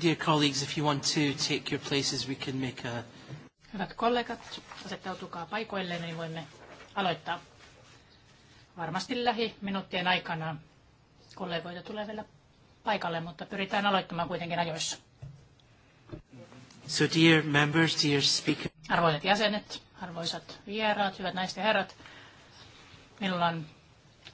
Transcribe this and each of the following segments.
Dear colleagues, if you want to take your places, we can make a... Hyvät kollegat, asettautukaa paikoille, niin voimme aloittaa. Varmasti lähi minuuttien aikana kollegoita tulee vielä paikalle, mutta pyritään aloittamaan kuitenkin ajoissa. So dear members, dear speaker. Arvoisat jäsenet, arvoisat vieraat, hyvät naiset ja herrat, minulla on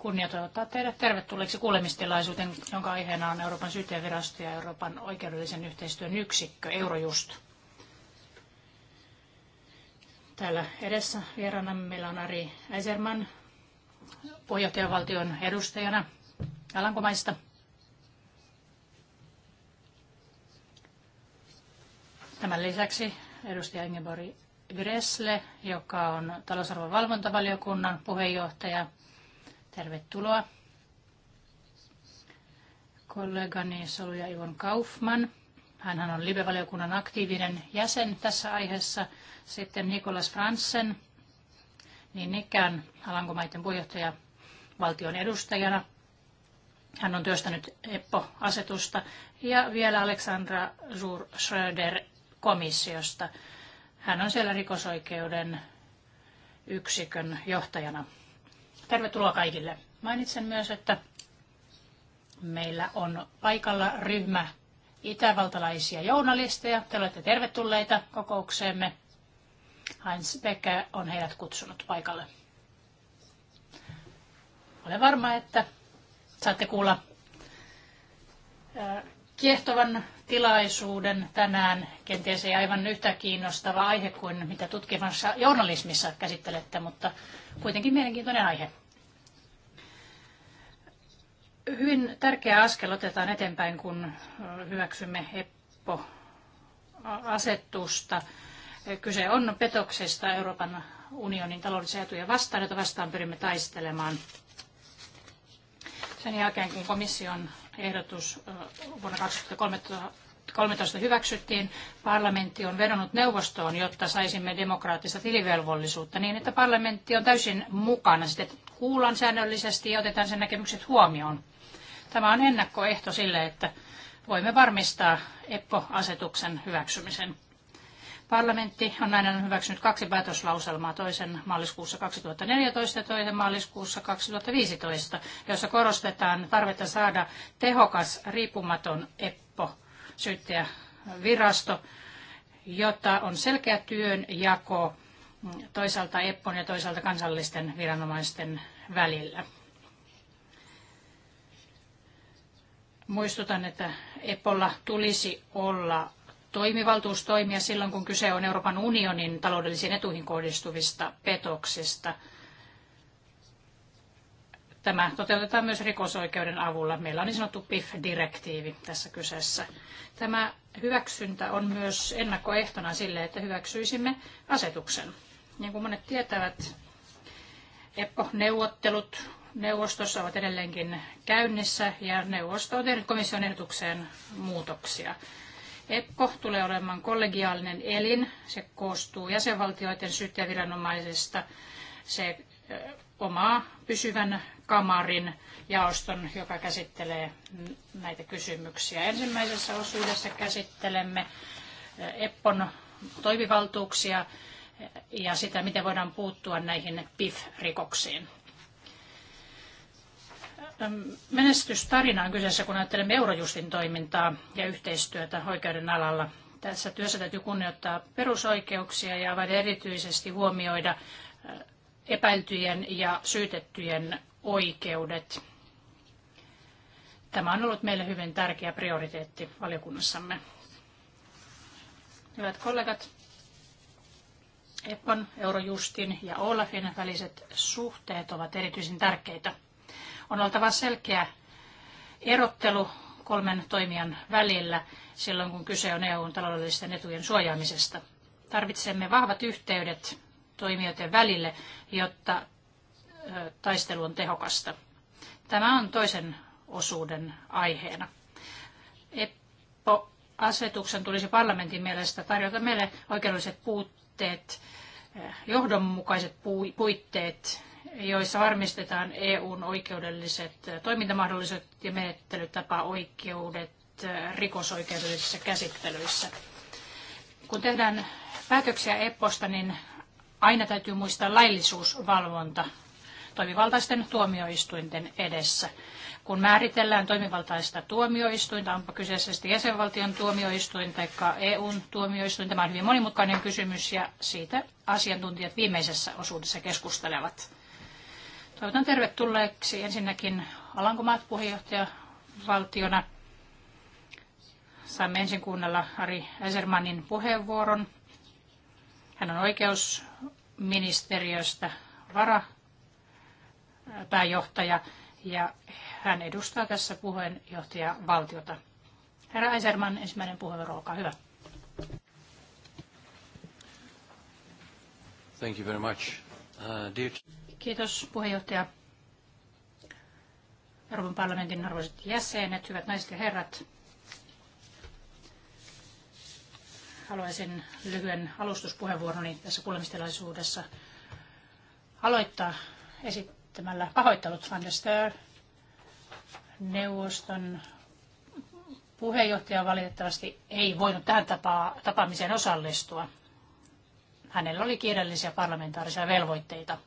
kunnia toivottaa teidät tervetulleeksi kuulemistilaisuuteen, jonka aiheena on Euroopan syyttäjävirasto ja Euroopan oikeudellisen yhteistyön yksikkö Eurojust. Täällä edessä vieraana meillä on Ari Eiserman puheenjohtajavaltion edustajana Alankomaista. Tämän lisäksi edustaja Ingeborg Gressle, joka on talousarvon valvontavaliokunnan puheenjohtaja – Tervetuloa kollegani Soluja Ivon Kaufman. Hänhän on live-valiokunnan aktiivinen jäsen tässä aiheessa. Sitten Nikolas Fransen, niin ikään Alankomaiden puheenjohtaja valtion edustajana. Hän on työstänyt EPPO-asetusta. Ja vielä Alexandra Zur Schröder komissiosta. Hän on siellä rikosoikeuden yksikön johtajana. Tervetuloa kaikille. Mainitsen myös, että meillä on paikalla ryhmä itävaltalaisia journalisteja. Te olette tervetulleita kokoukseemme. Heinz Becker on heidät kutsunut paikalle. Olen varma, että saatte kuulla kiehtovan tilaisuuden tänään. Kenties ei aivan yhtä kiinnostava aihe kuin mitä tutkivassa journalismissa käsittelette, mutta kuitenkin mielenkiintoinen aihe. Hyvin tärkeä askel otetaan eteenpäin, kun hyväksymme EPPO-asetusta. Kyse on petoksesta Euroopan unionin taloudellisia etuja vastaan, jota vastaan pyrimme taistelemaan. Sen jälkeen, kun komission ehdotus vuonna 2013 hyväksyttiin. Parlamentti on vedonnut neuvostoon, jotta saisimme demokraattista tilivelvollisuutta niin, että parlamentti on täysin mukana. Sitten kuullaan säännöllisesti ja otetaan sen näkemykset huomioon. Tämä on ennakkoehto sille, että voimme varmistaa EPPO-asetuksen hyväksymisen. Parlamentti on aina hyväksynyt kaksi päätöslauselmaa, toisen maaliskuussa 2014 ja toisen maaliskuussa 2015, jossa korostetaan tarvetta saada tehokas, riippumaton EPPO, syyttäjävirasto, jotta on selkeä työnjako toisaalta EPPON ja toisaalta kansallisten viranomaisten välillä. Muistutan, että EPOlla tulisi olla toimivaltuus toimia silloin, kun kyse on Euroopan unionin taloudellisiin etuihin kohdistuvista petoksista. Tämä toteutetaan myös rikosoikeuden avulla. Meillä on niin sanottu PIF-direktiivi tässä kyseessä. Tämä hyväksyntä on myös ennakkoehtona sille, että hyväksyisimme asetuksen. Niin kuin monet tietävät, EPPO-neuvottelut neuvostossa ovat edelleenkin käynnissä ja neuvosto on tehnyt komission ehdotukseen muutoksia. EPCO tulee olemaan kollegiaalinen elin. Se koostuu jäsenvaltioiden syyttäjäviranomaisesta. Se omaa pysyvän kamarin jaoston, joka käsittelee näitä kysymyksiä. Ensimmäisessä osuudessa käsittelemme EPPON toimivaltuuksia ja sitä, miten voidaan puuttua näihin PIF-rikoksiin menestystarina on kyseessä, kun ajattelemme Eurojustin toimintaa ja yhteistyötä oikeuden alalla. Tässä työssä täytyy kunnioittaa perusoikeuksia ja vain erityisesti huomioida epäiltyjen ja syytettyjen oikeudet. Tämä on ollut meille hyvin tärkeä prioriteetti valiokunnassamme. Hyvät kollegat, EPPON, Eurojustin ja OLAFin väliset suhteet ovat erityisen tärkeitä. On oltava selkeä erottelu kolmen toimijan välillä silloin, kun kyse on EUn taloudellisten etujen suojaamisesta. Tarvitsemme vahvat yhteydet toimijoiden välille, jotta taistelu on tehokasta. Tämä on toisen osuuden aiheena. EPPO-asetuksen tulisi parlamentin mielestä tarjota meille oikeudelliset puutteet, johdonmukaiset puitteet joissa varmistetaan EUn oikeudelliset toimintamahdollisuudet ja menettelytapaoikeudet rikosoikeudellisissa käsittelyissä. Kun tehdään päätöksiä eposta, niin aina täytyy muistaa laillisuusvalvonta toimivaltaisten tuomioistuinten edessä. Kun määritellään toimivaltaista tuomioistuinta, onpa kyseessä sitten jäsenvaltion tuomioistuin tai EUn tuomioistuin, tämä on hyvin monimutkainen kysymys ja siitä asiantuntijat viimeisessä osuudessa keskustelevat. Toivotan tervetulleeksi ensinnäkin Alankomaat puheenjohtaja valtiona. Saamme ensin kuunnella Ari Esermanin puheenvuoron. Hän on oikeusministeriöstä varapääjohtaja ja hän edustaa tässä puheenjohtaja valtiota. Herra Eiserman, ensimmäinen puheenvuoro, olkaa hyvä. Thank you very much. Uh, dear... Kiitos puheenjohtaja. Euroopan parlamentin arvoiset jäsenet, hyvät naiset ja herrat. Haluaisin lyhyen alustuspuheenvuoroni tässä kuulemistilaisuudessa aloittaa esittämällä pahoittelut Van der Stör, neuvoston puheenjohtaja valitettavasti ei voinut tähän tapaa, tapaamiseen osallistua. Hänellä oli kiireellisiä parlamentaarisia velvoitteita.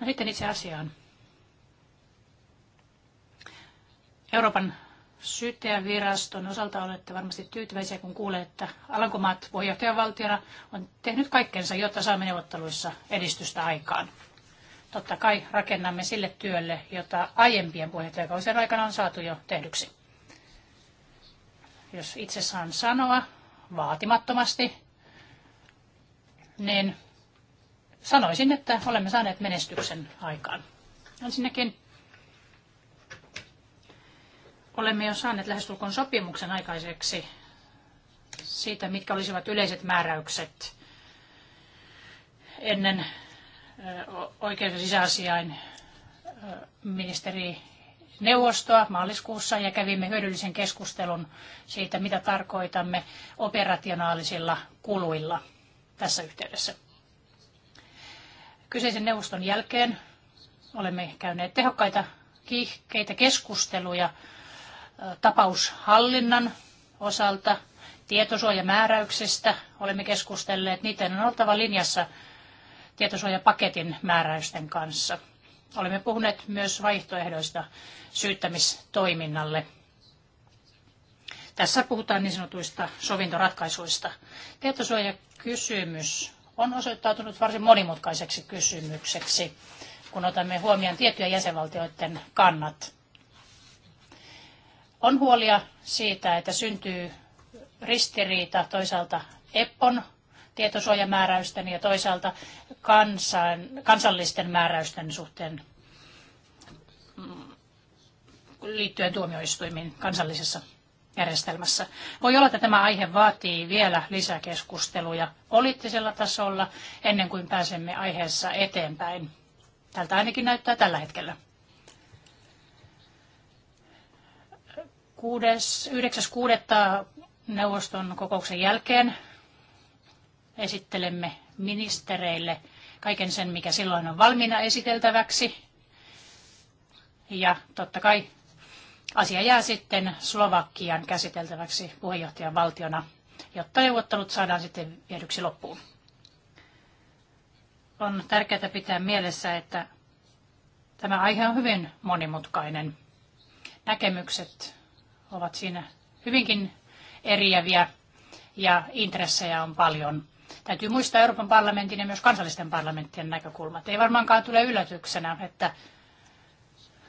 No sitten itse asiaan. Euroopan syyttäjäviraston osalta olette varmasti tyytyväisiä, kun kuulee, että Alankomaat puheenjohtajavaltiona on tehnyt kaikkensa, jotta saamme neuvotteluissa edistystä aikaan. Totta kai rakennamme sille työlle, jota aiempien puheenjohtajakausien aikana on saatu jo tehdyksi. Jos itse saan sanoa vaatimattomasti, niin Sanoisin, että olemme saaneet menestyksen aikaan. Ensinnäkin olemme jo saaneet lähestulkoon sopimuksen aikaiseksi siitä, mitkä olisivat yleiset määräykset ennen oikeus- ja sisäasiain ministerineuvostoa maaliskuussa ja kävimme hyödyllisen keskustelun siitä, mitä tarkoitamme operationaalisilla kuluilla tässä yhteydessä kyseisen neuvoston jälkeen olemme käyneet tehokkaita kiihkeitä keskusteluja tapaushallinnan osalta, tietosuojamääräyksestä olemme keskustelleet. Niiden on oltava linjassa tietosuojapaketin määräysten kanssa. Olemme puhuneet myös vaihtoehdoista syyttämistoiminnalle. Tässä puhutaan niin sanotuista sovintoratkaisuista. Tietosuojakysymys on osoittautunut varsin monimutkaiseksi kysymykseksi, kun otamme huomioon tiettyjen jäsenvaltioiden kannat. On huolia siitä, että syntyy ristiriita toisaalta EPPON tietosuojamääräysten ja toisaalta kansan, kansallisten määräysten suhteen mm, liittyen tuomioistuimiin kansallisessa järjestelmässä. Voi olla, että tämä aihe vaatii vielä lisäkeskusteluja poliittisella tasolla ennen kuin pääsemme aiheessa eteenpäin. Tältä ainakin näyttää tällä hetkellä. 9.6. neuvoston kokouksen jälkeen esittelemme ministereille kaiken sen, mikä silloin on valmiina esiteltäväksi. Ja totta kai Asia jää sitten Slovakian käsiteltäväksi puheenjohtajan valtiona, jotta neuvottelut saadaan sitten viedyksi loppuun. On tärkeää pitää mielessä, että tämä aihe on hyvin monimutkainen. Näkemykset ovat siinä hyvinkin eriäviä ja intressejä on paljon. Täytyy muistaa Euroopan parlamentin ja myös kansallisten parlamenttien näkökulmat. Ei varmaankaan tule yllätyksenä, että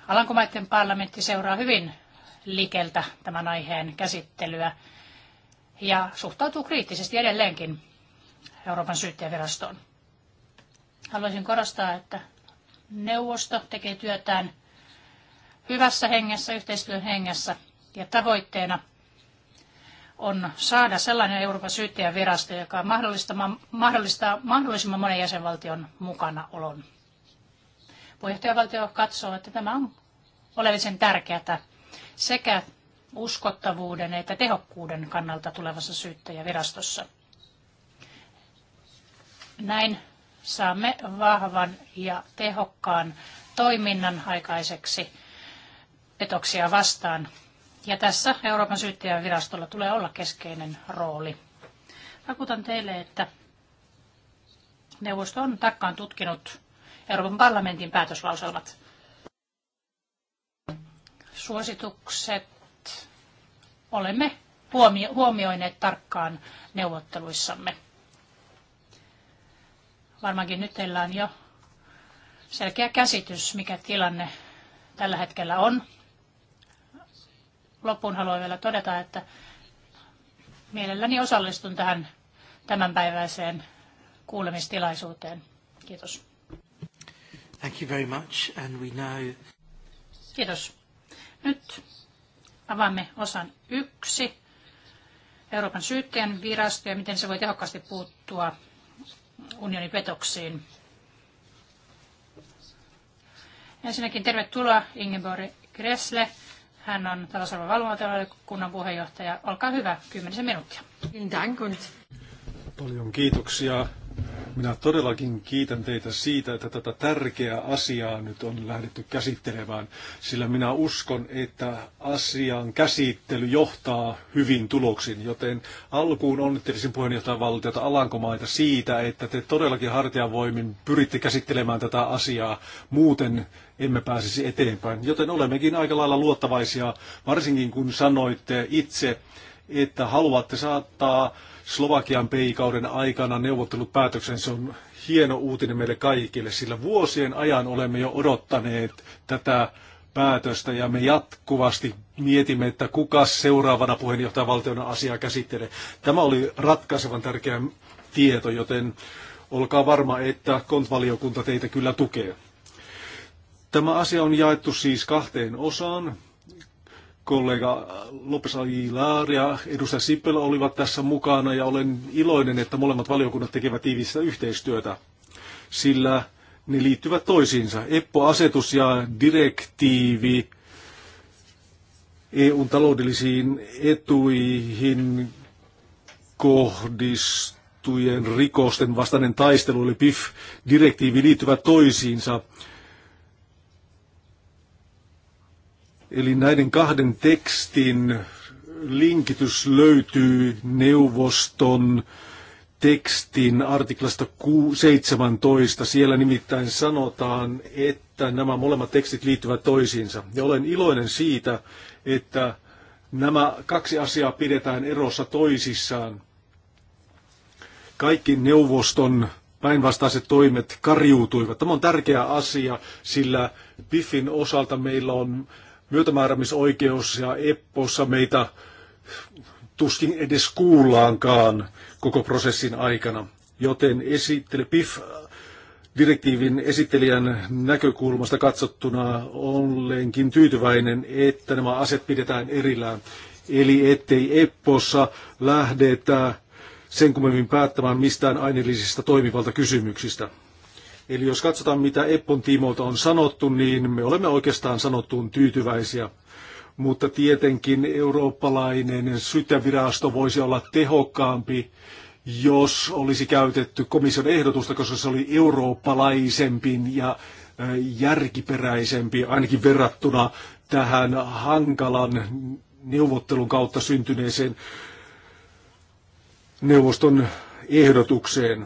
Alankomaiden parlamentti seuraa hyvin likeltä tämän aiheen käsittelyä ja suhtautuu kriittisesti edelleenkin Euroopan syyttäjävirastoon. Haluaisin korostaa, että neuvosto tekee työtään hyvässä hengessä, yhteistyön hengessä ja tavoitteena on saada sellainen Euroopan syyttäjävirasto, joka mahdollistaa, mahdollistaa mahdollisimman monen jäsenvaltion mukanaolon. Puheenjohtajavaltio katsoo, että tämä on oleellisen tärkeää sekä uskottavuuden että tehokkuuden kannalta tulevassa syyttäjävirastossa. Näin saamme vahvan ja tehokkaan toiminnan aikaiseksi petoksia vastaan. Ja tässä Euroopan syyttäjävirastolla tulee olla keskeinen rooli. Vakuutan teille, että neuvosto on tarkkaan tutkinut Euroopan parlamentin päätöslauselmat. Suositukset olemme huomioineet tarkkaan neuvotteluissamme. Varmaankin nyt teillä on jo selkeä käsitys, mikä tilanne tällä hetkellä on. Loppuun haluan vielä todeta, että mielelläni osallistun tähän tämänpäiväiseen kuulemistilaisuuteen. Kiitos. Thank you very much. And we now... Kiitos. Nyt avaamme osan yksi. Euroopan syyttäjän virasto ja miten se voi tehokkaasti puuttua unionin petoksiin. Ensinnäkin tervetuloa Ingeborg Gressle. Hän on talousarvon valvontavaliokunnan puheenjohtaja. Olkaa hyvä, kymmenisen minuuttia. Paljon kiitoksia minä todellakin kiitän teitä siitä, että tätä tärkeää asiaa nyt on lähdetty käsittelemään, sillä minä uskon, että asian käsittely johtaa hyvin tuloksiin, joten alkuun onnittelisin puheenjohtajavaltiota Alankomaita siitä, että te todellakin hartiavoimin pyritte käsittelemään tätä asiaa, muuten emme pääsisi eteenpäin. Joten olemmekin aika lailla luottavaisia, varsinkin kun sanoitte itse, että haluatte saattaa Slovakian peikauden aikana neuvottelut päätöksen. Se on hieno uutinen meille kaikille, sillä vuosien ajan olemme jo odottaneet tätä päätöstä ja me jatkuvasti mietimme, että kuka seuraavana puheenjohtajavaltiona asiaa käsittelee. Tämä oli ratkaisevan tärkeä tieto, joten olkaa varma, että kontvaliokunta teitä kyllä tukee. Tämä asia on jaettu siis kahteen osaan kollega Lopes Aguilar ja edustaja Sippela olivat tässä mukana ja olen iloinen, että molemmat valiokunnat tekevät tiivistä yhteistyötä, sillä ne liittyvät toisiinsa. EPPO-asetus ja direktiivi EUn taloudellisiin etuihin kohdistujen rikosten vastainen taistelu, eli PIF-direktiivi liittyvät toisiinsa. Eli näiden kahden tekstin linkitys löytyy neuvoston tekstin artiklasta 17. Siellä nimittäin sanotaan, että nämä molemmat tekstit liittyvät toisiinsa. Ja olen iloinen siitä, että nämä kaksi asiaa pidetään erossa toisissaan. Kaikki neuvoston päinvastaiset toimet karjuutuivat. Tämä on tärkeä asia, sillä Biffin osalta meillä on myötämääräämisoikeus ja EPPOssa meitä tuskin edes kuullaankaan koko prosessin aikana. Joten esittely PIF direktiivin esittelijän näkökulmasta katsottuna olenkin tyytyväinen, että nämä aset pidetään erillään. Eli ettei EPPOssa lähdetä sen kummemmin päättämään mistään aineellisista toimivaltakysymyksistä. Eli jos katsotaan, mitä Eppon tiimoilta on sanottu, niin me olemme oikeastaan sanottuun tyytyväisiä. Mutta tietenkin eurooppalainen sytävirasto voisi olla tehokkaampi, jos olisi käytetty komission ehdotusta, koska se oli eurooppalaisempi ja järkiperäisempi, ainakin verrattuna tähän hankalan neuvottelun kautta syntyneeseen neuvoston ehdotukseen.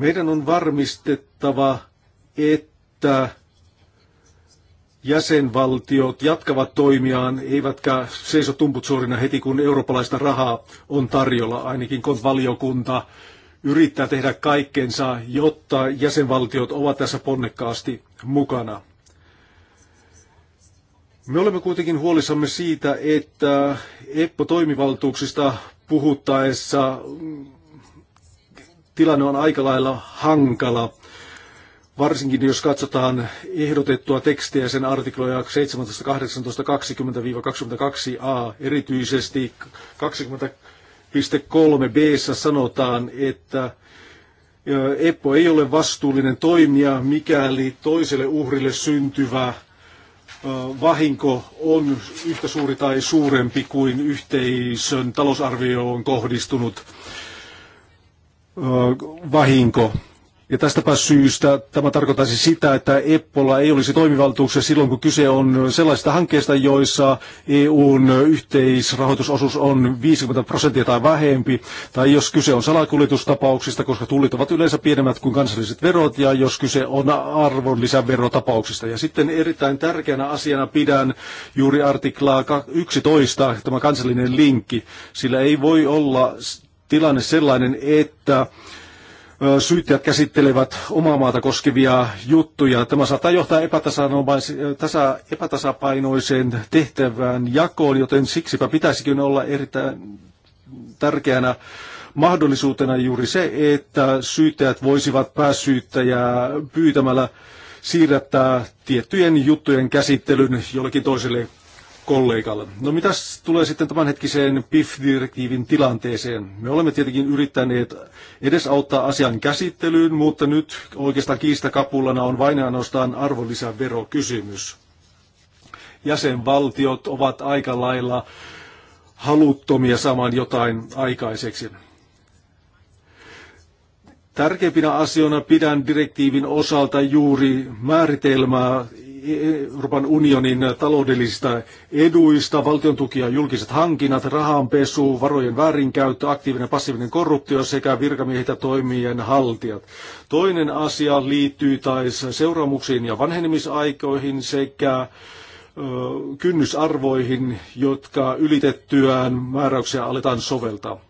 Meidän on varmistettava, että jäsenvaltiot jatkavat toimiaan, eivätkä seiso tumput suorina heti, kun eurooppalaista rahaa on tarjolla. Ainakin kun valiokunta yrittää tehdä kaikkensa, jotta jäsenvaltiot ovat tässä ponnekkaasti mukana. Me olemme kuitenkin huolissamme siitä, että EPPO-toimivaltuuksista puhuttaessa tilanne on aika lailla hankala, varsinkin jos katsotaan ehdotettua tekstiä sen artikloja 17, 18, 20-22a, erityisesti 20.3b sanotaan, että Eppo ei ole vastuullinen toimija, mikäli toiselle uhrille syntyvä vahinko on yhtä suuri tai suurempi kuin yhteisön talousarvioon kohdistunut vahinko. Ja tästäpä syystä tämä tarkoittaisi sitä, että Eppola ei olisi toimivaltuuksia silloin, kun kyse on sellaisista hankkeista, joissa EUn yhteisrahoitusosuus on 50 prosenttia tai vähempi, tai jos kyse on salakuljetustapauksista, koska tullit ovat yleensä pienemmät kuin kansalliset verot, ja jos kyse on arvonlisäverotapauksista. Ja sitten erittäin tärkeänä asiana pidän juuri artiklaa 11, tämä kansallinen linkki, sillä ei voi olla tilanne sellainen, että syyttäjät käsittelevät omaa maata koskevia juttuja. Tämä saattaa johtaa epätasapainoiseen tehtävään jakoon, joten siksipä pitäisikin olla erittäin tärkeänä mahdollisuutena juuri se, että syyttäjät voisivat pääsyyttäjää pyytämällä siirrättää tiettyjen juttujen käsittelyn jollekin toiselle kollegalle. No mitä tulee sitten tämänhetkiseen PIF-direktiivin tilanteeseen? Me olemme tietenkin yrittäneet edesauttaa asian käsittelyyn, mutta nyt oikeastaan kiistakapulana on vain ainoastaan arvonlisäverokysymys. Jäsenvaltiot ovat aika lailla haluttomia saamaan jotain aikaiseksi. Tärkeimpinä asioina pidän direktiivin osalta juuri määritelmää Euroopan unionin taloudellisista eduista, valtion tukia, julkiset hankinnat, rahanpesu, varojen väärinkäyttö, aktiivinen ja passiivinen korruptio sekä virkamiehet ja toimien haltijat. Toinen asia liittyy taas seuraamuksiin ja vanhenemisaikoihin sekä kynnysarvoihin, jotka ylitettyään määräyksiä aletaan soveltaa.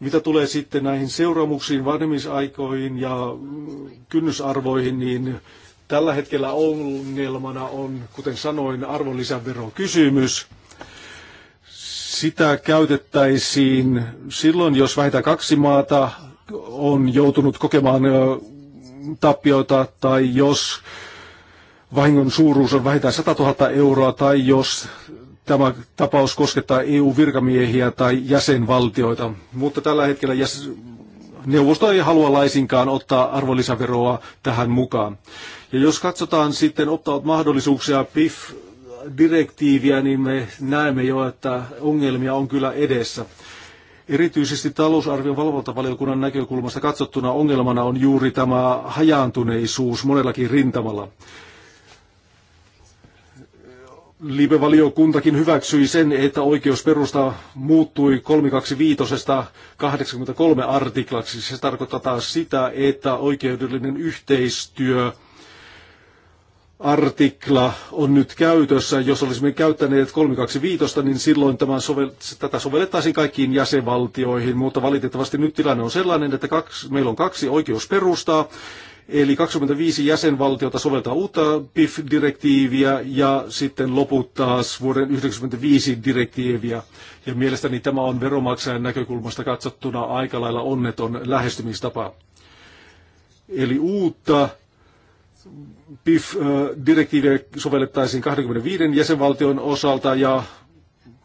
Mitä tulee sitten näihin seuraamuksiin, vanhemmisaikoihin ja mm, kynnysarvoihin, niin Tällä hetkellä ongelmana on, kuten sanoin, arvonlisäverokysymys. Sitä käytettäisiin silloin, jos vähintään kaksi maata on joutunut kokemaan tappioita tai jos vahingon suuruus on vähintään 100 000 euroa tai jos tämä tapaus koskettaa EU-virkamiehiä tai jäsenvaltioita. Mutta tällä hetkellä jäs- neuvosto ei halua laisinkaan ottaa arvonlisäveroa tähän mukaan. Ja jos katsotaan sitten opt-out-mahdollisuuksia PIF-direktiiviä, niin me näemme jo, että ongelmia on kyllä edessä. Erityisesti talousarvion valvontavaliokunnan näkökulmasta katsottuna ongelmana on juuri tämä hajaantuneisuus monellakin rintamalla. Liipevaliokuntakin hyväksyi sen, että oikeusperusta muuttui 325 83 artiklaksi. Se tarkoittaa taas sitä, että oikeudellinen yhteistyö artikla on nyt käytössä. Jos olisimme käyttäneet 325, niin silloin tämä sovel- tätä sovellettaisiin kaikkiin jäsenvaltioihin, mutta valitettavasti nyt tilanne on sellainen, että kaksi, meillä on kaksi oikeusperustaa, eli 25 jäsenvaltiota soveltaa uutta PIF-direktiiviä ja sitten loput taas vuoden 1995 direktiiviä. Ja mielestäni tämä on veromaksajan näkökulmasta katsottuna aika lailla onneton lähestymistapa. Eli uutta PIF-direktiiviä sovellettaisiin 25 jäsenvaltion osalta ja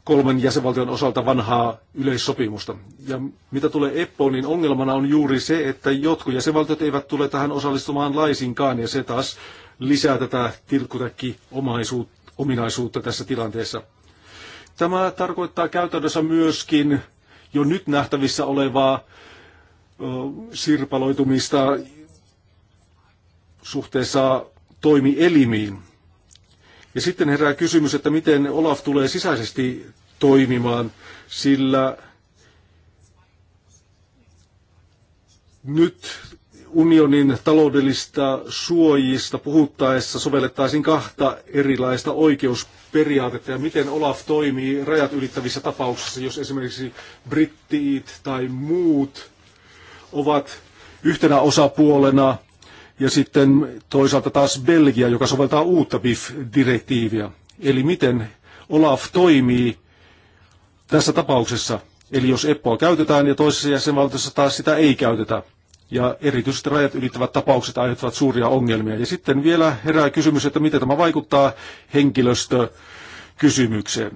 kolmen jäsenvaltion osalta vanhaa yleissopimusta. Ja mitä tulee EPPOon, niin ongelmana on juuri se, että jotkut jäsenvaltiot eivät tule tähän osallistumaan laisinkaan, ja se taas lisää tätä tilkkutäkki-ominaisuutta tässä tilanteessa. Tämä tarkoittaa käytännössä myöskin jo nyt nähtävissä olevaa sirpaloitumista suhteessa toimielimiin. Ja sitten herää kysymys, että miten Olaf tulee sisäisesti toimimaan, sillä nyt unionin taloudellista suojista puhuttaessa sovellettaisiin kahta erilaista oikeusperiaatetta ja miten Olaf toimii rajat ylittävissä tapauksissa, jos esimerkiksi brittiit tai muut ovat yhtenä osapuolena ja sitten toisaalta taas Belgia, joka soveltaa uutta BIF-direktiiviä. Eli miten Olaf toimii tässä tapauksessa. Eli jos EPPOa käytetään ja toisessa jäsenvaltiossa taas sitä ei käytetä. Ja erityisesti rajat ylittävät tapaukset aiheuttavat suuria ongelmia. Ja sitten vielä herää kysymys, että miten tämä vaikuttaa henkilöstökysymykseen.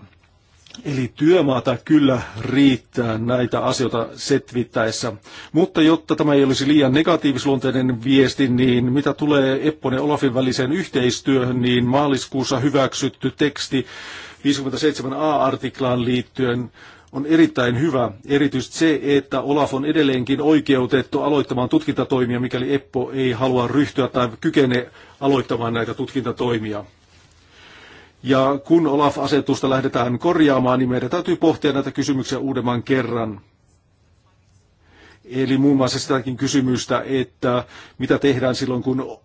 Eli työmaata kyllä riittää näitä asioita setvittäessä. Mutta jotta tämä ei olisi liian negatiivisluonteinen viesti, niin mitä tulee Eppon ja Olafin väliseen yhteistyöhön, niin maaliskuussa hyväksytty teksti 57a-artiklaan liittyen on erittäin hyvä. Erityisesti se, että Olaf on edelleenkin oikeutettu aloittamaan tutkintatoimia, mikäli Eppo ei halua ryhtyä tai kykene aloittamaan näitä tutkintatoimia. Ja kun Olaf-asetusta lähdetään korjaamaan, niin meidän täytyy pohtia näitä kysymyksiä uudemman kerran. Eli muun muassa sitäkin kysymystä, että mitä tehdään silloin, kun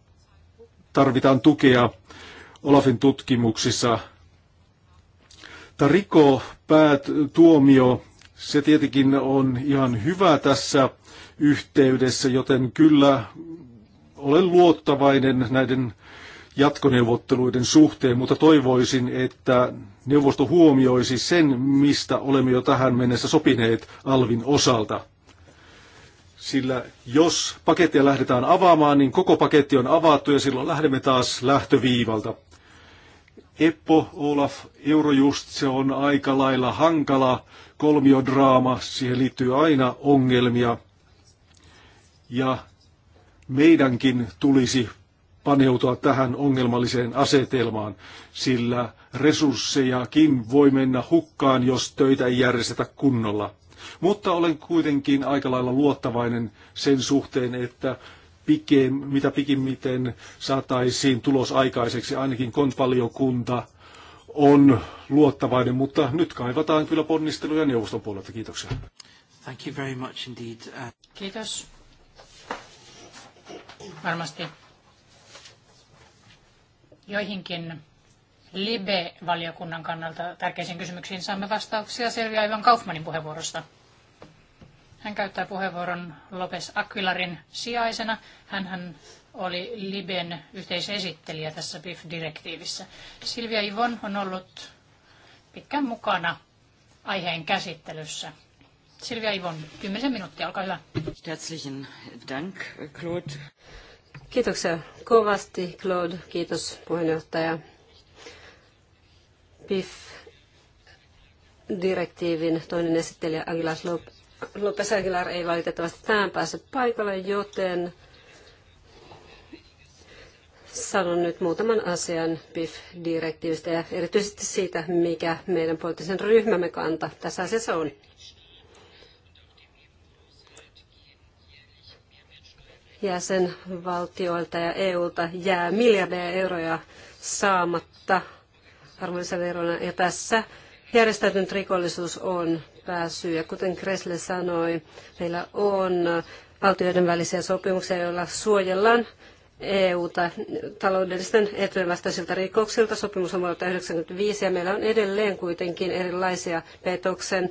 tarvitaan tukea Olafin tutkimuksissa. Tämä riko päät, tuomio, se tietenkin on ihan hyvä tässä yhteydessä, joten kyllä olen luottavainen näiden jatkoneuvotteluiden suhteen, mutta toivoisin, että neuvosto huomioisi sen, mistä olemme jo tähän mennessä sopineet Alvin osalta. Sillä jos pakettia lähdetään avaamaan, niin koko paketti on avattu ja silloin lähdemme taas lähtöviivalta. Eppo, Olaf, Eurojust, se on aika lailla hankala kolmiodraama, siihen liittyy aina ongelmia. Ja meidänkin tulisi paneutua tähän ongelmalliseen asetelmaan, sillä resurssejakin voi mennä hukkaan, jos töitä ei järjestetä kunnolla. Mutta olen kuitenkin aika lailla luottavainen sen suhteen, että pikem, mitä pikimmiten saataisiin tulos aikaiseksi, ainakin kontvaliokunta on luottavainen, mutta nyt kaivataan kyllä ponnisteluja neuvoston puolelta. Kiitoksia. Thank you very much indeed. Uh, Kiitos. Varmasti joihinkin LIBE-valiokunnan kannalta tärkeisiin kysymyksiin saamme vastauksia Silvia Ivan Kaufmanin puheenvuorosta. Hän käyttää puheenvuoron Lopes Aquilarin sijaisena. hän oli Liben yhteisesittelijä tässä BIF-direktiivissä. Silvia Ivon on ollut pitkään mukana aiheen käsittelyssä. Silvia Ivon, 10 minuuttia, olkaa hyvä. Herzlichen Dank, Claude. Kiitoksia kovasti, Claude. Kiitos puheenjohtaja. PIF-direktiivin toinen esittelijä Aguilar Lopes Aguilar ei valitettavasti tähän pääse paikalle, joten sanon nyt muutaman asian PIF-direktiivistä ja erityisesti siitä, mikä meidän poliittisen ryhmämme kanta tässä asiassa on. jäsenvaltioilta ja EUlta jää miljardeja euroja saamatta arvonlisäverona. Ja tässä järjestäytynyt rikollisuus on pääsy. Ja kuten Kresle sanoi, meillä on valtioiden välisiä sopimuksia, joilla suojellaan EUta taloudellisten etujen vastaisilta rikoksilta. Sopimus on vuodelta 1995 ja meillä on edelleen kuitenkin erilaisia petoksen,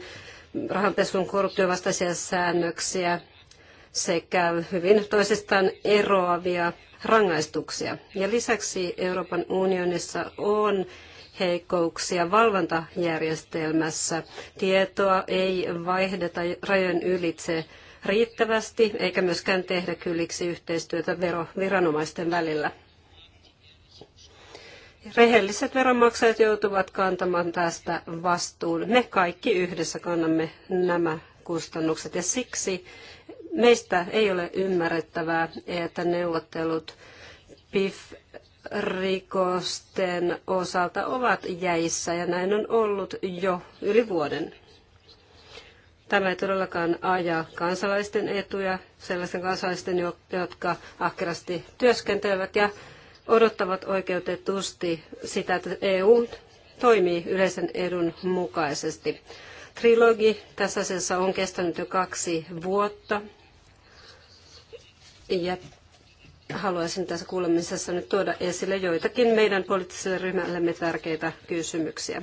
rahanpesun, korruption vastaisia säännöksiä sekä hyvin toisistaan eroavia rangaistuksia. Ja lisäksi Euroopan unionissa on heikkouksia valvontajärjestelmässä. Tietoa ei vaihdeta rajojen ylitse riittävästi, eikä myöskään tehdä kylliksi yhteistyötä veroviranomaisten välillä. Rehelliset veronmaksajat joutuvat kantamaan tästä vastuun. Me kaikki yhdessä kannamme nämä kustannukset ja siksi meistä ei ole ymmärrettävää, että neuvottelut PIF-rikosten osalta ovat jäissä ja näin on ollut jo yli vuoden. Tämä ei todellakaan aja kansalaisten etuja, sellaisten kansalaisten, jotka ahkerasti työskentelevät ja odottavat oikeutetusti sitä, että EU toimii yleisen edun mukaisesti. Trilogi tässä asiassa on kestänyt jo kaksi vuotta ja haluaisin tässä kuulemisessa nyt tuoda esille joitakin meidän poliittiselle ryhmällemme tärkeitä kysymyksiä.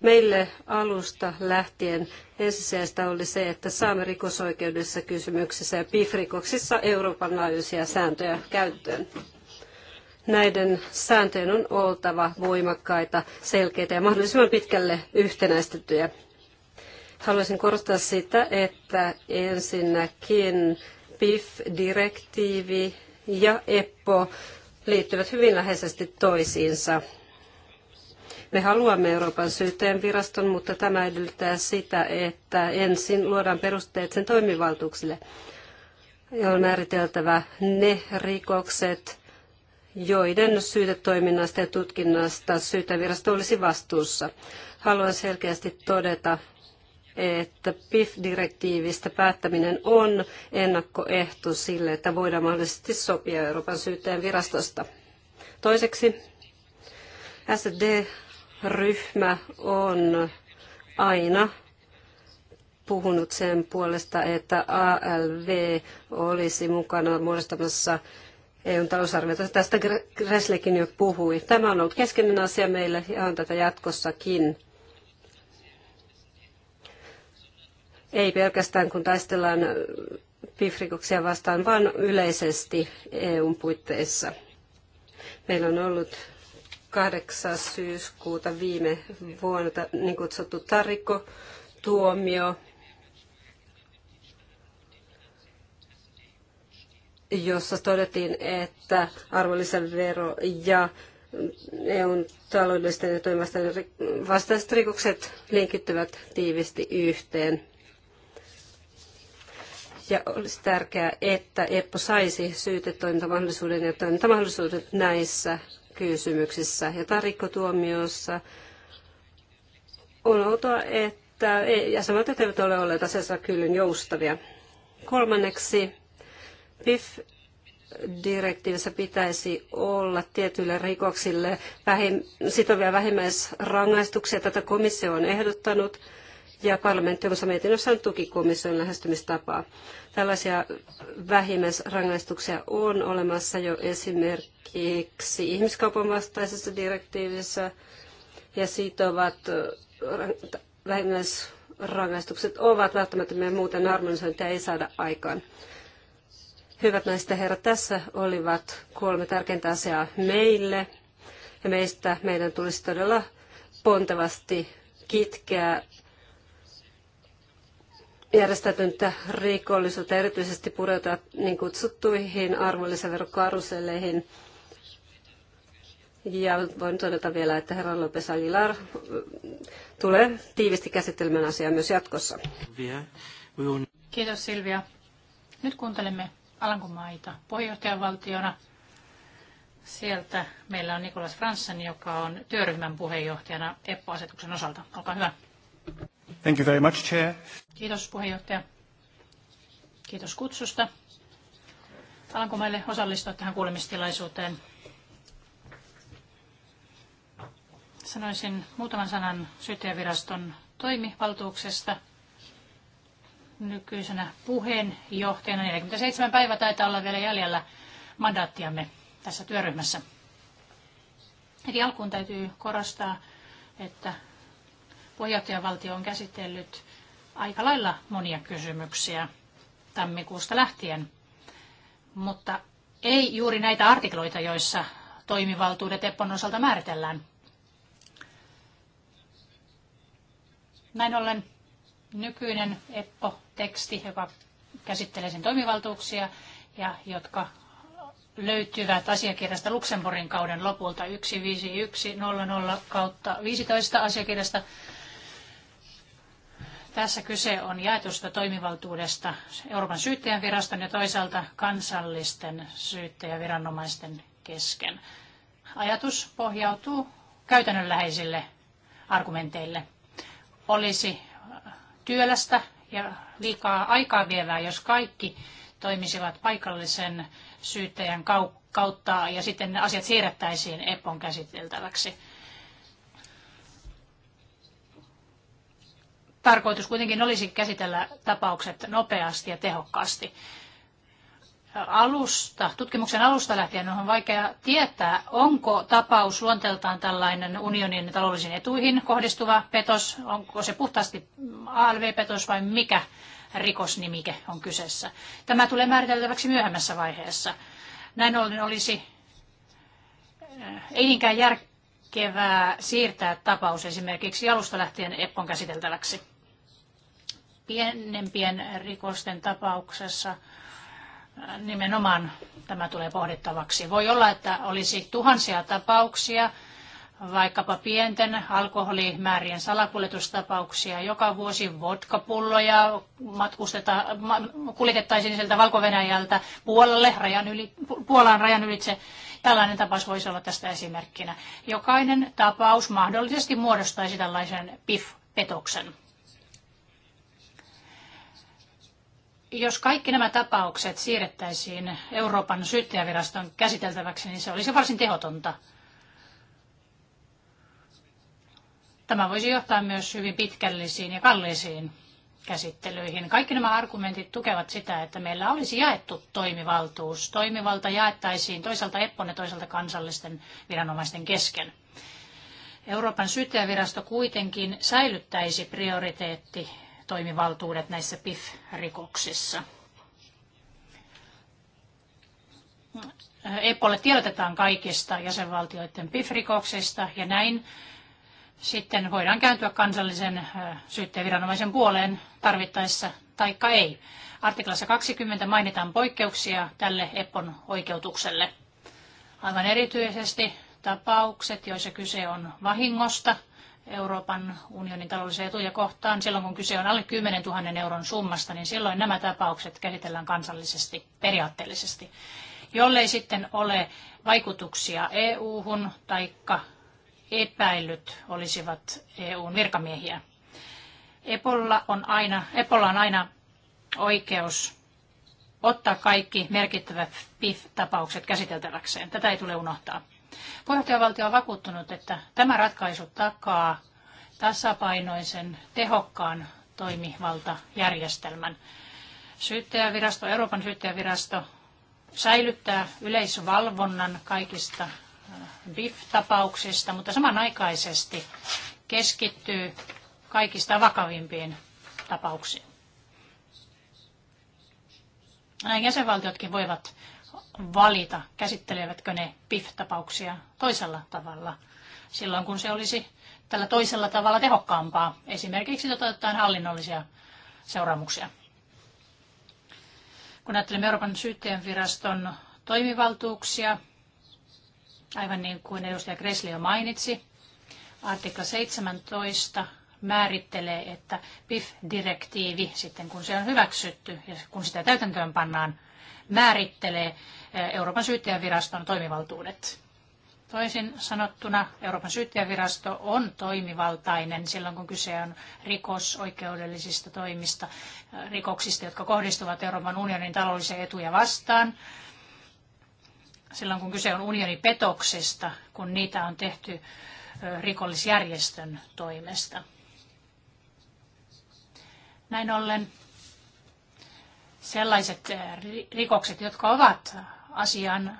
Meille alusta lähtien ensisijaista oli se, että saamme rikosoikeudessa kysymyksissä ja PIF-rikoksissa Euroopan laajuisia sääntöjä käyttöön. Näiden sääntöjen on oltava voimakkaita, selkeitä ja mahdollisimman pitkälle yhtenäistettyjä. Haluaisin korostaa sitä, että ensinnäkin PIF-direktiivi ja EPPO liittyvät hyvin läheisesti toisiinsa. Me haluamme Euroopan syyteen mutta tämä edellyttää sitä, että ensin luodaan perusteet sen toimivaltuuksille. Ja on määriteltävä ne rikokset, joiden syytetoiminnasta ja tutkinnasta syytävirasto olisi vastuussa. Haluan selkeästi todeta, että PIF-direktiivistä päättäminen on ennakkoehto sille, että voidaan mahdollisesti sopia Euroopan syyttäjän virastosta. Toiseksi SD-ryhmä on aina puhunut sen puolesta, että ALV olisi mukana muodostamassa EUn talousarviota. Tästä Greslekin jo puhui. Tämä on ollut keskeinen asia meille ja on tätä jatkossakin. ei pelkästään kun taistellaan pifrikoksia vastaan, vaan yleisesti EUn puitteissa. Meillä on ollut 8. syyskuuta viime vuonna niin kutsuttu tarikko-tuomio, jossa todettiin, että arvonlisävero ja EUn taloudellisten ja toimivasten vastaiset rikokset linkittyvät tiivisti yhteen. Ja olisi tärkeää, että EPPO saisi syytetoimintamahdollisuuden ja toimintamahdollisuuden näissä kysymyksissä. Ja tarikkotuomiossa on outoa, että jäsenvaltiot eivät ole olleet asiassa kyllin joustavia. Kolmanneksi, PIF direktiivissä pitäisi olla tietyille rikoksille vähim, sitovia vähimmäisrangaistuksia. Tätä komissio on ehdottanut ja parlamentti omassa mietinnössään tuki komission lähestymistapaa. Tällaisia vähimmäisrangaistuksia on olemassa jo esimerkiksi ihmiskaupan vastaisessa direktiivissä ja sitovat vähimmäisrangaistukset ovat välttämättömiä, muuten harmonisointia ei saada aikaan. Hyvät naiset ja herrat, tässä olivat kolme tärkeintä asiaa meille. Ja meistä meidän tulisi todella pontevasti kitkeä järjestäytyntä rikollisuutta, erityisesti pureutua niin kutsuttuihin arvonlisäverokaruselleihin. Ja voin todeta vielä, että herra Lopes Aguilar mm, tulee tiivisti käsittelemään asiaa myös jatkossa. Kiitos Silvia. Nyt kuuntelemme Alankomaita puheenjohtajavaltiona. Sieltä meillä on Nikolas Franssen, joka on työryhmän puheenjohtajana EPPO-asetuksen osalta. Olkaa hyvä. Thank you very much, Chair. Kiitos puheenjohtaja. Kiitos kutsusta. Alanko meille osallistua tähän kuulemistilaisuuteen? Sanoisin muutaman sanan syyttäjäviraston toimivaltuuksesta nykyisenä puheenjohtajana. 47 päivää taitaa olla vielä jäljellä mandaattiamme tässä työryhmässä. Eli alkuun täytyy korostaa, että Puheenjohtajavaltio on käsitellyt aika lailla monia kysymyksiä tammikuusta lähtien, mutta ei juuri näitä artikloita, joissa toimivaltuudet EPPON osalta määritellään. Näin ollen nykyinen EPPO-teksti, joka käsittelee sen toimivaltuuksia ja jotka löytyvät asiakirjasta Luxemburgin kauden lopulta 15100 kautta 15 asiakirjasta tässä kyse on jaetusta toimivaltuudesta Euroopan syyttäjänviraston ja toisaalta kansallisten syyttäjäviranomaisten kesken. Ajatus pohjautuu käytännönläheisille argumenteille. Olisi työlästä ja liikaa aikaa vievää, jos kaikki toimisivat paikallisen syyttäjän kautta ja sitten ne asiat siirrettäisiin EPOn käsiteltäväksi. tarkoitus kuitenkin olisi käsitellä tapaukset nopeasti ja tehokkaasti. Alusta, tutkimuksen alusta lähtien on vaikea tietää, onko tapaus luonteeltaan tällainen unionin taloudellisiin etuihin kohdistuva petos, onko se puhtaasti ALV-petos vai mikä rikosnimike on kyseessä. Tämä tulee määriteltäväksi myöhemmässä vaiheessa. Näin ollen olisi eh, ei niinkään järkevää siirtää tapaus esimerkiksi alusta lähtien Eppon käsiteltäväksi pienempien rikosten tapauksessa nimenomaan tämä tulee pohdittavaksi. Voi olla, että olisi tuhansia tapauksia, vaikkapa pienten alkoholimäärien salakuljetustapauksia. Joka vuosi vodkapulloja kuljetettaisiin sieltä valko Puolalle, rajan yli, Puolaan rajan ylitse. Tällainen tapaus voisi olla tästä esimerkkinä. Jokainen tapaus mahdollisesti muodostaisi tällaisen PIF-petoksen. jos kaikki nämä tapaukset siirrettäisiin Euroopan syyttäjäviraston käsiteltäväksi, niin se olisi varsin tehotonta. Tämä voisi johtaa myös hyvin pitkällisiin ja kalliisiin käsittelyihin. Kaikki nämä argumentit tukevat sitä, että meillä olisi jaettu toimivaltuus. Toimivalta jaettaisiin toisaalta EPPON ja toisaalta kansallisten viranomaisten kesken. Euroopan syyttäjävirasto kuitenkin säilyttäisi prioriteetti toimivaltuudet näissä PIF-rikoksissa. EPOlle tiedotetaan kaikista jäsenvaltioiden PIF-rikoksista ja näin sitten voidaan kääntyä kansallisen syytteviranomaisen puoleen tarvittaessa taikka ei. Artiklassa 20 mainitaan poikkeuksia tälle epon oikeutukselle. Aivan erityisesti tapaukset, joissa kyse on vahingosta – Euroopan unionin taloudellisia etuja kohtaan. Silloin kun kyse on alle 10 000 euron summasta, niin silloin nämä tapaukset käsitellään kansallisesti, periaatteellisesti. Jollei sitten ole vaikutuksia EU-hun taikka epäilyt olisivat EUn virkamiehiä. Epolla on aina, Epolla on aina oikeus ottaa kaikki merkittävät PIF-tapaukset käsiteltäväkseen. Tätä ei tule unohtaa. Puheenjohtajavaltio on vakuuttunut, että tämä ratkaisu takaa tasapainoisen, tehokkaan toimivaltajärjestelmän. Syyttäjävirasto, Euroopan syyttäjävirasto säilyttää yleisvalvonnan kaikista äh, BIF-tapauksista, mutta samanaikaisesti keskittyy kaikista vakavimpiin tapauksiin. Näin jäsenvaltiotkin voivat valita, käsittelevätkö ne PIF-tapauksia toisella tavalla, silloin kun se olisi tällä toisella tavalla tehokkaampaa, esimerkiksi toteuttaen hallinnollisia seuraamuksia. Kun ajattelemme Euroopan syyttäjän viraston toimivaltuuksia, aivan niin kuin edustaja Kresli jo mainitsi, artikla 17 määrittelee, että PIF-direktiivi, sitten kun se on hyväksytty ja kun sitä täytäntöön pannaan, määrittelee Euroopan syyttäjäviraston toimivaltuudet. Toisin sanottuna Euroopan syyttäjävirasto on toimivaltainen silloin, kun kyse on rikosoikeudellisista toimista, rikoksista, jotka kohdistuvat Euroopan unionin taloudellisia etuja vastaan. Silloin, kun kyse on unionin petoksesta, kun niitä on tehty rikollisjärjestön toimesta. Näin ollen sellaiset rikokset, jotka ovat asian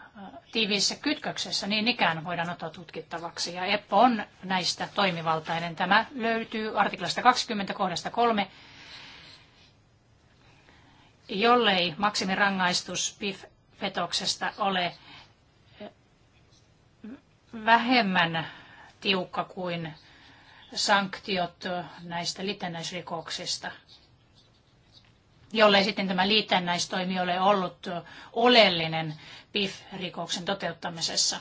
tiiviissä kytköksessä, niin ikään voidaan ottaa tutkittavaksi. Ja EPPO on näistä toimivaltainen. Tämä löytyy artiklasta 20 kohdasta 3. Jollei maksimirangaistus PIF-petoksesta ole vähemmän tiukka kuin sanktiot näistä litennäisrikoksista jollei sitten tämä liitännäistoimi ole ollut oleellinen PIF-rikoksen toteuttamisessa.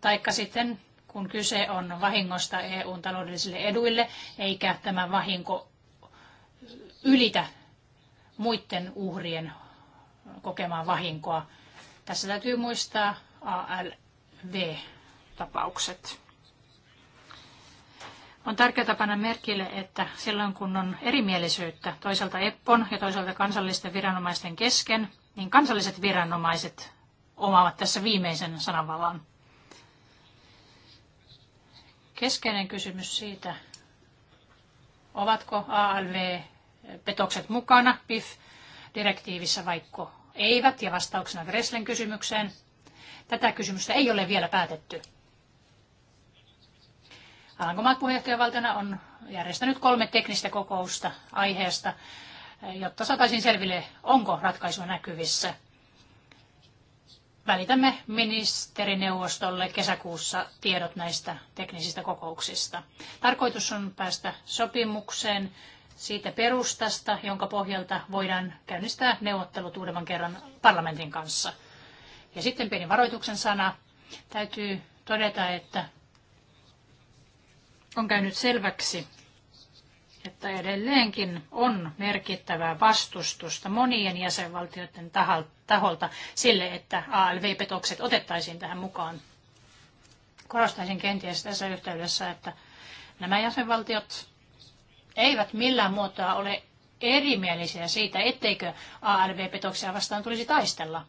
Taikka sitten, kun kyse on vahingosta EUn taloudellisille eduille, eikä tämä vahinko ylitä muiden uhrien kokemaa vahinkoa. Tässä täytyy muistaa ALV-tapaukset. On tärkeää panna merkille, että silloin kun on erimielisyyttä toisaalta EPPON ja toisaalta kansallisten viranomaisten kesken, niin kansalliset viranomaiset omaavat tässä viimeisen sananvallan. Keskeinen kysymys siitä, ovatko ALV-petokset mukana PIF-direktiivissä vaikka eivät, ja vastauksena Greslen kysymykseen, tätä kysymystä ei ole vielä päätetty. Alankomaat puheenjohtajavaltiona on järjestänyt kolme teknistä kokousta aiheesta, jotta saataisiin selville, onko ratkaisua näkyvissä. Välitämme ministerineuvostolle kesäkuussa tiedot näistä teknisistä kokouksista. Tarkoitus on päästä sopimukseen siitä perustasta, jonka pohjalta voidaan käynnistää neuvottelut uudemman kerran parlamentin kanssa. Ja sitten pieni varoituksen sana. Täytyy todeta, että on käynyt selväksi, että edelleenkin on merkittävää vastustusta monien jäsenvaltioiden taholta sille, että ALV-petokset otettaisiin tähän mukaan. Korostaisin kenties tässä yhteydessä, että nämä jäsenvaltiot eivät millään muotoa ole erimielisiä siitä, etteikö ALV-petoksia vastaan tulisi taistella.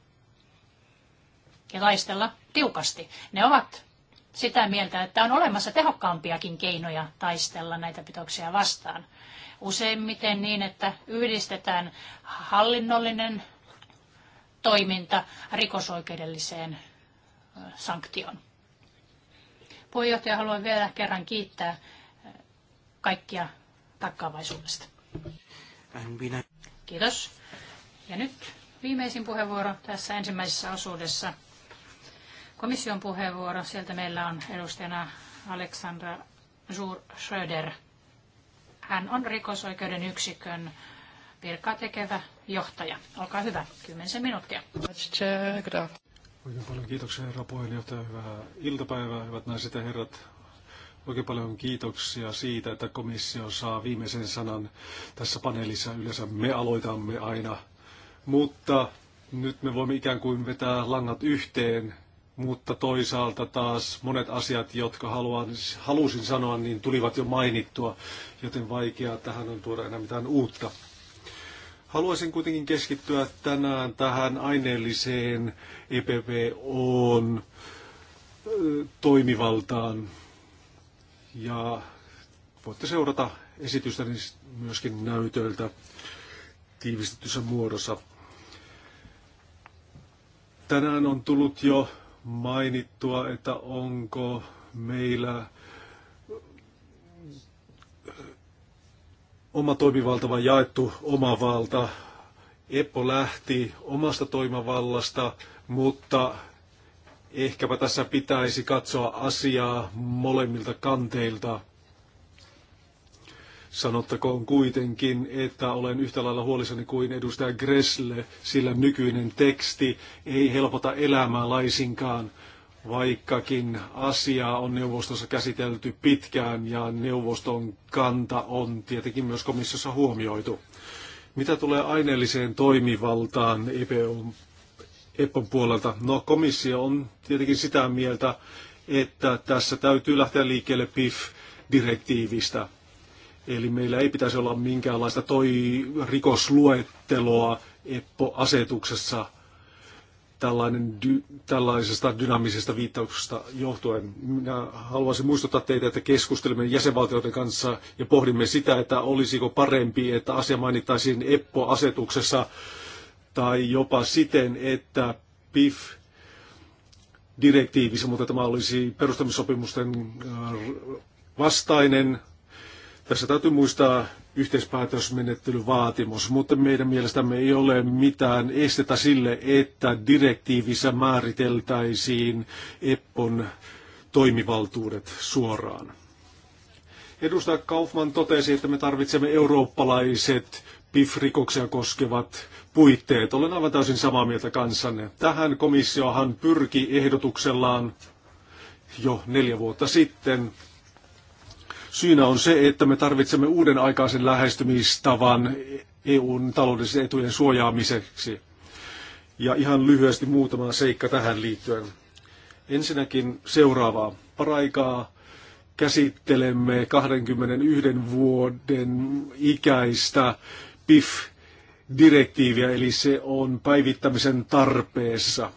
Ja taistella tiukasti. Ne ovat sitä mieltä, että on olemassa tehokkaampiakin keinoja taistella näitä pitoksia vastaan. Useimmiten niin, että yhdistetään hallinnollinen toiminta rikosoikeudelliseen sanktioon. Puheenjohtaja, haluan vielä kerran kiittää kaikkia takkaavaisuudesta. Kiitos. Ja nyt viimeisin puheenvuoro tässä ensimmäisessä osuudessa komission puheenvuoro. Sieltä meillä on edustajana Aleksandra Schröder. Hän on rikosoikeuden yksikön virkaa tekevä johtaja. Olkaa hyvä, kymmenisen minuuttia. Oikein paljon kiitoksia herra puheenjohtaja, hyvää iltapäivää, hyvät naiset ja herrat. Oikein paljon kiitoksia siitä, että komissio saa viimeisen sanan tässä paneelissa. Yleensä me aloitamme aina, mutta nyt me voimme ikään kuin vetää langat yhteen mutta toisaalta taas monet asiat, jotka haluan, halusin sanoa, niin tulivat jo mainittua, joten vaikeaa tähän on tuoda enää mitään uutta. Haluaisin kuitenkin keskittyä tänään tähän aineelliseen EPVOn toimivaltaan. Ja voitte seurata esitystä niin myöskin näytöltä tiivistetyssä muodossa. Tänään on tullut jo mainittua, että onko meillä oma toimivalta vai jaettu oma valta. Eppo lähti omasta toimivallasta, mutta ehkäpä tässä pitäisi katsoa asiaa molemmilta kanteilta. Sanottakoon kuitenkin, että olen yhtä lailla huolissani kuin edustaja Gressle, sillä nykyinen teksti ei helpota elämää laisinkaan, vaikkakin asiaa on neuvostossa käsitelty pitkään ja neuvoston kanta on tietenkin myös komissiossa huomioitu. Mitä tulee aineelliseen toimivaltaan EPOn, e EPOn puolelta? No komissio on tietenkin sitä mieltä, että tässä täytyy lähteä liikkeelle PIF-direktiivistä. Eli meillä ei pitäisi olla minkäänlaista toi rikosluetteloa EPPO-asetuksessa tällainen dy, tällaisesta dynaamisesta viittauksesta johtuen. Minä haluaisin muistuttaa teitä, että keskustelimme jäsenvaltioiden kanssa ja pohdimme sitä, että olisiko parempi, että asia mainittaisiin EPPO-asetuksessa tai jopa siten, että PIF direktiivissä, mutta tämä olisi perustamissopimusten äh, vastainen tässä täytyy muistaa vaatimus, mutta meidän mielestämme ei ole mitään estetä sille, että direktiivissä määriteltäisiin EPPON toimivaltuudet suoraan. Edustaja Kaufman totesi, että me tarvitsemme eurooppalaiset PIF-rikoksia koskevat puitteet. Olen aivan täysin samaa mieltä kanssanne. Tähän komissiohan pyrki ehdotuksellaan jo neljä vuotta sitten Syynä on se, että me tarvitsemme uuden aikaisen lähestymistavan EUn taloudellisten etujen suojaamiseksi. Ja ihan lyhyesti muutama seikka tähän liittyen. Ensinnäkin seuraavaa. Paraikaa käsittelemme 21 vuoden ikäistä PIF-direktiiviä, eli se on päivittämisen tarpeessa –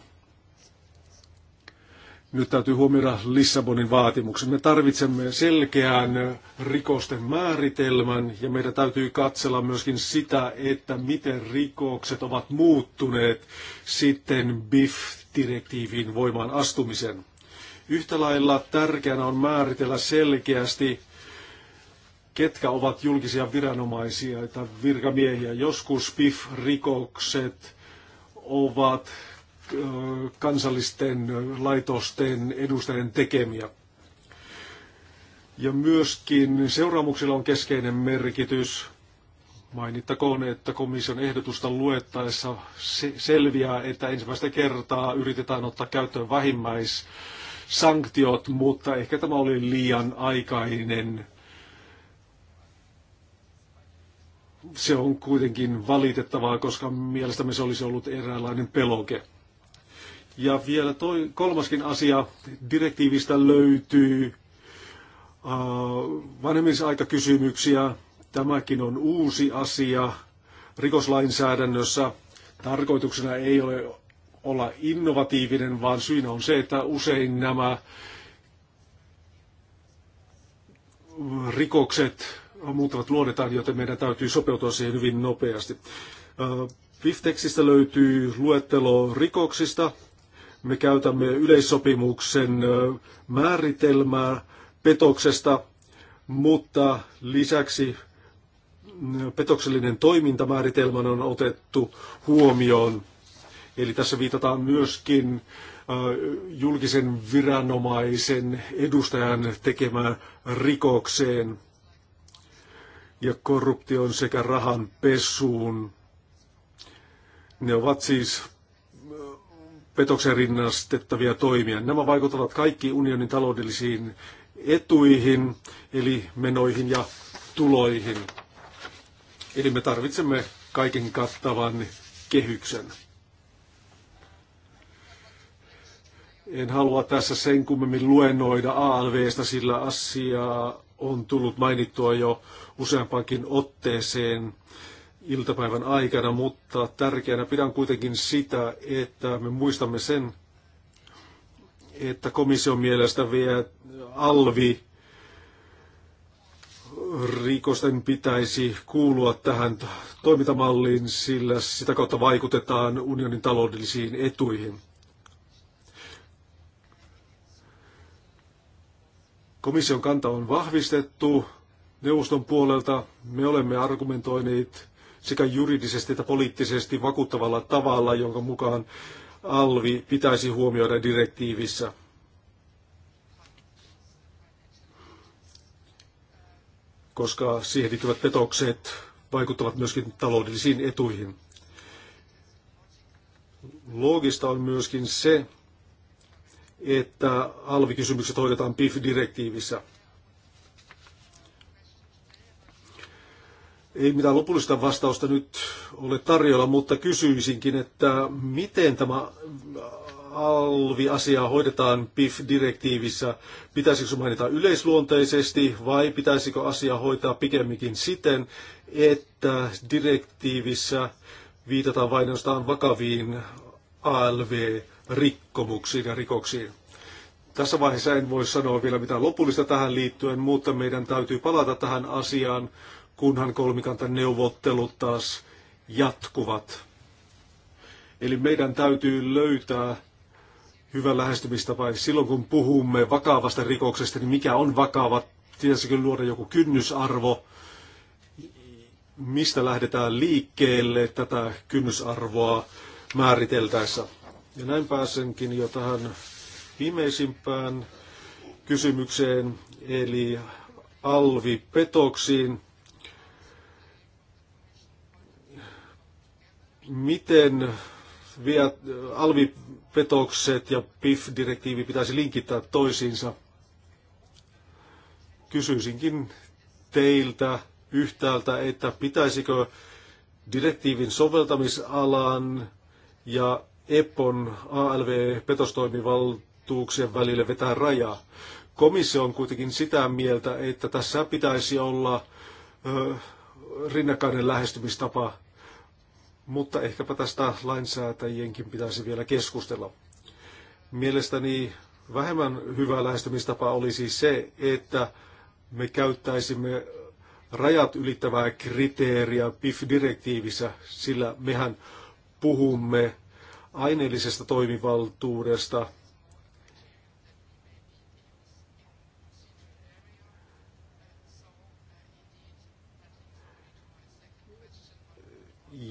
nyt täytyy huomioida Lissabonin vaatimukset. Me tarvitsemme selkeän rikosten määritelmän ja meidän täytyy katsella myöskin sitä, että miten rikokset ovat muuttuneet sitten BIF-direktiivin voimaan astumisen. Yhtä lailla tärkeänä on määritellä selkeästi, ketkä ovat julkisia viranomaisia tai virkamiehiä. Joskus BIF-rikokset ovat kansallisten laitosten edustajien tekemiä. Ja myöskin seuraamuksilla on keskeinen merkitys. Mainittakoon, että komission ehdotusta luettaessa selviää, että ensimmäistä kertaa yritetään ottaa käyttöön vähimmäissanktiot, mutta ehkä tämä oli liian aikainen se on kuitenkin valitettavaa, koska mielestämme se olisi ollut eräänlainen peloke. Ja vielä toi, kolmaskin asia direktiivistä löytyy äh, vanhemmisaikakysymyksiä. Tämäkin on uusi asia rikoslainsäädännössä. Tarkoituksena ei ole olla innovatiivinen, vaan syynä on se, että usein nämä rikokset muuttavat luodetaan, joten meidän täytyy sopeutua siihen hyvin nopeasti. Uh, tekstistä löytyy luettelo rikoksista, me käytämme yleissopimuksen määritelmää petoksesta, mutta lisäksi petoksellinen toimintamääritelmä on otettu huomioon. Eli tässä viitataan myöskin julkisen viranomaisen edustajan tekemään rikokseen ja korruption sekä rahan pesuun. Ne ovat siis petoksen rinnastettavia toimia. Nämä vaikuttavat kaikki unionin taloudellisiin etuihin, eli menoihin ja tuloihin. Eli me tarvitsemme kaiken kattavan kehyksen. En halua tässä sen kummemmin luennoida ALVstä, sillä asiaa on tullut mainittua jo useampankin otteeseen – iltapäivän aikana, mutta tärkeänä pidän kuitenkin sitä, että me muistamme sen, että komission mielestä vielä alvi rikosten pitäisi kuulua tähän toimintamalliin, sillä sitä kautta vaikutetaan unionin taloudellisiin etuihin. Komission kanta on vahvistettu neuvoston puolelta. Me olemme argumentoineet sekä juridisesti että poliittisesti vakuuttavalla tavalla, jonka mukaan alvi pitäisi huomioida direktiivissä. koska siihen liittyvät petokset vaikuttavat myöskin taloudellisiin etuihin. Loogista on myöskin se, että alvikysymykset hoidetaan PIF-direktiivissä. Ei mitään lopullista vastausta nyt ole tarjolla, mutta kysyisinkin, että miten tämä alvi asia hoidetaan PIF-direktiivissä? Pitäisikö se mainita yleisluonteisesti vai pitäisikö asia hoitaa pikemminkin siten, että direktiivissä viitataan vain vakaviin ALV-rikkomuksiin ja rikoksiin? Tässä vaiheessa en voi sanoa vielä mitään lopullista tähän liittyen, mutta meidän täytyy palata tähän asiaan kunhan kolmikanta neuvottelut taas jatkuvat. Eli meidän täytyy löytää hyvä lähestymistapa. Silloin kun puhumme vakavasta rikoksesta, niin mikä on vakava? Tiesikö luoda joku kynnysarvo? Mistä lähdetään liikkeelle tätä kynnysarvoa määriteltäessä? Ja näin pääsenkin jo tähän viimeisimpään kysymykseen, eli alvipetoksiin. miten alvipetokset ja PIF-direktiivi pitäisi linkittää toisiinsa. Kysyisinkin teiltä yhtäältä, että pitäisikö direktiivin soveltamisalan ja EPON ALV-petostoimivaltuuksien välille vetää rajaa. Komissio on kuitenkin sitä mieltä, että tässä pitäisi olla ö, rinnakkainen lähestymistapa mutta ehkäpä tästä lainsäätäjienkin pitäisi vielä keskustella. Mielestäni vähemmän hyvä lähestymistapa olisi se, että me käyttäisimme rajat ylittävää kriteeriä PIF-direktiivissä, sillä mehän puhumme aineellisesta toimivaltuudesta –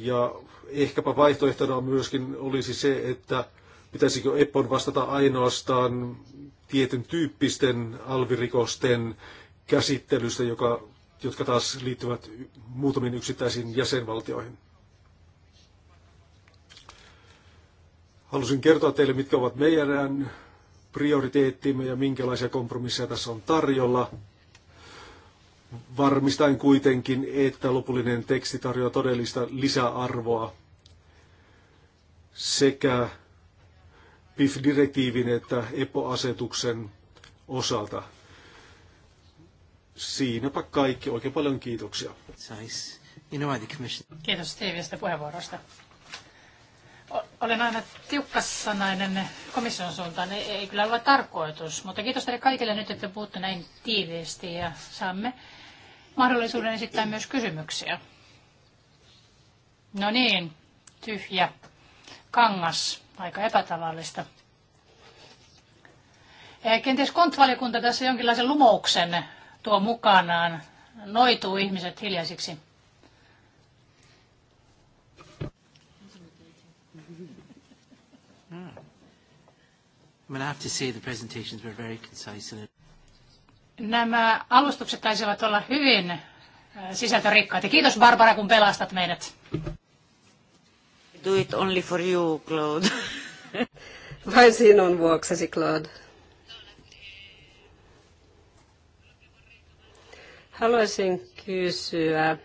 Ja ehkäpä vaihtoehtona myöskin olisi se, että pitäisikö EPPON vastata ainoastaan tietyn tyyppisten alvirikosten käsittelystä, joka, jotka taas liittyvät muutamiin yksittäisiin jäsenvaltioihin. Halusin kertoa teille, mitkä ovat meidän prioriteettimme ja minkälaisia kompromisseja tässä on tarjolla varmistain kuitenkin, että lopullinen teksti tarjoaa todellista lisäarvoa sekä PIF-direktiivin että EPO-asetuksen osalta. Siinäpä kaikki. Oikein paljon kiitoksia. Kiitos tiivistä puheenvuorosta olen aina tiukkasanainen komission suuntaan. Ei, ei kyllä ole tarkoitus, mutta kiitos teille kaikille nyt, että puhutte näin tiiviisti ja saamme mahdollisuuden esittää myös kysymyksiä. No niin, tyhjä kangas, aika epätavallista. Eh, kenties kontvaliokunta tässä jonkinlaisen lumouksen tuo mukanaan. Noituu ihmiset hiljaisiksi. Nämä alustukset taisivat olla hyvin äh, sisältörikkaita. Kiitos Barbara, kun pelastat meidät. Do it only for you, Claude. Vain sinun vuoksesi, Claude. Haluaisin kysyä,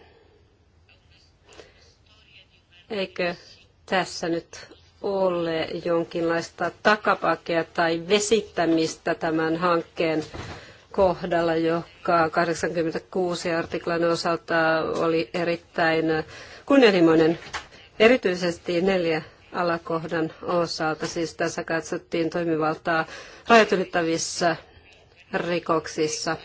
eikö tässä nyt ole jonkinlaista takapakea tai vesittämistä tämän hankkeen kohdalla, joka 86 artiklan osalta oli erittäin kunnianhimoinen, erityisesti neljä alakohdan osalta. Siis tässä katsottiin toimivaltaa rajat ylittävissä rikoksissa.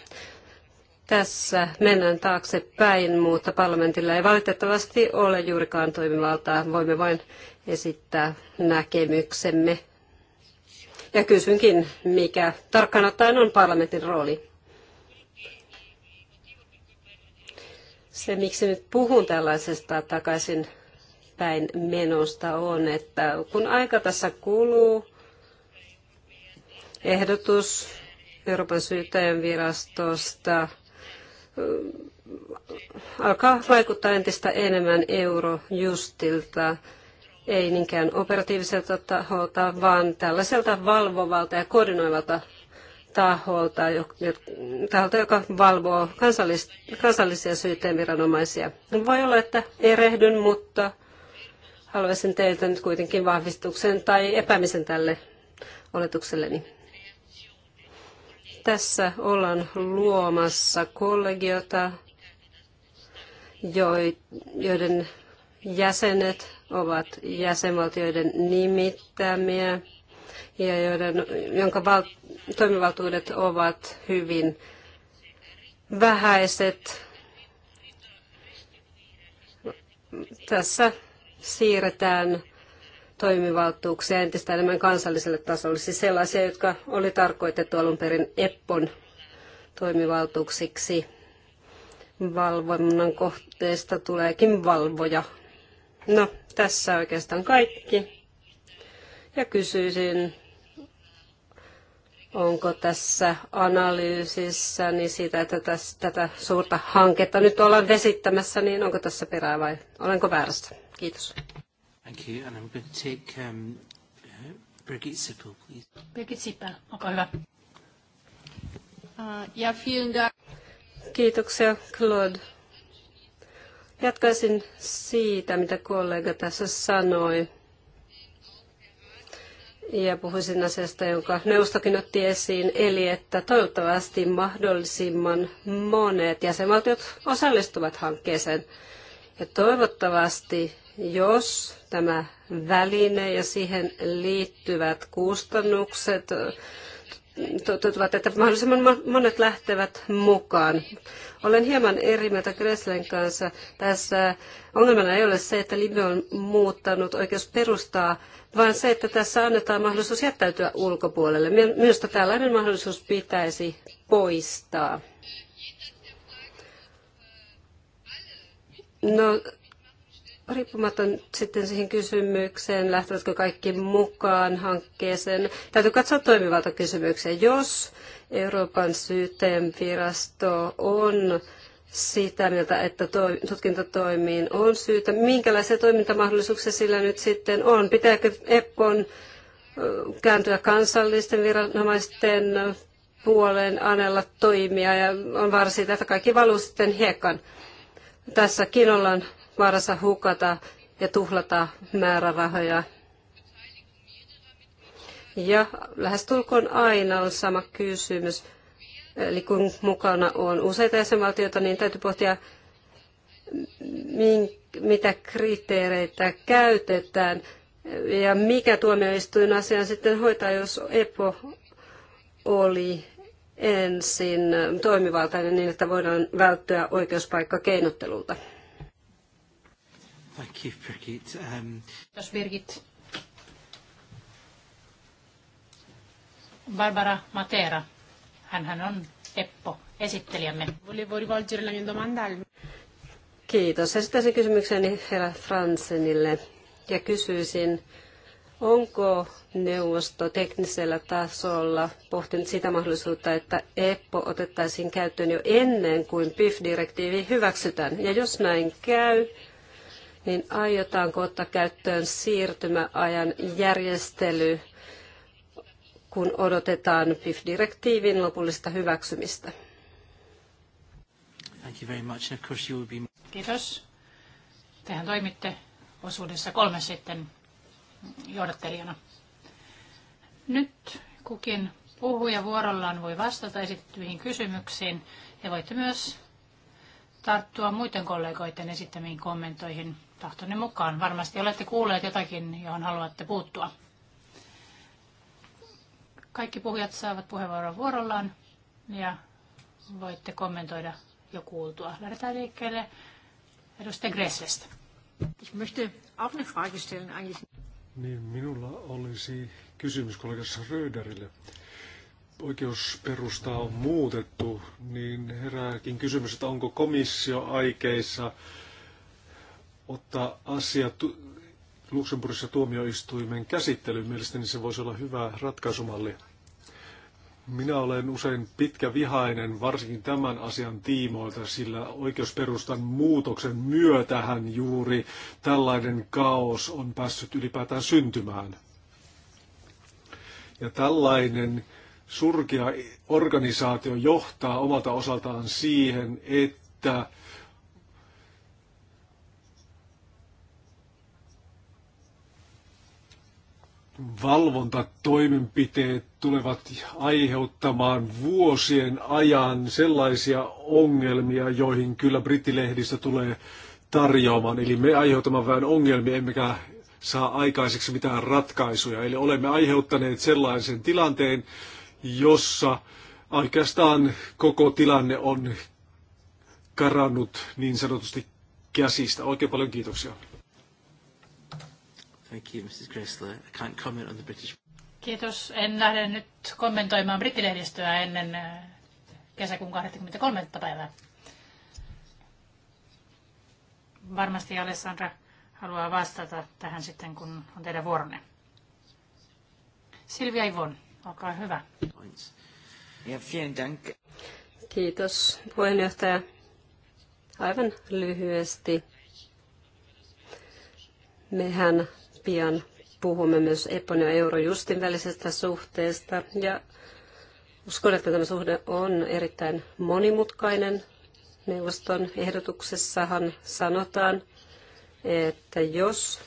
Tässä mennään taaksepäin, mutta parlamentilla ei valitettavasti ole juurikaan toimivaltaa. Voimme vain esittää näkemyksemme. Ja kysynkin, mikä tarkkaan ottaen on parlamentin rooli. Se, miksi nyt puhun tällaisesta takaisin päin menosta on, että kun aika tässä kuluu, ehdotus Euroopan syyttäjän virastosta äh, alkaa vaikuttaa entistä enemmän eurojustilta ei niinkään operatiiviselta taholta, vaan tällaiselta valvovalta ja koordinoivalta taholta, taholta joka valvoo kansallis, kansallisia syyteenviranomaisia. Voi olla, että erehdyn, mutta haluaisin teiltä nyt kuitenkin vahvistuksen tai epämisen tälle oletukselleni. Tässä ollaan luomassa kollegiota, joiden jäsenet ovat jäsenvaltioiden nimittämiä ja joiden, jonka val, toimivaltuudet ovat hyvin vähäiset. Tässä siirretään toimivaltuuksia entistä enemmän kansalliselle tasolle, siis sellaisia, jotka oli tarkoitettu alun perin EPPON toimivaltuuksiksi. Valvonnan kohteesta tuleekin valvoja No, tässä oikeastaan kaikki. Ja kysyisin, onko tässä analyysissä niin siitä, että tässä, tätä suurta hanketta nyt ollaan vesittämässä, niin onko tässä perää vai olenko väärässä? Kiitos. Thank you, and I'm going to take um, Birgit Sippel, please. Birgit Sippel, olkaa hyvä. Uh, ja, vielen Kiitoksia, Claude. Jatkaisin siitä, mitä kollega tässä sanoi. Ja puhuisin asiasta, jonka neuvostokin otti esiin, eli että toivottavasti mahdollisimman monet jäsenvaltiot osallistuvat hankkeeseen. Ja toivottavasti, jos tämä väline ja siihen liittyvät kustannukset tuntuvat, että mahdollisimman monet lähtevät mukaan. Olen hieman eri mieltä Kreslen kanssa. Tässä ongelmana ei ole se, että Libe on muuttanut oikeus perustaa, vaan se, että tässä annetaan mahdollisuus jättäytyä ulkopuolelle. Minusta tällainen mahdollisuus pitäisi poistaa. No, riippumaton sitten siihen kysymykseen, lähtevätkö kaikki mukaan hankkeeseen. Täytyy katsoa toimivalta kysymykseen. Jos Euroopan syyteenvirasto on sitä mieltä, että tutkintatoimiin on syytä, minkälaisia toimintamahdollisuuksia sillä nyt sitten on? Pitääkö EPPON kääntyä kansallisten viranomaisten puoleen, anella toimia ja on varsin että kaikki valuu sitten hiekan. Tässäkin ollaan vaarassa hukata ja tuhlata määrärahoja. Ja lähestulkoon aina on sama kysymys. Eli kun mukana on useita jäsenvaltioita, niin täytyy pohtia, mitä kriteereitä käytetään ja mikä tuomioistuin asian sitten hoitaa, jos EPO oli ensin toimivaltainen niin, että voidaan välttyä oikeuspaikka keinottelulta. Thank you, Birgit. Um... Birgit. Barbara Matera, hän on Eppo, esittelijämme. Volevo rivolgere la mia domanda Kiitos. Esittäisin kysymykseni herra Fransenille ja kysyisin, onko neuvosto teknisellä tasolla pohtinut sitä mahdollisuutta, että EPPO otettaisiin käyttöön jo ennen kuin PIF-direktiivi hyväksytään? Ja jos näin käy, niin aiotaanko ottaa käyttöön siirtymäajan järjestely, kun odotetaan PIF-direktiivin lopullista hyväksymistä? Thank you very much. of course you will be... Kiitos. Tehän toimitte osuudessa kolme sitten johdattelijana. Nyt kukin puhuja vuorollaan voi vastata esitettyihin kysymyksiin ja voitte myös tarttua muiden kollegoiden esittämiin kommentoihin tahtonne mukaan. Varmasti olette kuulleet jotakin, johon haluatte puuttua. Kaikki puhujat saavat puheenvuoron vuorollaan ja voitte kommentoida jo kuultua. Lähdetään liikkeelle edustaja Gresslestä. Niin, minulla olisi kysymys kollegassa Röderille. Oikeusperusta on muutettu, niin herääkin kysymys, että onko komissio aikeissa ottaa asia tu- Luxemburgissa tuomioistuimen käsittelyyn. Mielestäni se voisi olla hyvä ratkaisumalli. Minä olen usein pitkä vihainen, varsinkin tämän asian tiimoilta, sillä oikeusperustan muutoksen myötähän juuri tällainen kaos on päässyt ylipäätään syntymään. Ja tällainen surkea organisaatio johtaa omalta osaltaan siihen, että valvontatoimenpiteet tulevat aiheuttamaan vuosien ajan sellaisia ongelmia, joihin kyllä brittilehdistä tulee tarjoamaan. Eli me aiheutamme vain ongelmia, emmekä saa aikaiseksi mitään ratkaisuja. Eli olemme aiheuttaneet sellaisen tilanteen, jossa oikeastaan koko tilanne on karannut niin sanotusti käsistä. Oikein paljon kiitoksia. Thank you, Mrs. Gressler. I can't comment on the British... Kiitos. En lähde nyt kommentoimaan brittilehdistöä ennen äh, kesäkuun 23. päivää. Varmasti Alessandra haluaa vastata tähän sitten, kun on teidän vuoronne. Silvia Ivon, olkaa hyvä. Kiitos puheenjohtaja. Aivan lyhyesti. Mehän pian puhumme myös EPON ja Eurojustin välisestä suhteesta. Ja uskon, että tämä suhde on erittäin monimutkainen. Neuvoston ehdotuksessahan sanotaan, että jos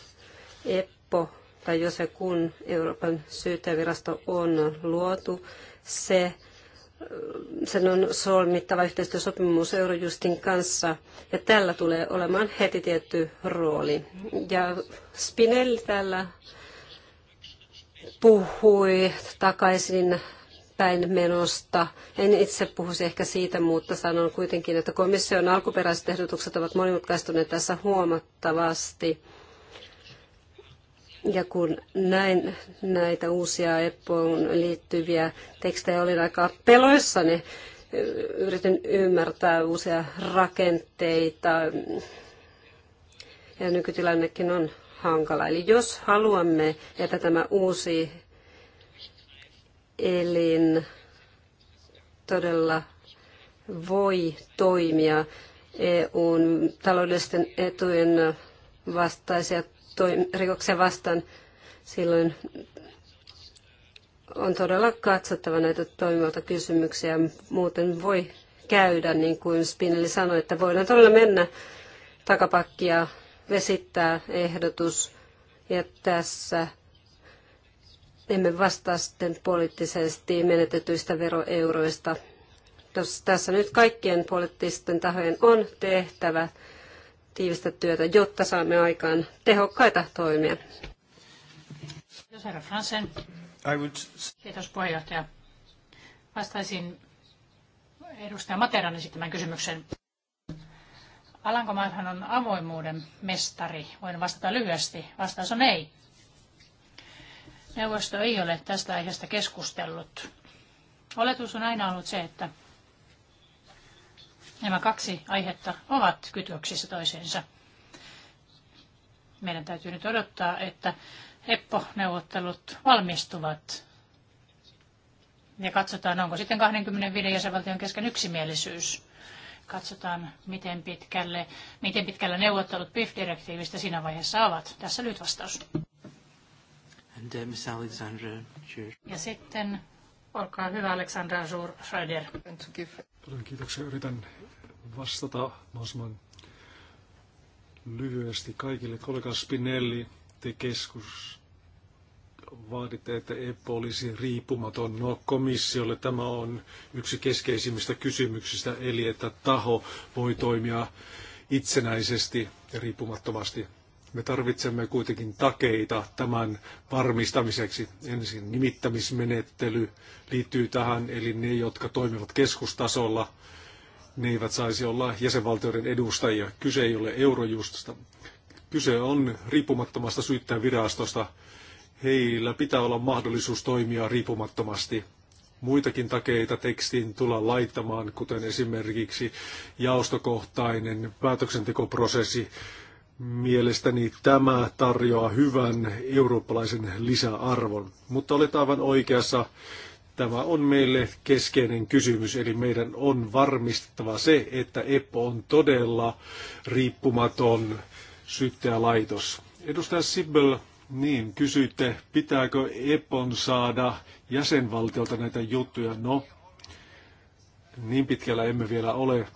EPPO tai jos ja kun Euroopan syyttäjävirasto on luotu, se sen on solmittava yhteistyösopimus Eurojustin kanssa, ja tällä tulee olemaan heti tietty rooli. Ja Spinelli täällä puhui takaisin päin menosta. En itse puhuisi ehkä siitä, mutta sanon kuitenkin, että komission alkuperäiset ehdotukset ovat monimutkaistuneet tässä huomattavasti. Ja kun näin näitä uusia EPPOon liittyviä tekstejä, olin aika peloissani. Yritin ymmärtää uusia rakenteita. Ja nykytilannekin on hankala. Eli jos haluamme, että tämä uusi elin todella voi toimia EUn taloudellisten etujen vastaisia rikoksia vastaan, silloin on todella katsottava näitä toimivalta kysymyksiä. Muuten voi käydä, niin kuin Spinelli sanoi, että voidaan todella mennä takapakkia, vesittää ehdotus. Ja tässä emme vastaa sitten poliittisesti menetetyistä veroeuroista. Tässä nyt kaikkien poliittisten tahojen on tehtävä tiivistä työtä, jotta saamme aikaan tehokkaita toimia. Kiitos herra Fransen. would... Kiitos puheenjohtaja. Vastaisin edustaja Materan esittämään kysymyksen. Alankomaathan on avoimuuden mestari. Voin vastata lyhyesti. Vastaus on ei. Neuvosto ei ole tästä aiheesta keskustellut. Oletus on aina ollut se, että Nämä kaksi aihetta ovat kytöksissä toisiinsa. Meidän täytyy nyt odottaa, että EPPO-neuvottelut valmistuvat ja katsotaan, onko sitten 25 jäsenvaltion kesken yksimielisyys. Katsotaan, miten pitkälle, miten pitkällä neuvottelut PIF-direktiivistä siinä vaiheessa ovat. Tässä lyhyt vastaus. And, uh, Miss Alexandra, sure. Ja sitten, olkaa hyvä Alexandra Schroeder. kiitoksia. Yritän vastata mahdollisimman lyhyesti kaikille. Kollega Spinelli, te keskus vaaditte, että EPO olisi riippumaton. No komissiolle tämä on yksi keskeisimmistä kysymyksistä, eli että taho voi toimia itsenäisesti ja riippumattomasti. Me tarvitsemme kuitenkin takeita tämän varmistamiseksi. Ensin nimittämismenettely liittyy tähän, eli ne, jotka toimivat keskustasolla, ne eivät saisi olla jäsenvaltioiden edustajia. Kyse ei ole eurojustista. Kyse on riippumattomasta syyttäjän virastosta. Heillä pitää olla mahdollisuus toimia riippumattomasti. Muitakin takeita tekstiin tulla laittamaan, kuten esimerkiksi jaostokohtainen päätöksentekoprosessi. Mielestäni tämä tarjoaa hyvän eurooppalaisen lisäarvon, mutta olet aivan oikeassa Tämä on meille keskeinen kysymys, eli meidän on varmistettava se, että EPPO on todella riippumaton syyttäjälaitos. Edustaja Sibbel, niin kysyitte, pitääkö EPPON saada jäsenvaltiolta näitä juttuja? No, niin pitkällä emme vielä ole,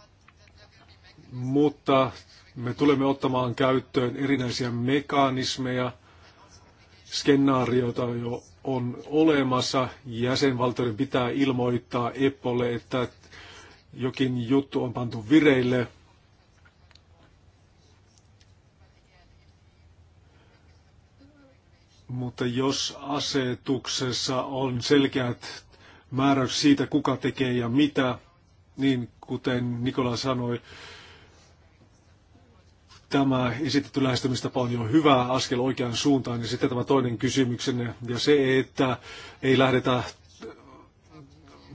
mutta me tulemme ottamaan käyttöön erinäisiä mekanismeja, skenaarioita jo on olemassa. Jäsenvaltioiden pitää ilmoittaa EPOlle, että jokin juttu on pantu vireille. Mutta jos asetuksessa on selkeät määräykset siitä, kuka tekee ja mitä, niin kuten Nikola sanoi, tämä esitetty lähestymistapa on jo hyvä askel oikeaan suuntaan. Ja sitten tämä toinen kysymyksenne ja se, että ei lähdetä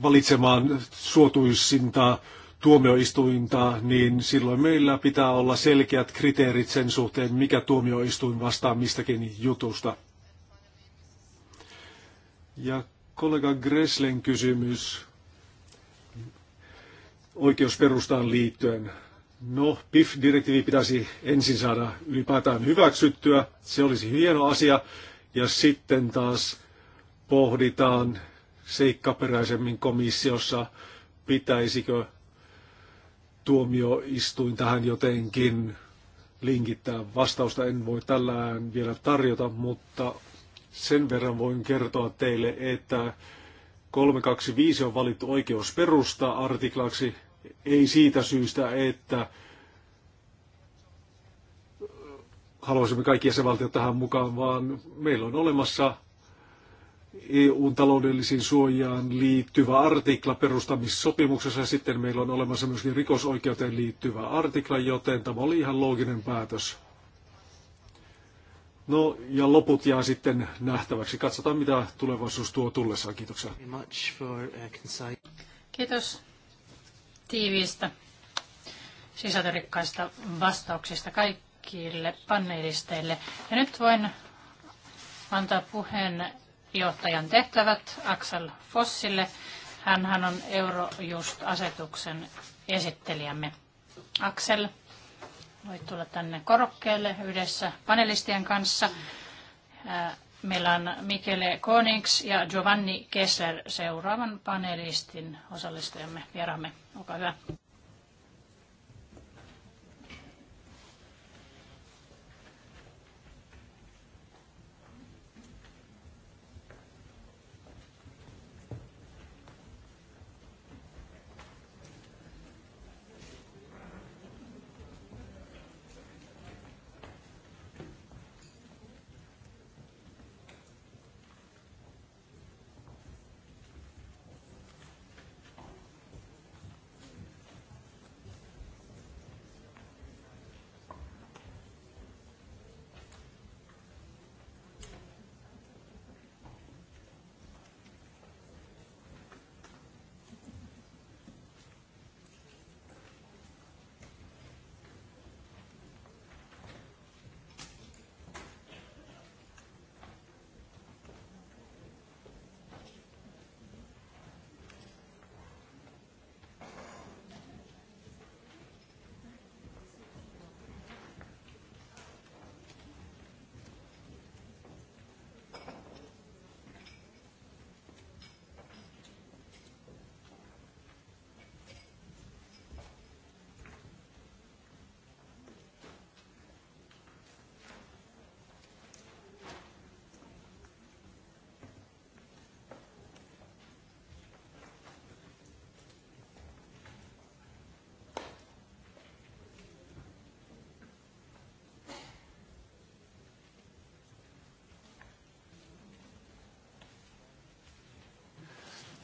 valitsemaan suotuisinta tuomioistuinta, niin silloin meillä pitää olla selkeät kriteerit sen suhteen, mikä tuomioistuin vastaa mistäkin jutusta. Ja kollega Greslen kysymys oikeusperustaan liittyen. No, PIF-direktiivi pitäisi ensin saada ylipäätään hyväksyttyä. Se olisi hieno asia. Ja sitten taas pohditaan seikkaperäisemmin komissiossa, pitäisikö tuomioistuin tähän jotenkin linkittää. Vastausta en voi tällään vielä tarjota, mutta sen verran voin kertoa teille, että 325 on valittu oikeusperusta artiklaksi ei siitä syystä, että haluaisimme kaikki jäsenvaltiot tähän mukaan, vaan meillä on olemassa EUn taloudellisiin suojaan liittyvä artikla perustamissopimuksessa ja sitten meillä on olemassa myöskin rikosoikeuteen liittyvä artikla, joten tämä oli ihan looginen päätös. No ja loput jää sitten nähtäväksi. Katsotaan mitä tulevaisuus tuo tullessaan. Kiitoksia. Uh, Kiitos tiiviistä sisältörikkaista vastauksista kaikille panelisteille. Ja nyt voin antaa puheenjohtajan tehtävät Axel Fossille. hän on Eurojust-asetuksen esittelijämme. Axel, voit tulla tänne korokkeelle yhdessä panelistien kanssa. Meillä Michele Konings ja Giovanni Kessler seuraavan panelistin osallistujamme vieraamme. Olkaa hyvä.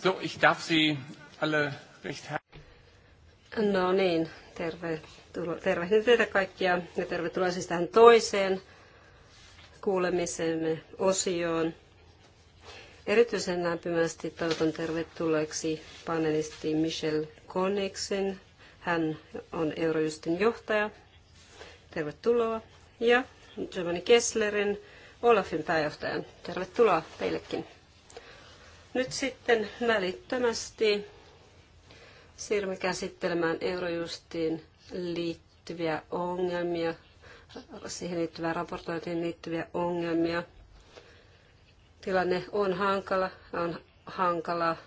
So, ich darf Sie alle recht No niin, tervetuloa, tervehdin teitä kaikkia ja tervetuloa siis tähän toiseen kuulemisemme osioon. Erityisen lämpimästi toivotan tervetulleeksi panelisti Michel Koniksen. Hän on Eurojustin johtaja. Tervetuloa. Ja Giovanni Kesslerin, Olafin pääjohtajan. Tervetuloa teillekin. Nyt sitten välittömästi siirrymme käsittelemään Eurojustiin liittyviä ongelmia, siihen liittyvää raportointiin liittyviä ongelmia. Tilanne on hankala, on hankala äh,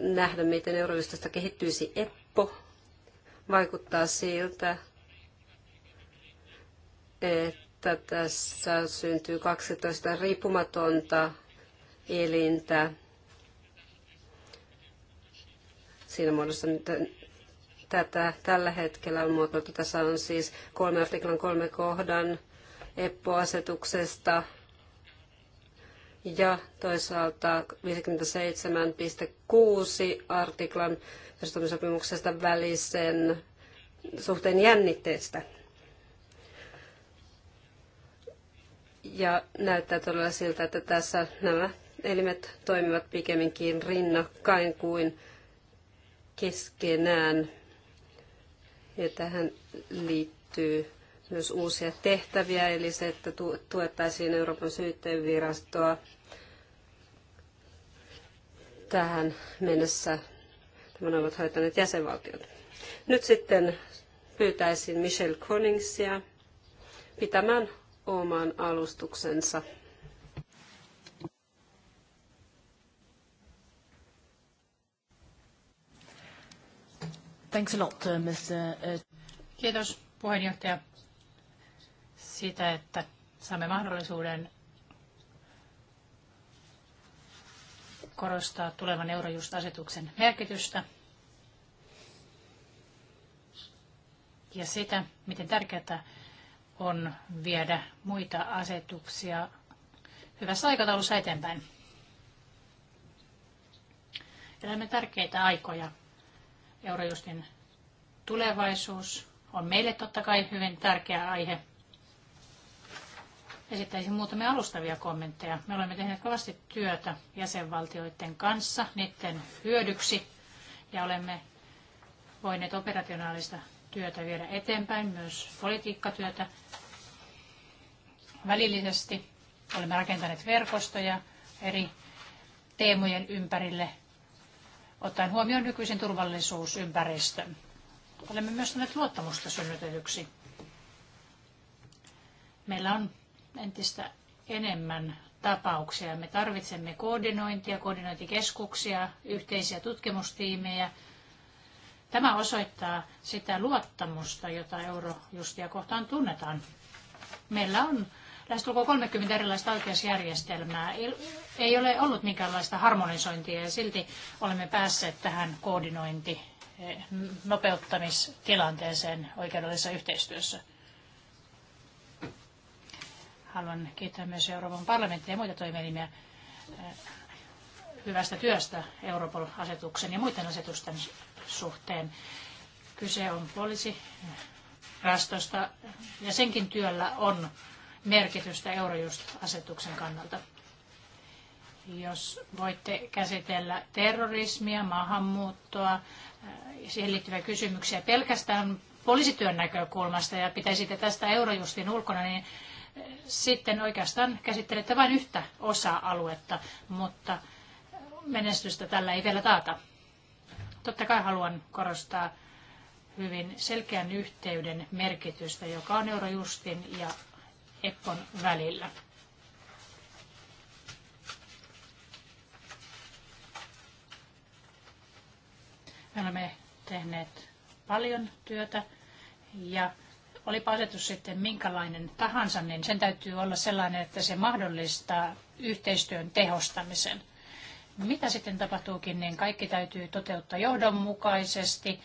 nähdä, miten Eurojustista kehittyisi EPPO. Vaikuttaa siltä, että tässä syntyy 12 riippumatonta elintä siinä muodossa, nyt tätä tällä hetkellä on muotoiltu. Tässä on siis kolme artiklan kolme kohdan EPPO-asetuksesta ja toisaalta 57.6 artiklan perustumisopimuksesta välisen suhteen jännitteestä. Ja näyttää todella siltä, että tässä nämä elimet toimivat pikemminkin rinnakkain kuin keskenään. Ja tähän liittyy myös uusia tehtäviä, eli se, että tuettaisiin Euroopan syyttäjävirastoa. Tähän mennessä tämän ovat hoitaneet jäsenvaltiot. Nyt sitten pyytäisin Michelle Conningsia pitämään oman alustuksensa. Thanks a lot, uh, Mr. Uh, Kiitos puheenjohtaja siitä, että saamme mahdollisuuden korostaa tulevan Eurojust-asetuksen merkitystä ja sitä, miten tärkeää on viedä muita asetuksia hyvässä aikataulussa eteenpäin. Elämme tärkeitä aikoja. Eurojustin tulevaisuus on meille totta kai hyvin tärkeä aihe. Esittäisin muutamia alustavia kommentteja. Me olemme tehneet kovasti työtä jäsenvaltioiden kanssa niiden hyödyksi ja olemme voineet operationaalista työtä viedä eteenpäin, myös politiikkatyötä välillisesti. Olemme rakentaneet verkostoja eri teemojen ympärille ottaen huomioon nykyisen turvallisuusympäristön. Olemme myös saaneet luottamusta synnytetyksi. Meillä on entistä enemmän tapauksia. Me tarvitsemme koordinointia, koordinointikeskuksia, yhteisiä tutkimustiimejä. Tämä osoittaa sitä luottamusta, jota eurojustia kohtaan tunnetaan. Meillä on lähestulkoon 30 erilaista oikeusjärjestelmää. Ei ole ollut minkäänlaista harmonisointia ja silti olemme päässeet tähän koordinointi eh, nopeuttamistilanteeseen oikeudellisessa yhteistyössä. Haluan kiittää myös Euroopan parlamenttia ja muita toimielimiä eh, hyvästä työstä Europol-asetuksen ja muiden asetusten suhteen. Kyse on poliisirastosta ja senkin työllä on merkitystä Eurojust-asetuksen kannalta. Jos voitte käsitellä terrorismia, maahanmuuttoa, äh, siihen liittyviä kysymyksiä pelkästään poliisityön näkökulmasta ja pitäisitte tästä Eurojustin ulkona, niin äh, sitten oikeastaan käsittelette vain yhtä osa-aluetta, mutta menestystä tällä ei vielä taata. Totta kai haluan korostaa hyvin selkeän yhteyden merkitystä, joka on Eurojustin ja Eppon välillä. Me olemme tehneet paljon työtä ja olipa asetus sitten minkälainen tahansa, niin sen täytyy olla sellainen, että se mahdollistaa yhteistyön tehostamisen. Mitä sitten tapahtuukin, niin kaikki täytyy toteuttaa johdonmukaisesti,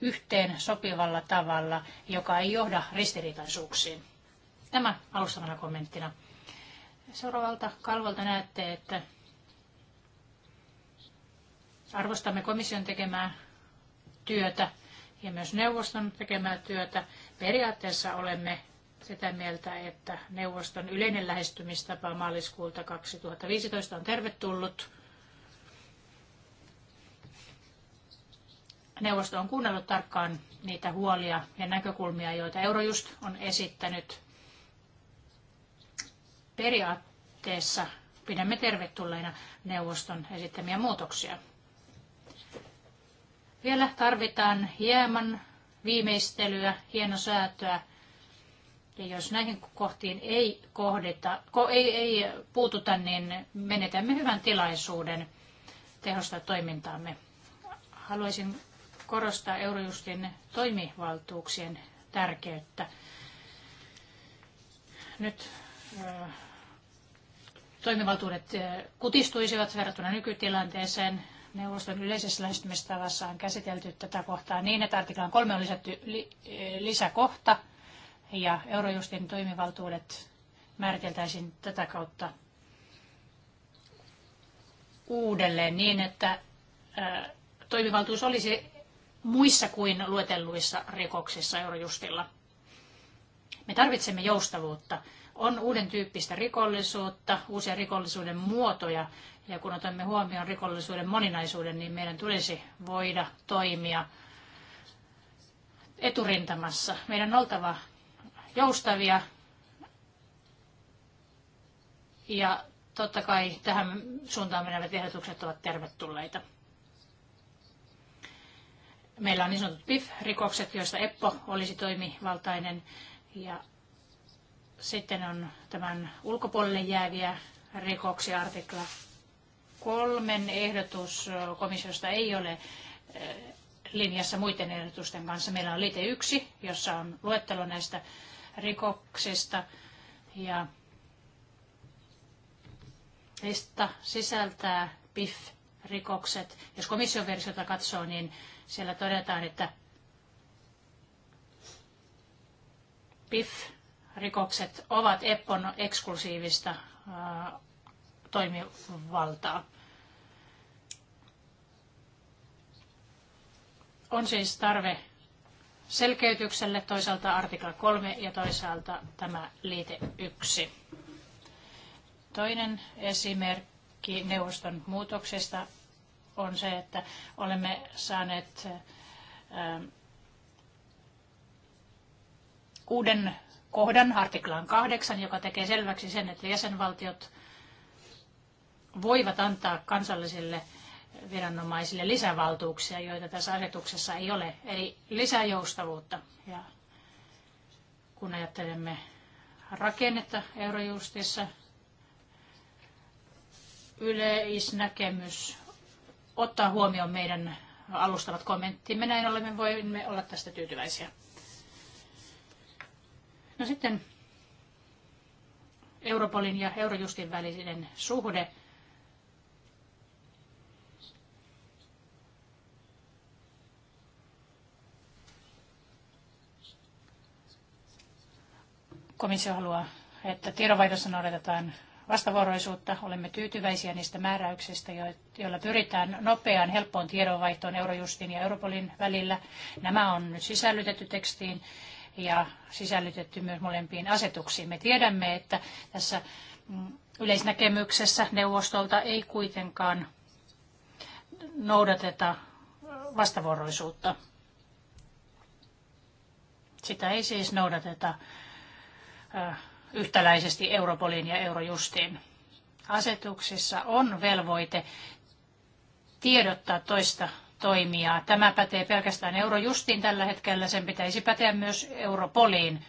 yhteen sopivalla tavalla, joka ei johda ristiriitaisuuksiin. Tämä alustavana kommenttina. Seuraavalta kalvolta näette, että arvostamme komission tekemää työtä ja myös neuvoston tekemää työtä. Periaatteessa olemme sitä mieltä, että neuvoston yleinen lähestymistapa maaliskuulta 2015 on tervetullut. Neuvosto on kuunnellut tarkkaan niitä huolia ja näkökulmia, joita Eurojust on esittänyt periaatteessa pidämme tervetulleina neuvoston esittämiä muutoksia. Vielä tarvitaan hieman viimeistelyä, hienosäätöä. Ja jos näihin kohtiin ei, kohdita, ko, ei, ei puututa, niin menetämme hyvän tilaisuuden tehostaa toimintaamme. Haluaisin korostaa Eurojustin toimivaltuuksien tärkeyttä. Nyt toimivaltuudet eh, kutistuisivat verrattuna nykytilanteeseen. Neuvoston yleisessä lähestymistavassa on käsitelty tätä kohtaa niin, että artiklaan kolme on lisätty eh, lisäkohta ja Eurojustin toimivaltuudet määriteltäisiin tätä kautta uudelleen niin, että eh, toimivaltuus olisi muissa kuin luetelluissa rikoksissa Eurojustilla. Me tarvitsemme joustavuutta on uuden tyyppistä rikollisuutta, uusia rikollisuuden muotoja, ja kun otamme huomioon rikollisuuden moninaisuuden, niin meidän tulisi voida toimia eturintamassa. Meidän on oltava joustavia ja totta kai tähän suuntaan menevät ehdotukset ovat tervetulleita. Meillä on niin sanotut PIF-rikokset, joista EPPO olisi toimivaltainen ja sitten on tämän ulkopuolelle jääviä rikoksia artikla kolmen ehdotus komissiosta ei ole eh, linjassa muiden ehdotusten kanssa. Meillä on liite yksi, jossa on luettelo näistä rikoksista ja lista sisältää PIF-rikokset. Jos komission versiota katsoo, niin siellä todetaan, että PIF rikokset ovat EPPON eksklusiivista äh, toimivaltaa. On siis tarve selkeytykselle toisaalta artikla 3 ja toisaalta tämä liite 1. Toinen esimerkki neuvoston muutoksesta on se, että olemme saaneet äh, uuden kohdan artiklan kahdeksan, joka tekee selväksi sen, että jäsenvaltiot voivat antaa kansallisille viranomaisille lisävaltuuksia, joita tässä asetuksessa ei ole. Eli lisäjoustavuutta. Ja kun ajattelemme rakennetta Eurojustissa, yleisnäkemys ottaa huomioon meidän alustavat kommenttimme, näin olemme voimme olla tästä tyytyväisiä. No sitten Europolin ja Eurojustin välinen suhde. Komissio haluaa, että tiedonvaihdossa noudatetaan vastavuoroisuutta. Olemme tyytyväisiä niistä määräyksistä, joilla pyritään nopeaan, helppoon tiedonvaihtoon Eurojustin ja Europolin välillä. Nämä on nyt sisällytetty tekstiin ja sisällytetty myös molempiin asetuksiin. Me tiedämme, että tässä mm, yleisnäkemyksessä neuvostolta ei kuitenkaan noudateta vastavuoroisuutta. Sitä ei siis noudateta yhtäläisesti Europolin ja Eurojustiin. Asetuksissa on velvoite tiedottaa toista toimia. Tämä pätee pelkästään Eurojustiin tällä hetkellä, sen pitäisi päteä myös Europoliin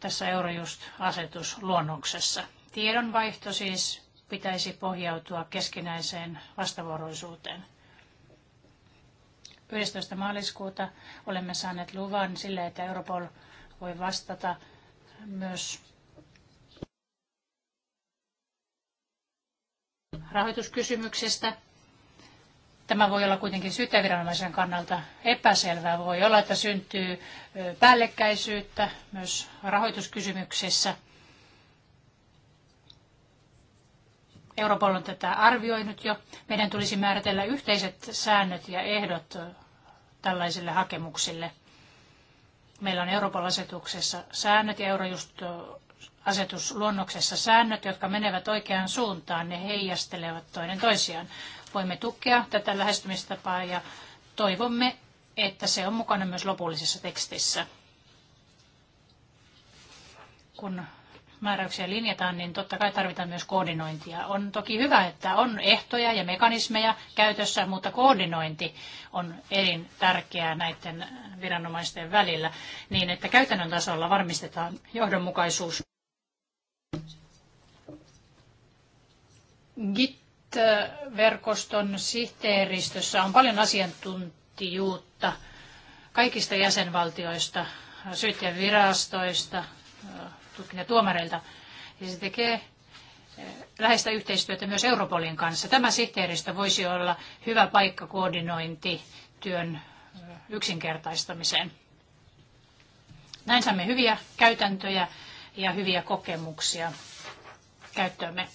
tässä Eurojust-asetusluonnoksessa. Tiedonvaihto siis pitäisi pohjautua keskinäiseen vastavuoroisuuteen. 11. maaliskuuta olemme saaneet luvan sille, että Europol voi vastata myös rahoituskysymyksestä. Tämä voi olla kuitenkin syyttäjäviranomaisen kannalta epäselvää. Voi olla, että syntyy päällekkäisyyttä myös rahoituskysymyksissä. Europol on tätä arvioinut jo. Meidän tulisi määritellä yhteiset säännöt ja ehdot tällaisille hakemuksille. Meillä on Europol-asetuksessa säännöt ja Eurojust-asetusluonnoksessa säännöt, jotka menevät oikeaan suuntaan. Ne heijastelevat toinen toisiaan. Voimme tukea tätä lähestymistapaa ja toivomme, että se on mukana myös lopullisessa tekstissä. Kun määräyksiä linjataan, niin totta kai tarvitaan myös koordinointia. On toki hyvä, että on ehtoja ja mekanismeja käytössä, mutta koordinointi on erin tärkeää näiden viranomaisten välillä, niin että käytännön tasolla varmistetaan johdonmukaisuus. Git verkoston sihteeristössä on paljon asiantuntijuutta kaikista jäsenvaltioista, syyttäjän virastoista, tutkintatuomareilta. Ja se tekee eh, läheistä yhteistyötä myös Europolin kanssa. Tämä sihteeristö voisi olla hyvä paikka koordinointi työn eh, yksinkertaistamiseen. Näin saamme hyviä käytäntöjä ja hyviä kokemuksia käyttöömme.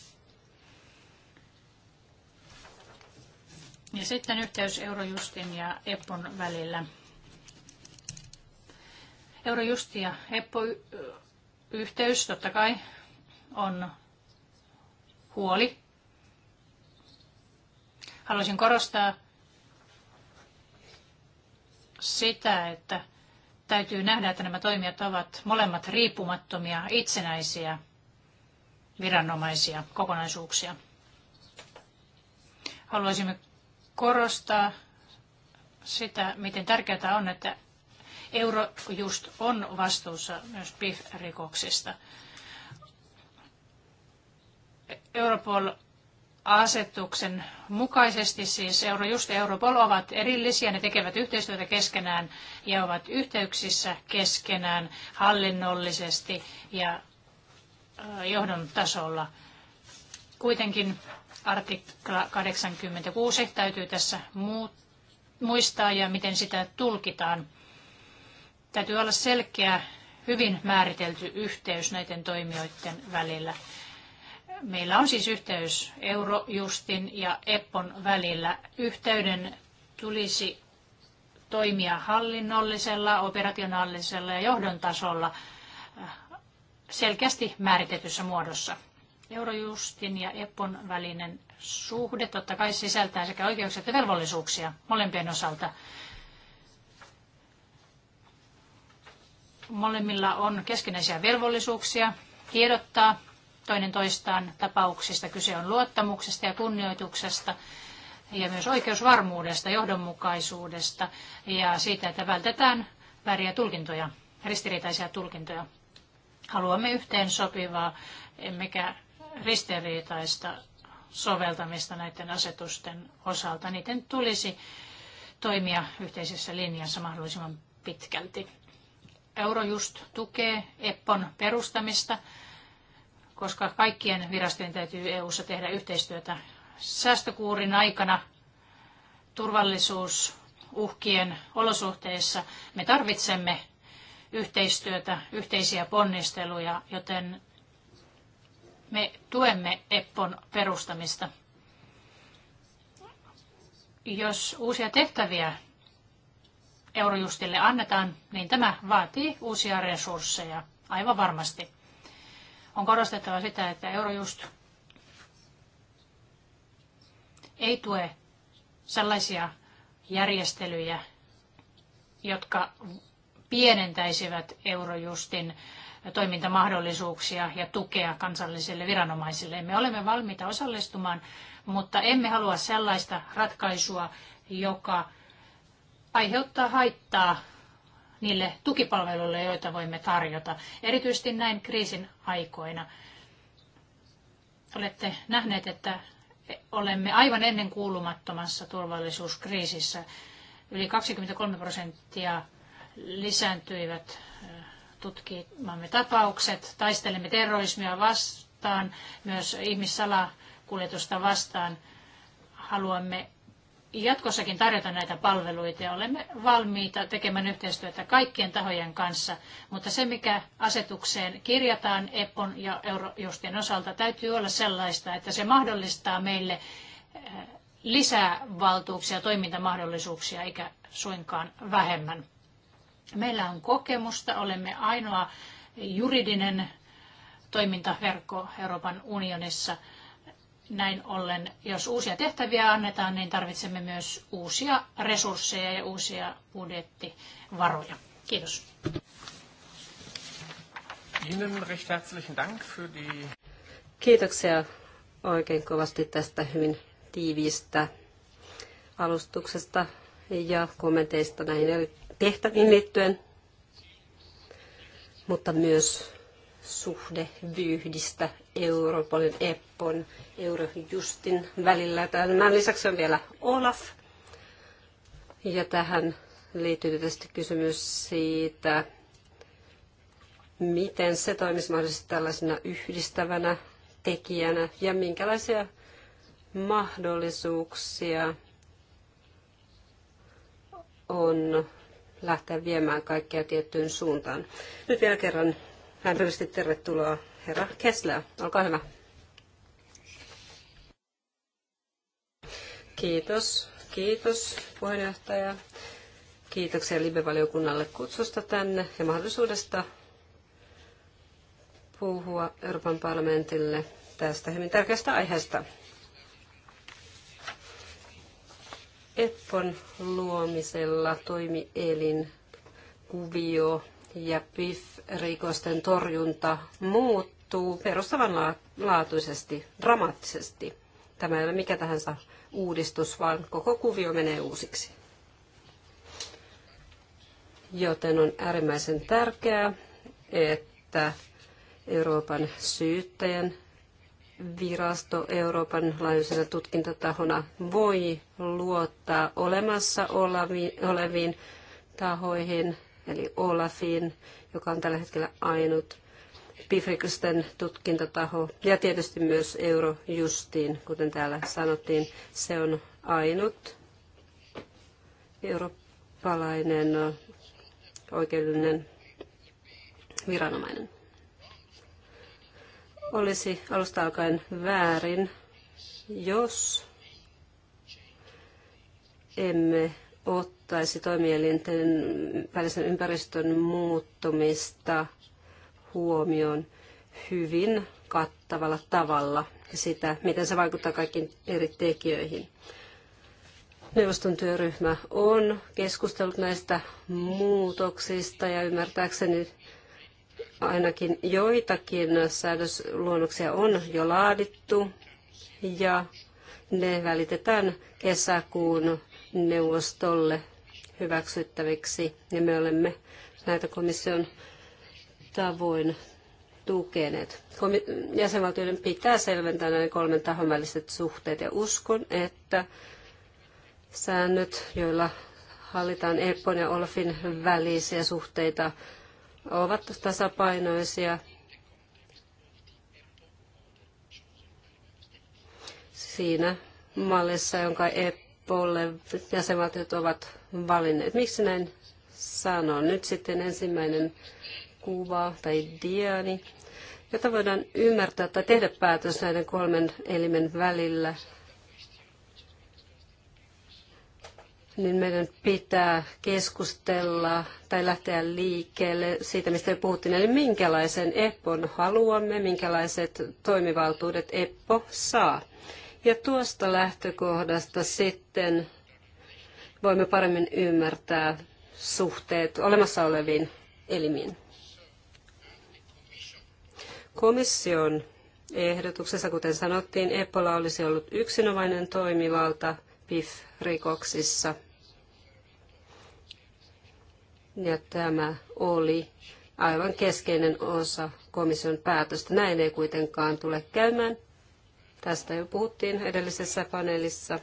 Ja sitten yhteys Eurojustin ja EPPON välillä. Eurojusti ja EPPO-yhteys totta kai on huoli. Haluaisin korostaa sitä, että täytyy nähdä, että nämä toimijat ovat molemmat riippumattomia, itsenäisiä viranomaisia, kokonaisuuksia. Haluaisimme korostaa sitä, miten tärkeää on, että Eurojust on vastuussa myös PIF-rikoksista. Europol-asetuksen mukaisesti siis Eurojust ja Europol ovat erillisiä, ne tekevät yhteistyötä keskenään ja ovat yhteyksissä keskenään hallinnollisesti ja johdon tasolla. Kuitenkin Artikla 86 täytyy tässä muistaa ja miten sitä tulkitaan. Täytyy olla selkeä, hyvin määritelty yhteys näiden toimijoiden välillä. Meillä on siis yhteys Eurojustin ja EPPON välillä. Yhteyden tulisi toimia hallinnollisella, operationaalisella ja johdon tasolla äh, selkeästi määritetyssä muodossa. Eurojustin ja EPPON välinen suhde totta kai sisältää sekä oikeuksia että velvollisuuksia molempien osalta. Molemmilla on keskinäisiä velvollisuuksia tiedottaa toinen toistaan tapauksista. Kyse on luottamuksesta ja kunnioituksesta ja myös oikeusvarmuudesta, johdonmukaisuudesta ja siitä, että vältetään vääriä tulkintoja, ristiriitaisia tulkintoja. Haluamme yhteensopivaa, emmekä ristiriitaista soveltamista näiden asetusten osalta. Niiden tulisi toimia yhteisessä linjassa mahdollisimman pitkälti. Eurojust tukee EPPON perustamista, koska kaikkien virastojen täytyy EU:ssa tehdä yhteistyötä säästökuurin aikana turvallisuusuhkien olosuhteissa. Me tarvitsemme yhteistyötä, yhteisiä ponnisteluja, joten me tuemme EPPON perustamista. Jos uusia tehtäviä Eurojustille annetaan, niin tämä vaatii uusia resursseja, aivan varmasti. On korostettava sitä, että Eurojust ei tue sellaisia järjestelyjä, jotka pienentäisivät Eurojustin toimintamahdollisuuksia ja tukea kansallisille viranomaisille. Me olemme valmiita osallistumaan, mutta emme halua sellaista ratkaisua, joka aiheuttaa haittaa niille tukipalveluille, joita voimme tarjota, erityisesti näin kriisin aikoina. Olette nähneet, että olemme aivan ennen kuulumattomassa turvallisuuskriisissä. Yli 23 prosenttia lisääntyivät tutkimamme tapaukset, taistelemme terrorismia vastaan, myös ihmissalakuljetusta vastaan. Haluamme jatkossakin tarjota näitä palveluita ja olemme valmiita tekemään yhteistyötä kaikkien tahojen kanssa, mutta se mikä asetukseen kirjataan EPPON ja Eurojustien osalta täytyy olla sellaista, että se mahdollistaa meille eh, lisää valtuuksia, toimintamahdollisuuksia eikä suinkaan vähemmän. Meillä on kokemusta, olemme ainoa juridinen toimintaverkko Euroopan unionissa. Näin ollen, jos uusia tehtäviä annetaan, niin tarvitsemme myös uusia resursseja ja uusia budjettivaroja. Kiitos. Ihnen recht herzlichen Dank für die... Kiitoksia oikein kovasti tästä hyvin tiiviistä alustuksesta ja kommenteista näihin tehtäviin liittyen, mutta myös suhde vyyhdistä Europolin, Eppon, Eurojustin välillä. Tämän lisäksi on vielä Olaf. Ja tähän liittyy tietysti kysymys siitä, miten se toimisi mahdollisesti tällaisena yhdistävänä tekijänä ja minkälaisia mahdollisuuksia on lähteä viemään kaikkea tiettyyn suuntaan. Nyt vielä kerran lämpimästi tervetuloa herra Kessler. Olkaa hyvä. Kiitos. Kiitos puheenjohtaja. Kiitoksia Libe-valiokunnalle kutsusta tänne ja mahdollisuudesta puhua Euroopan parlamentille tästä hyvin tärkeästä aiheesta. EPPON luomisella toimielin kuvio ja PIF-rikosten torjunta muuttuu perustavanlaatuisesti, dramaattisesti. Tämä ei ole mikä tahansa uudistus, vaan koko kuvio menee uusiksi. Joten on äärimmäisen tärkeää, että Euroopan syyttäjän virasto Euroopan laajuisena tutkintatahona voi luottaa olemassa oleviin tahoihin, eli Olafiin, joka on tällä hetkellä ainut pifrikusten tutkintataho, ja tietysti myös Eurojustiin, kuten täällä sanottiin, se on ainut eurooppalainen oikeudellinen viranomainen olisi alusta alkaen väärin, jos emme ottaisi toimielinten välisen ympäristön muuttumista huomioon hyvin kattavalla tavalla ja sitä, miten se vaikuttaa kaikkiin eri tekijöihin. Neuvoston työryhmä on keskustellut näistä muutoksista ja ymmärtääkseni Ainakin joitakin säädösluonnoksia on jo laadittu ja ne välitetään kesäkuun neuvostolle hyväksyttäviksi ja me olemme näitä komission tavoin tukeneet. Jäsenvaltioiden pitää selventää näiden kolmen tahon väliset suhteet ja uskon, että säännöt, joilla hallitaan EPPON ja OLFin välisiä suhteita, ovat tasapainoisia. Siinä mallissa, jonka EPOlle jäsenvaltiot ovat valinneet. Miksi näin sanon? Nyt sitten ensimmäinen kuva tai diani, jota voidaan ymmärtää tai tehdä päätös näiden kolmen elimen välillä niin meidän pitää keskustella tai lähteä liikkeelle siitä, mistä jo puhuttiin, eli minkälaisen EPPOn haluamme, minkälaiset toimivaltuudet EPPO saa. Ja tuosta lähtökohdasta sitten voimme paremmin ymmärtää suhteet olemassa oleviin elimiin. Komission ehdotuksessa, kuten sanottiin, EPOlla olisi ollut yksinomainen toimivalta – PIF-rikoksissa. Ja tämä oli aivan keskeinen osa komission päätöstä. Näin ei kuitenkaan tule käymään. Tästä jo puhuttiin edellisessä paneelissa.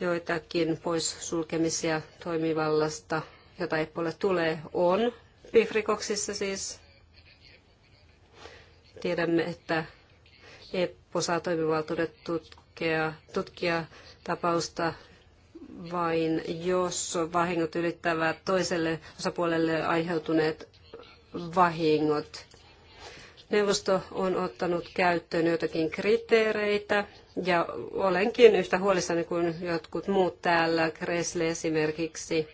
Joitakin sulkemisia toimivallasta, jota Eppolle tulee, on PIF-rikoksissa siis. Tiedämme, että EPPO saa tutkia, tutkia tapausta vain, jos vahingot ylittävät toiselle osapuolelle aiheutuneet vahingot. Neuvosto on ottanut käyttöön joitakin kriteereitä ja olenkin yhtä huolissani kuin jotkut muut täällä, Kresle esimerkiksi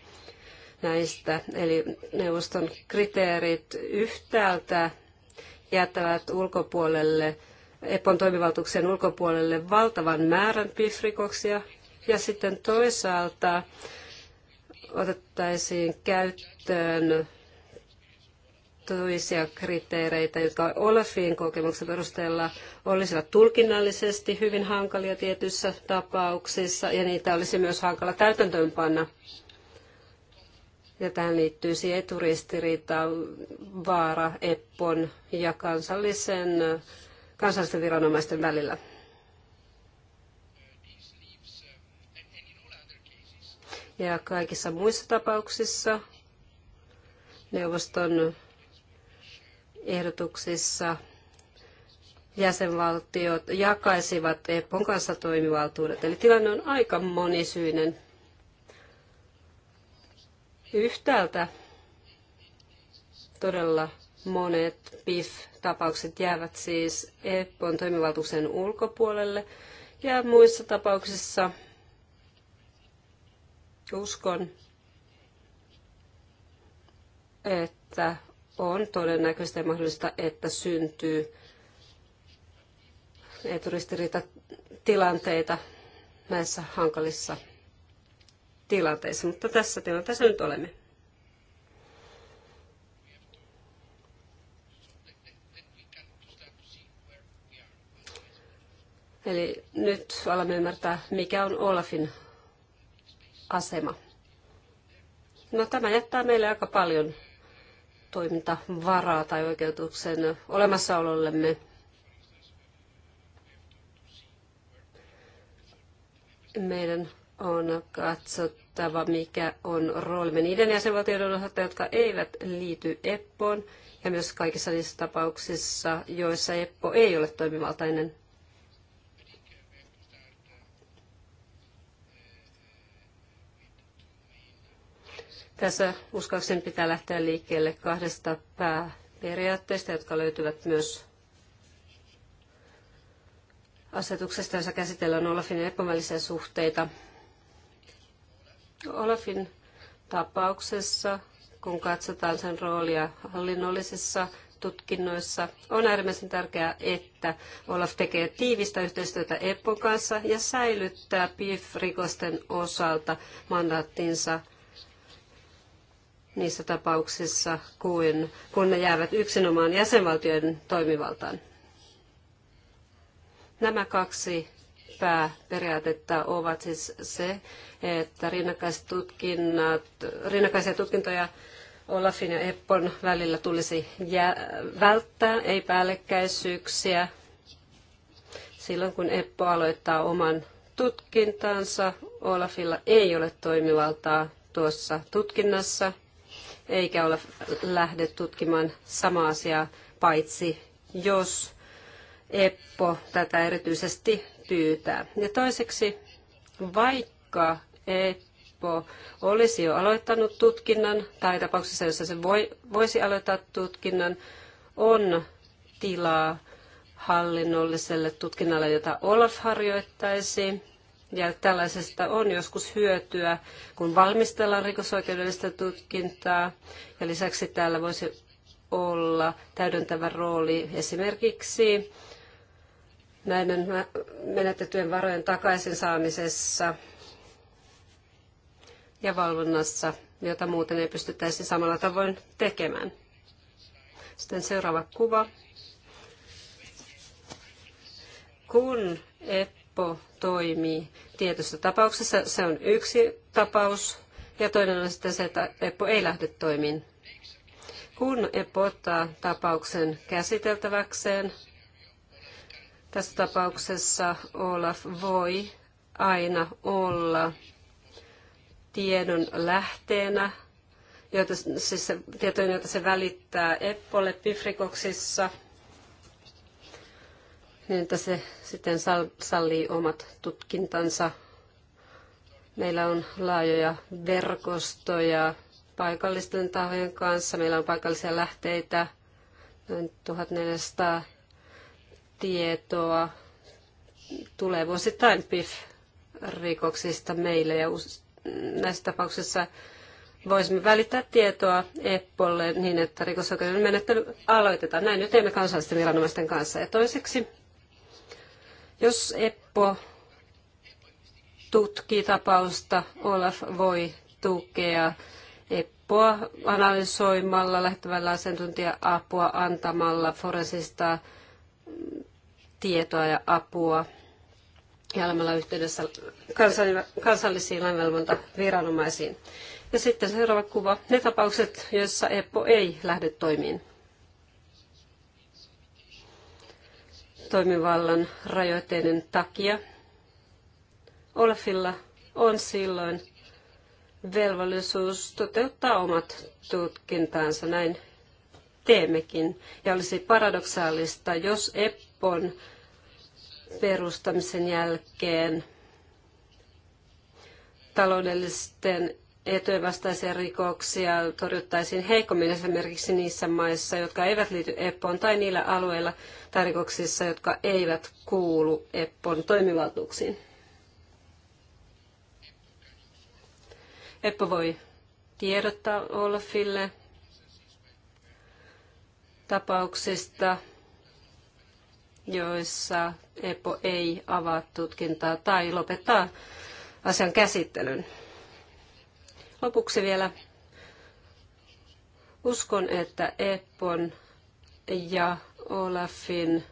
näistä. Eli neuvoston kriteerit yhtäältä jättävät ulkopuolelle EPOn toimivaltuuksien ulkopuolelle valtavan määrän pifrikoksia ja sitten toisaalta otettaisiin käyttöön toisia kriteereitä, jotka Olafin kokemuksen perusteella olisivat tulkinnallisesti hyvin hankalia tietyissä tapauksissa, ja niitä olisi myös hankala täytäntöönpanna. Ja tähän liittyisi eturistiriita, vaara, eppon ja kansallisen kansallisten viranomaisten välillä. Ja kaikissa muissa tapauksissa neuvoston ehdotuksissa jäsenvaltiot jakaisivat EPPOn kanssa toimivaltuudet. Eli tilanne on aika monisyinen. Yhtäältä todella Monet PIF-tapaukset jäävät siis EPPOn toimivaltuuksien ulkopuolelle ja muissa tapauksissa uskon, että on todennäköistä ja mahdollista, että syntyy tilanteita näissä hankalissa tilanteissa, mutta tässä tilanteessa nyt olemme. Eli nyt alamme ymmärtää, mikä on Olafin asema. No, tämä jättää meille aika paljon toimintavaraa tai oikeutuksen olemassaolollemme. Meidän on katsottava, mikä on roolimme niiden jäsenvaltioiden osalta, jotka eivät liity EPPOon, ja myös kaikissa niissä tapauksissa, joissa EPPO ei ole toimivaltainen Tässä uskoakseni pitää lähteä liikkeelle kahdesta pääperiaatteesta, jotka löytyvät myös asetuksesta, jossa käsitellään Olafin ja suhteita. Olafin tapauksessa, kun katsotaan sen roolia hallinnollisissa tutkinnoissa, on äärimmäisen tärkeää, että Olaf tekee tiivistä yhteistyötä Eppon kanssa ja säilyttää PIF-rikosten osalta mandaattinsa – niissä tapauksissa, kuin, kun ne jäävät yksinomaan jäsenvaltioiden toimivaltaan. Nämä kaksi pääperiaatetta ovat siis se, että rinnakkaisia tutkintoja Olafin ja Eppon välillä tulisi välttää, ei päällekkäisyyksiä. Silloin kun Eppo aloittaa oman tutkintansa, Olafilla ei ole toimivaltaa tuossa tutkinnassa – eikä ole lähde tutkimaan samaa asiaa, paitsi jos Eppo tätä erityisesti pyytää. Ja toiseksi, vaikka Eppo olisi jo aloittanut tutkinnan, tai tapauksessa, jossa se voi, voisi aloittaa tutkinnan, on tilaa hallinnolliselle tutkinnalle, jota Olaf harjoittaisi. Ja tällaisesta on joskus hyötyä, kun valmistellaan rikosoikeudellista tutkintaa. Ja lisäksi täällä voisi olla täydentävä rooli esimerkiksi näiden menetettyjen varojen takaisin saamisessa ja valvonnassa, jota muuten ei pystyttäisi samalla tavoin tekemään. Sitten seuraava kuva. Kun et helppo toimii tietyssä tapauksessa. Se on yksi tapaus ja toinen on sitten se, että EPPO ei lähde toimiin. Kun EPPO ottaa tapauksen käsiteltäväkseen, tässä tapauksessa Olaf voi aina olla tiedon lähteenä, joita, siis tietoja, joita se välittää Eppolle pifrikoksissa niin että se sitten sallii omat tutkintansa. Meillä on laajoja verkostoja paikallisten tahojen kanssa. Meillä on paikallisia lähteitä, noin 1400 tietoa tulee vuosittain PIF-rikoksista meille ja näissä tapauksissa voisimme välittää tietoa EPPOlle niin, että rikosoikeuden menettely aloitetaan. Näin nyt teemme kansallisten viranomaisten kanssa. Ja toiseksi jos Eppo tutkii tapausta, Olaf voi tukea Eppoa analysoimalla, lähettävällä asiantuntija-apua antamalla forensista tietoa ja apua ja olemalla yhteydessä kansallisiin lainvalvontaviranomaisiin. Ja sitten seuraava kuva, ne tapaukset, joissa EPPO ei lähde toimiin. toimivallan rajoitteiden takia Olafilla on silloin velvollisuus toteuttaa omat tutkintansa. Näin teemmekin. Ja olisi paradoksaalista, jos EPPON perustamisen jälkeen taloudellisten etujen vastaisia rikoksia torjuttaisiin heikommin esimerkiksi niissä maissa, jotka eivät liity EPPOon tai niillä alueilla, tai rikoksissa, jotka eivät kuulu EPPOn toimivaltuuksiin. EPPO voi tiedottaa Olafille tapauksista, joissa Eppo ei avaa tutkintaa tai lopettaa asian käsittelyn. Lopuksi vielä uskon, että EPPON ja Olafin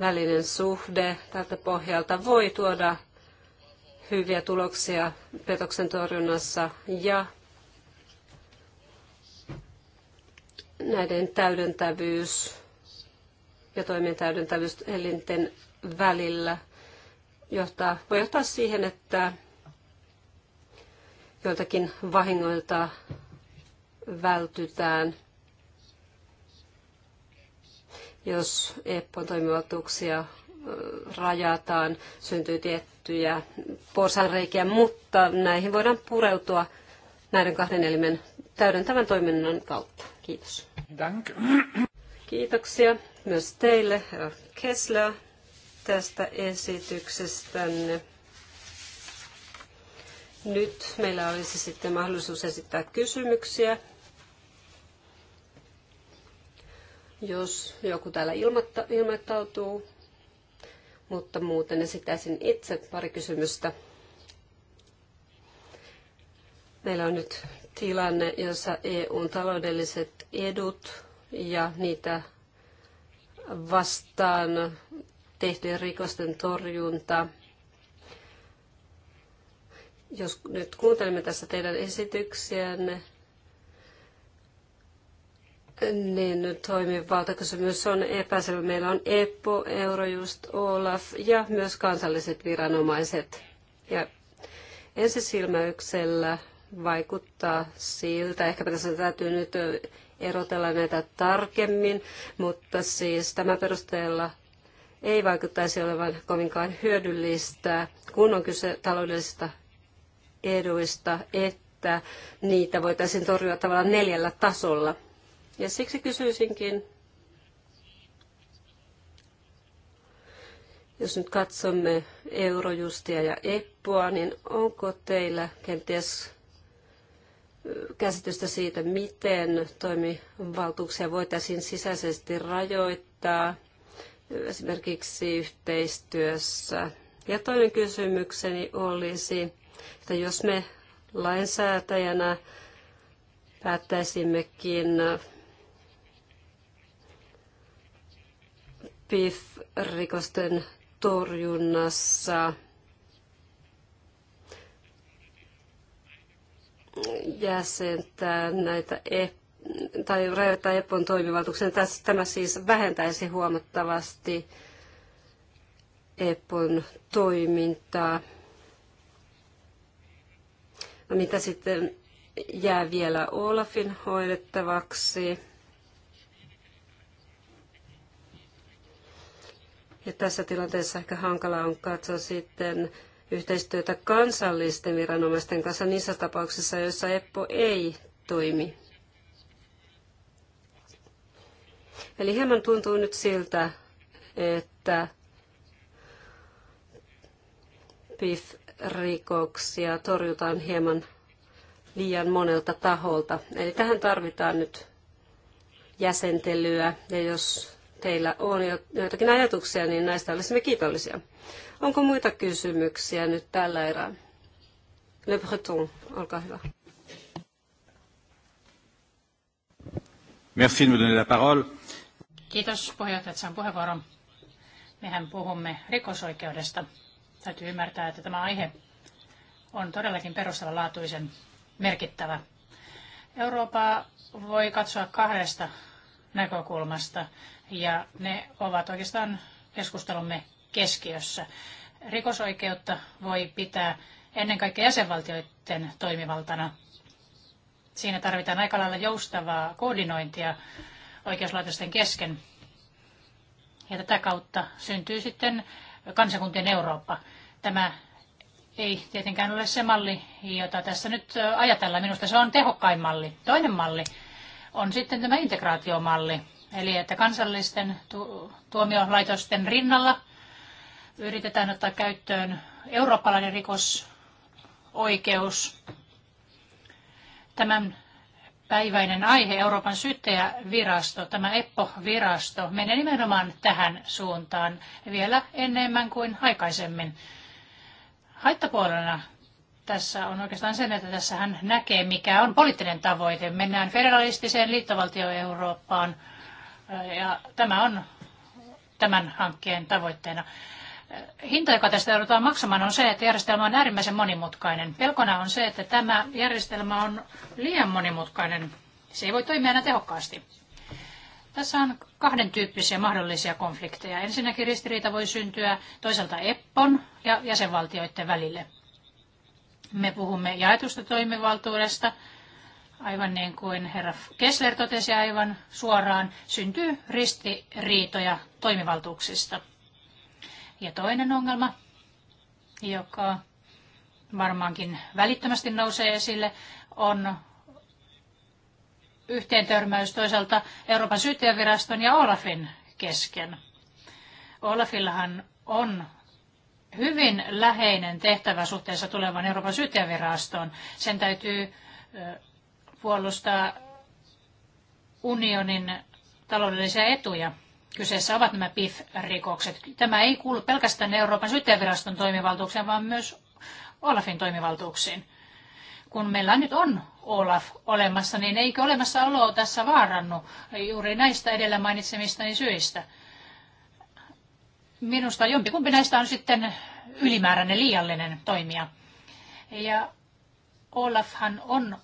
välinen suhde tältä pohjalta voi tuoda hyviä tuloksia petoksen torjunnassa ja näiden täydentävyys ja toimien täydentävyys elinten välillä johtaa, voi johtaa siihen, että joiltakin vahingoilta vältytään – jos eppo toimivaltuuksia rajataan, syntyy tiettyjä porsanreikiä, mutta näihin voidaan pureutua näiden kahden elimen täydentävän toiminnan kautta. Kiitos. Kiitoksia myös teille, herra Kessler, tästä esityksestänne. Nyt meillä olisi sitten mahdollisuus esittää kysymyksiä jos joku täällä ilmoitta, ilmoittautuu, mutta muuten esittäisin itse pari kysymystä. Meillä on nyt tilanne, jossa EUn taloudelliset edut ja niitä vastaan tehtyjen rikosten torjunta. Jos nyt kuuntelemme tässä teidän esityksiänne, niin toimivaltakysymys on epäselvä. Meillä on EPPO, Eurojust, OLAF ja myös kansalliset viranomaiset. Ja ensisilmäyksellä vaikuttaa siltä, ehkäpä tässä täytyy nyt erotella näitä tarkemmin, mutta siis tämä perusteella ei vaikuttaisi olevan kovinkaan hyödyllistä, kun on kyse taloudellisista eduista, että niitä voitaisiin torjua tavallaan neljällä tasolla – ja siksi kysyisinkin, jos nyt katsomme Eurojustia ja Eppua, niin onko teillä kenties käsitystä siitä, miten toimivaltuuksia voitaisiin sisäisesti rajoittaa esimerkiksi yhteistyössä. Ja toinen kysymykseni olisi, että jos me lainsäätäjänä päättäisimmekin PIF-rikosten torjunnassa jäsentää näitä ep- tai rajoittaa EPOn toimivaltuuksia. Tämä siis vähentäisi huomattavasti EPOn toimintaa. No, mitä sitten jää vielä Olafin hoidettavaksi? Ja tässä tilanteessa ehkä hankala on katsoa sitten yhteistyötä kansallisten viranomaisten kanssa niissä tapauksissa, joissa EPPO ei toimi. Eli hieman tuntuu nyt siltä, että PIF-rikoksia torjutaan hieman liian monelta taholta. Eli tähän tarvitaan nyt jäsentelyä, ja jos teillä on joitakin ajatuksia, niin näistä olisimme kiitollisia. Onko muita kysymyksiä nyt tällä erää? Le Breton, olkaa hyvä. Merci de me donner la parole. Kiitos puheenjohtaja, että saan puheenvuoron. Mehän puhumme rikosoikeudesta. Täytyy ymmärtää, että tämä aihe on todellakin perustavanlaatuisen merkittävä. Eurooppaa voi katsoa kahdesta näkökulmasta ja ne ovat oikeastaan keskustelumme keskiössä. Rikosoikeutta voi pitää ennen kaikkea jäsenvaltioiden toimivaltana. Siinä tarvitaan aika lailla joustavaa koordinointia oikeuslaitosten kesken. Ja tätä kautta syntyy sitten kansakuntien Eurooppa. Tämä ei tietenkään ole se malli, jota tässä nyt ajatellaan. Minusta se on tehokkain malli. Toinen malli on sitten tämä integraatiomalli. Eli että kansallisten tu- tuomiolaitosten rinnalla yritetään ottaa käyttöön eurooppalainen rikosoikeus. Tämän päiväinen aihe, Euroopan syyttäjävirasto, tämä EPPO-virasto, menee nimenomaan tähän suuntaan vielä enemmän kuin aikaisemmin. Haittapuolena tässä on oikeastaan sen, että tässä hän näkee, mikä on poliittinen tavoite. Mennään federalistiseen liittovaltio-Eurooppaan äh, ja tämä on tämän hankkeen tavoitteena. Äh, hinta, joka tästä joudutaan maksamaan, on se, että järjestelmä on äärimmäisen monimutkainen. Pelkona on se, että tämä järjestelmä on liian monimutkainen. Se ei voi toimia enää tehokkaasti. Tässä on kahden tyyppisiä mahdollisia konflikteja. Ensinnäkin ristiriita voi syntyä toisaalta EPPON ja jäsenvaltioiden välille. Me puhumme jaetusta toimivaltuudesta, aivan niin kuin herra Kessler totesi aivan suoraan, syntyy ristiriitoja toimivaltuuksista. Ja toinen ongelma, joka varmaankin välittömästi nousee esille, on törmäys toisaalta Euroopan syyttäjäviraston ja Olafin kesken. Olafillahan on hyvin läheinen tehtävä suhteessa tulevan Euroopan syyttäjävirastoon. Sen täytyy puolustaa unionin taloudellisia etuja. Kyseessä ovat nämä PIF-rikokset. Tämä ei kuulu pelkästään Euroopan syyttäjäviraston toimivaltuukseen, vaan myös Olafin toimivaltuuksiin. Kun meillä nyt on Olaf olemassa, niin eikö olemassaolo tässä vaarannu juuri näistä edellä mainitsemistani syistä? Minusta jompikumpi näistä on sitten ylimääräinen liiallinen toimija. Ja Olafhan on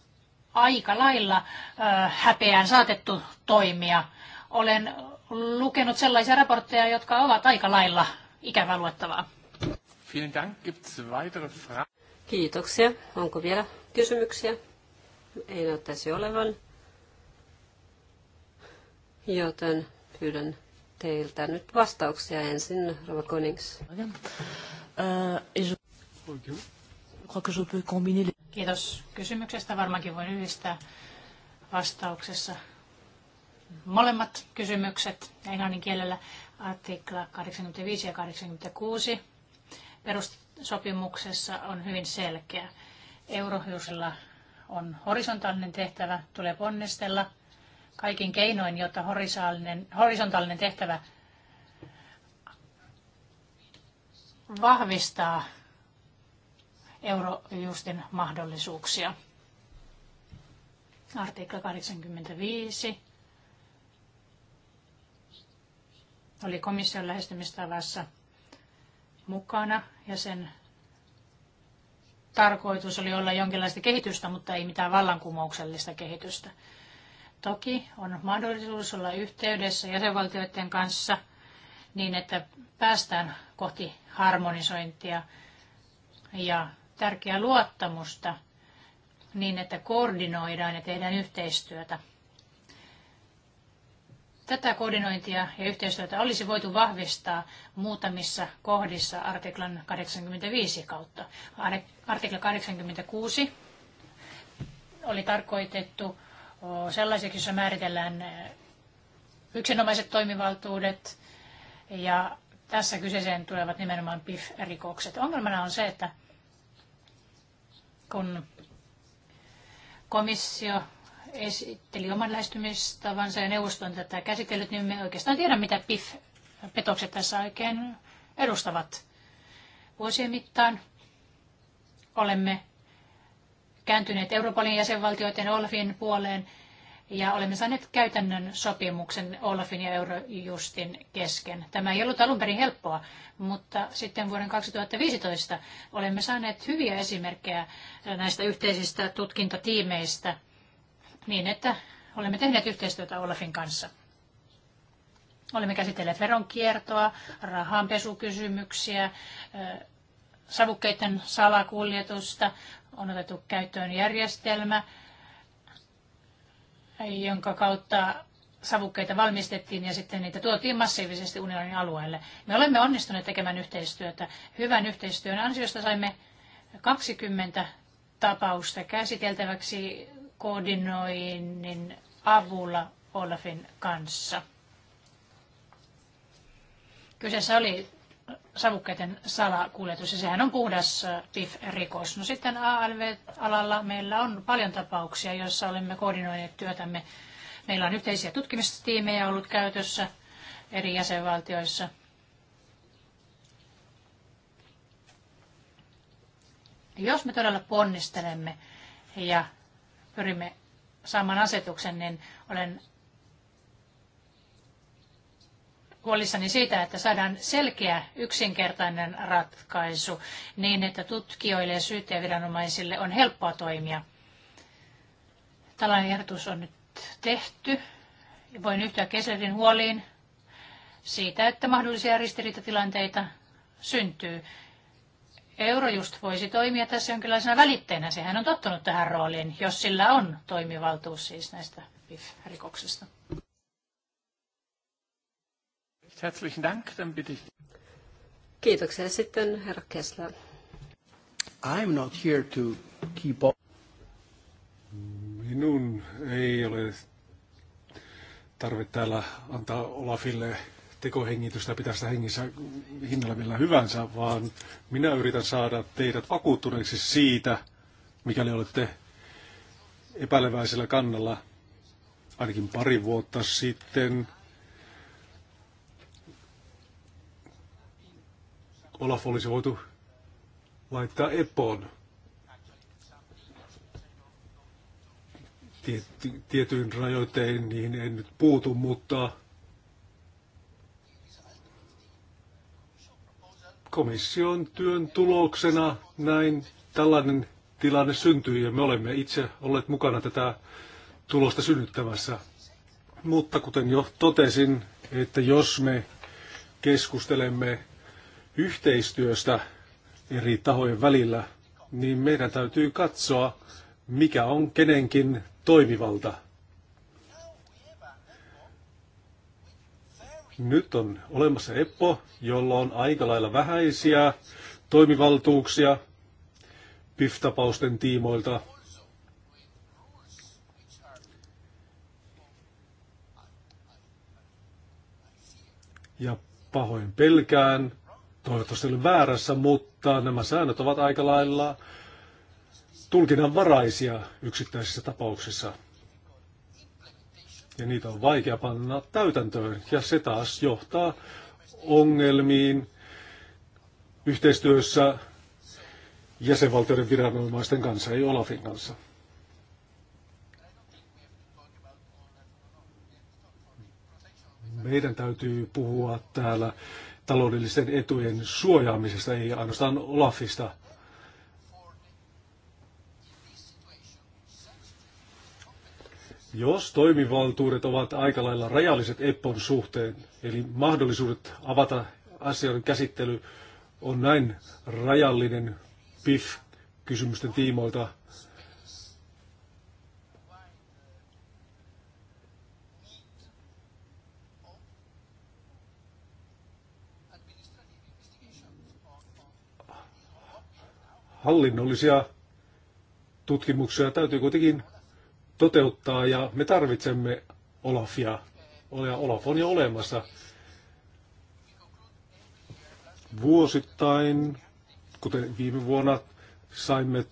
aika lailla häpeään saatettu toimia. Olen lukenut sellaisia raportteja, jotka ovat aika lailla ikävä luettavaa. Kiitoksia. Onko vielä kysymyksiä? Ei näyttäisi olevan. Joten pyydän teiltä nyt vastauksia ensin, Rova Konings. Kiitos kysymyksestä. Varmaankin voin yhdistää vastauksessa molemmat kysymykset englannin kielellä artikla 85 ja 86 perussopimuksessa on hyvin selkeä. Eurohyysillä on horisontaalinen tehtävä, tulee ponnistella – kaikin keinoin, jotta horisontaalinen tehtävä vahvistaa Eurojustin mahdollisuuksia. Artikla 85 oli komission lähestymistavassa mukana ja sen tarkoitus oli olla jonkinlaista kehitystä, mutta ei mitään vallankumouksellista kehitystä. Toki on mahdollisuus olla yhteydessä jäsenvaltioiden kanssa niin, että päästään kohti harmonisointia ja tärkeää luottamusta niin, että koordinoidaan ja tehdään yhteistyötä. Tätä koordinointia ja yhteistyötä olisi voitu vahvistaa muutamissa kohdissa artiklan 85 kautta. Artikla 86 oli tarkoitettu sellaiseksi, jossa määritellään eh, yksinomaiset toimivaltuudet ja tässä kyseeseen tulevat nimenomaan PIF-rikokset. Ongelmana on se, että kun komissio esitteli oman lähestymistavansa ja neuvosto on tätä käsitellyt, niin me oikeastaan tiedä, mitä PIF-petokset tässä oikein edustavat. Vuosien mittaan olemme kääntyneet Europolin jäsenvaltioiden Olafin puoleen ja olemme saaneet käytännön sopimuksen Olafin ja Eurojustin kesken. Tämä ei ollut alun perin helppoa, mutta sitten vuoden 2015 olemme saaneet hyviä esimerkkejä näistä yhteisistä tutkintatiimeistä niin, että olemme tehneet yhteistyötä Olafin kanssa. Olemme käsitelleet veronkiertoa, rahanpesukysymyksiä, savukkeiden salakuljetusta, on otettu käyttöön järjestelmä, jonka kautta savukkeita valmistettiin ja sitten niitä tuotiin massiivisesti unionin alueelle. Me olemme onnistuneet tekemään yhteistyötä. Hyvän yhteistyön ansiosta saimme 20 tapausta käsiteltäväksi koordinoinnin avulla Olafin kanssa. Kyseessä oli savukkeiden salakuljetus, ja sehän on puhdas PIF-rikos. No sitten ALV-alalla meillä on paljon tapauksia, joissa olemme koordinoineet työtämme. Meillä on yhteisiä tutkimistiimejä ollut käytössä eri jäsenvaltioissa. Jos me todella ponnistelemme ja pyrimme saamaan asetuksen, niin olen huolissani siitä, että saadaan selkeä, yksinkertainen ratkaisu niin, että tutkijoille ja syyttäjäviranomaisille on helppoa toimia. Tällainen ehdotus on nyt tehty. Voin yhtyä Kesslerin huoliin siitä, että mahdollisia ristiriitatilanteita syntyy. Eurojust voisi toimia tässä jonkinlaisena välitteenä. Sehän on tottunut tähän rooliin, jos sillä on toimivaltuus siis näistä PIF-rikoksista. Herzlichen Dank, dann bitte ich. Kiitoksia sitten, herra Kessler. I'm not here to keep up. Minun ei ole tarve täällä antaa Olafille tekohengitystä pitää sitä hengissä hinnalla millä hyvänsä, vaan minä yritän saada teidät vakuuttuneeksi siitä, mikäli olette epäileväisellä kannalla. Ainakin pari vuotta sitten Olaf olisi voitu laittaa epoon tietyin rajoitein, niin en nyt puutu, mutta komission työn tuloksena näin tällainen tilanne syntyi ja me olemme itse olleet mukana tätä tulosta synnyttämässä. Mutta kuten jo totesin, että jos me keskustelemme yhteistyöstä eri tahojen välillä, niin meidän täytyy katsoa, mikä on kenenkin toimivalta. Nyt on olemassa EPPO, jolla on aika lailla vähäisiä toimivaltuuksia PIF-tapausten tiimoilta. Ja pahoin pelkään, toivottavasti olen väärässä, mutta nämä säännöt ovat aika lailla tulkinnanvaraisia yksittäisissä tapauksissa. Ja niitä on vaikea panna täytäntöön. Ja se taas johtaa ongelmiin yhteistyössä jäsenvaltioiden viranomaisten kanssa, ei Olafin kanssa. Meidän täytyy puhua täällä taloudellisten etujen suojaamisesta, ei ainoastaan Olafista. Jos toimivaltuudet ovat aika lailla rajalliset EPPOn suhteen, eli mahdollisuudet avata asioiden käsittely on näin rajallinen PIF-kysymysten tiimoilta, hallinnollisia tutkimuksia täytyy kuitenkin toteuttaa ja me tarvitsemme Olafia. Olaf on jo olemassa. Vuosittain, kuten viime vuonna, saimme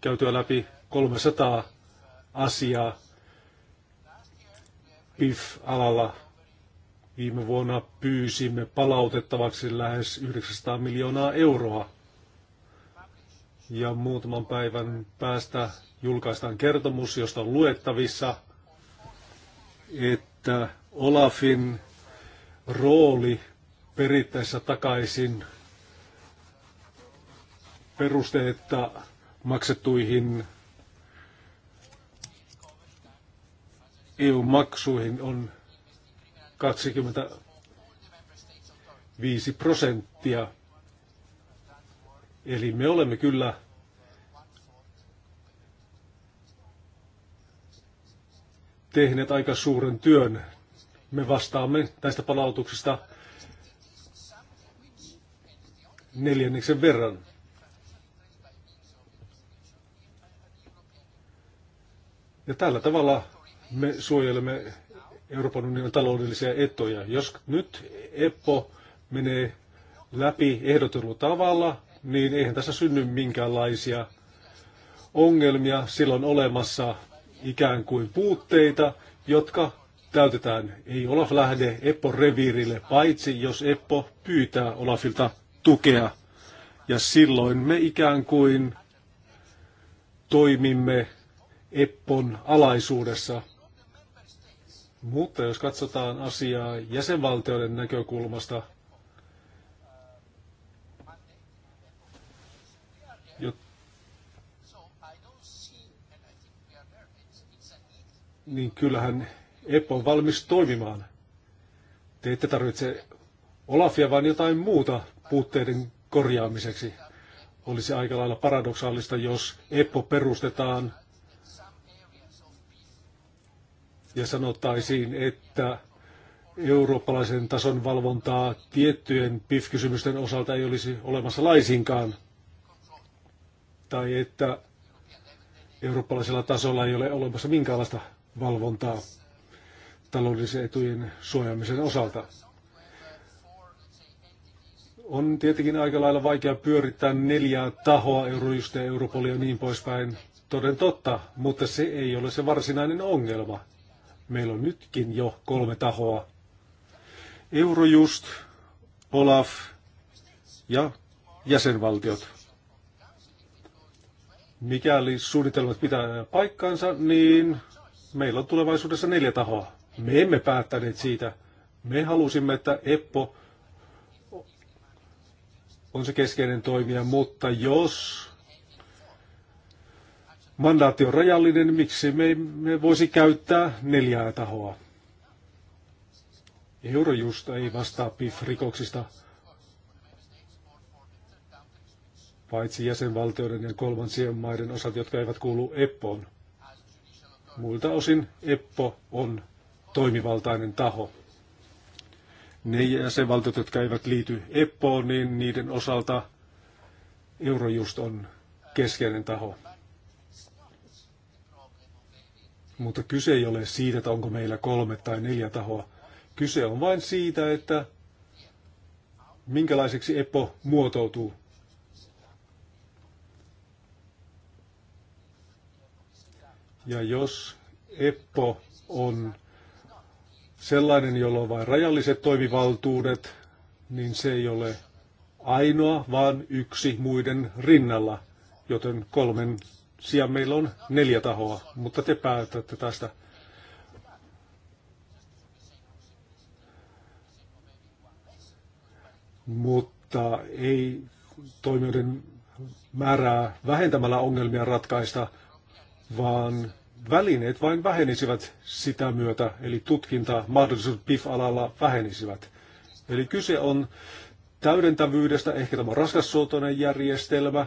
käytyä läpi 300 asiaa PIF-alalla. Viime vuonna pyysimme palautettavaksi lähes 900 miljoonaa euroa ja muutaman päivän päästä julkaistaan kertomus, josta on luettavissa, että Olafin rooli perittäessä takaisin perusteetta maksettuihin EU-maksuihin on 25 prosenttia. Eli me olemme kyllä tehneet aika suuren työn. Me vastaamme näistä palautuksista neljänneksen verran. Ja tällä tavalla me suojelemme Euroopan unionin taloudellisia etuja. Jos nyt EPPO menee läpi ehdotetulla tavalla, niin eihän tässä synny minkäänlaisia ongelmia. Silloin olemassa ikään kuin puutteita, jotka täytetään. Ei Olaf lähde Eppo reviirille, paitsi jos Eppo pyytää Olafilta tukea. Ja silloin me ikään kuin toimimme Eppon alaisuudessa. Mutta jos katsotaan asiaa jäsenvaltioiden näkökulmasta, niin kyllähän EPPO on valmis toimimaan. Te ette tarvitse Olafia, vaan jotain muuta puutteiden korjaamiseksi. Olisi aika lailla paradoksaalista, jos EPPO perustetaan ja sanottaisiin, että eurooppalaisen tason valvontaa tiettyjen PIF-kysymysten osalta ei olisi olemassa laisinkaan – tai että eurooppalaisella tasolla ei ole olemassa minkäänlaista valvontaa taloudellisen etujen suojaamisen osalta. On tietenkin aika lailla vaikea pyörittää neljää tahoa, Eurojust ja Europolia ja niin poispäin, toden totta, mutta se ei ole se varsinainen ongelma. Meillä on nytkin jo kolme tahoa. Eurojust, Olaf ja jäsenvaltiot. Mikäli suunnitelmat pitää paikkaansa, niin meillä on tulevaisuudessa neljä tahoa. Me emme päättäneet siitä. Me halusimme, että Eppo on se keskeinen toimija, mutta jos mandaatti on rajallinen, niin miksi me emme voisi käyttää neljää tahoa? Eurojust ei vastaa PIF-rikoksista paitsi jäsenvaltioiden ja kolmansien maiden osat, jotka eivät kuulu EPPOon. Muilta osin EPPO on toimivaltainen taho. Ne jäsenvaltiot, jotka eivät liity EPPOon, niin niiden osalta Eurojust on keskeinen taho. Mutta kyse ei ole siitä, että onko meillä kolme tai neljä tahoa. Kyse on vain siitä, että minkälaiseksi EPPO muotoutuu Ja jos EPPO on sellainen, jolla on vain rajalliset toimivaltuudet, niin se ei ole ainoa, vaan yksi muiden rinnalla, joten kolmen sijaan meillä on neljä tahoa, mutta te päätätte tästä. Mutta ei toimijoiden määrää vähentämällä ongelmia ratkaista, vaan välineet vain vähenisivät sitä myötä, eli tutkinta mahdollisuudet PIF-alalla vähenisivät. Eli kyse on täydentävyydestä, ehkä tämä raskassuotoinen järjestelmä,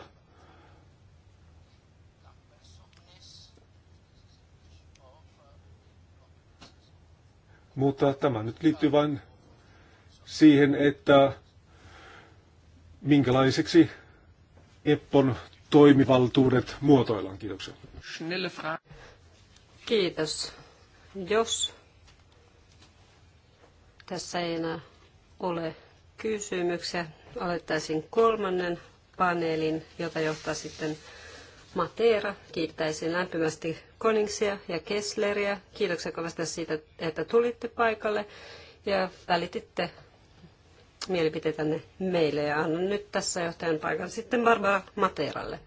Mutta tämä nyt liittyy vain siihen, että minkälaiseksi Eppon toimivaltuudet muotoillaan. Kiitoksia. Kiitos. Jos tässä ei enää ole kysymyksiä, aloittaisin kolmannen paneelin, jota johtaa sitten Matera. Kiittäisin lämpimästi Koningsia ja Kessleriä. Kiitoksia kovasti siitä, että tulitte paikalle ja välititte mielipiteitänne meille ja annan nyt tässä johtajan paikan sitten Barbara Materalle.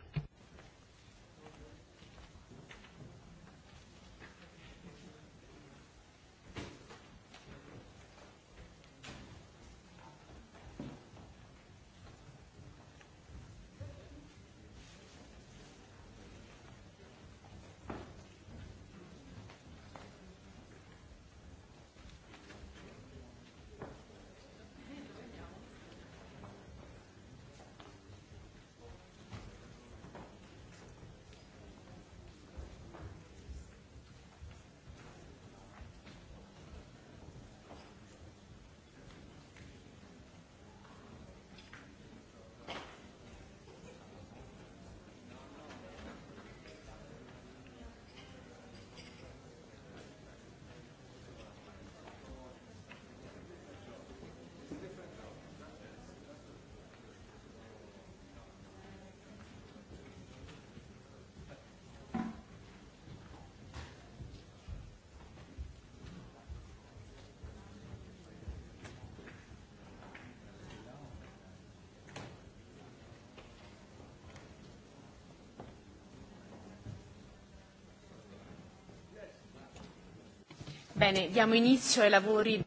Bene, diamo inizio ai lavori.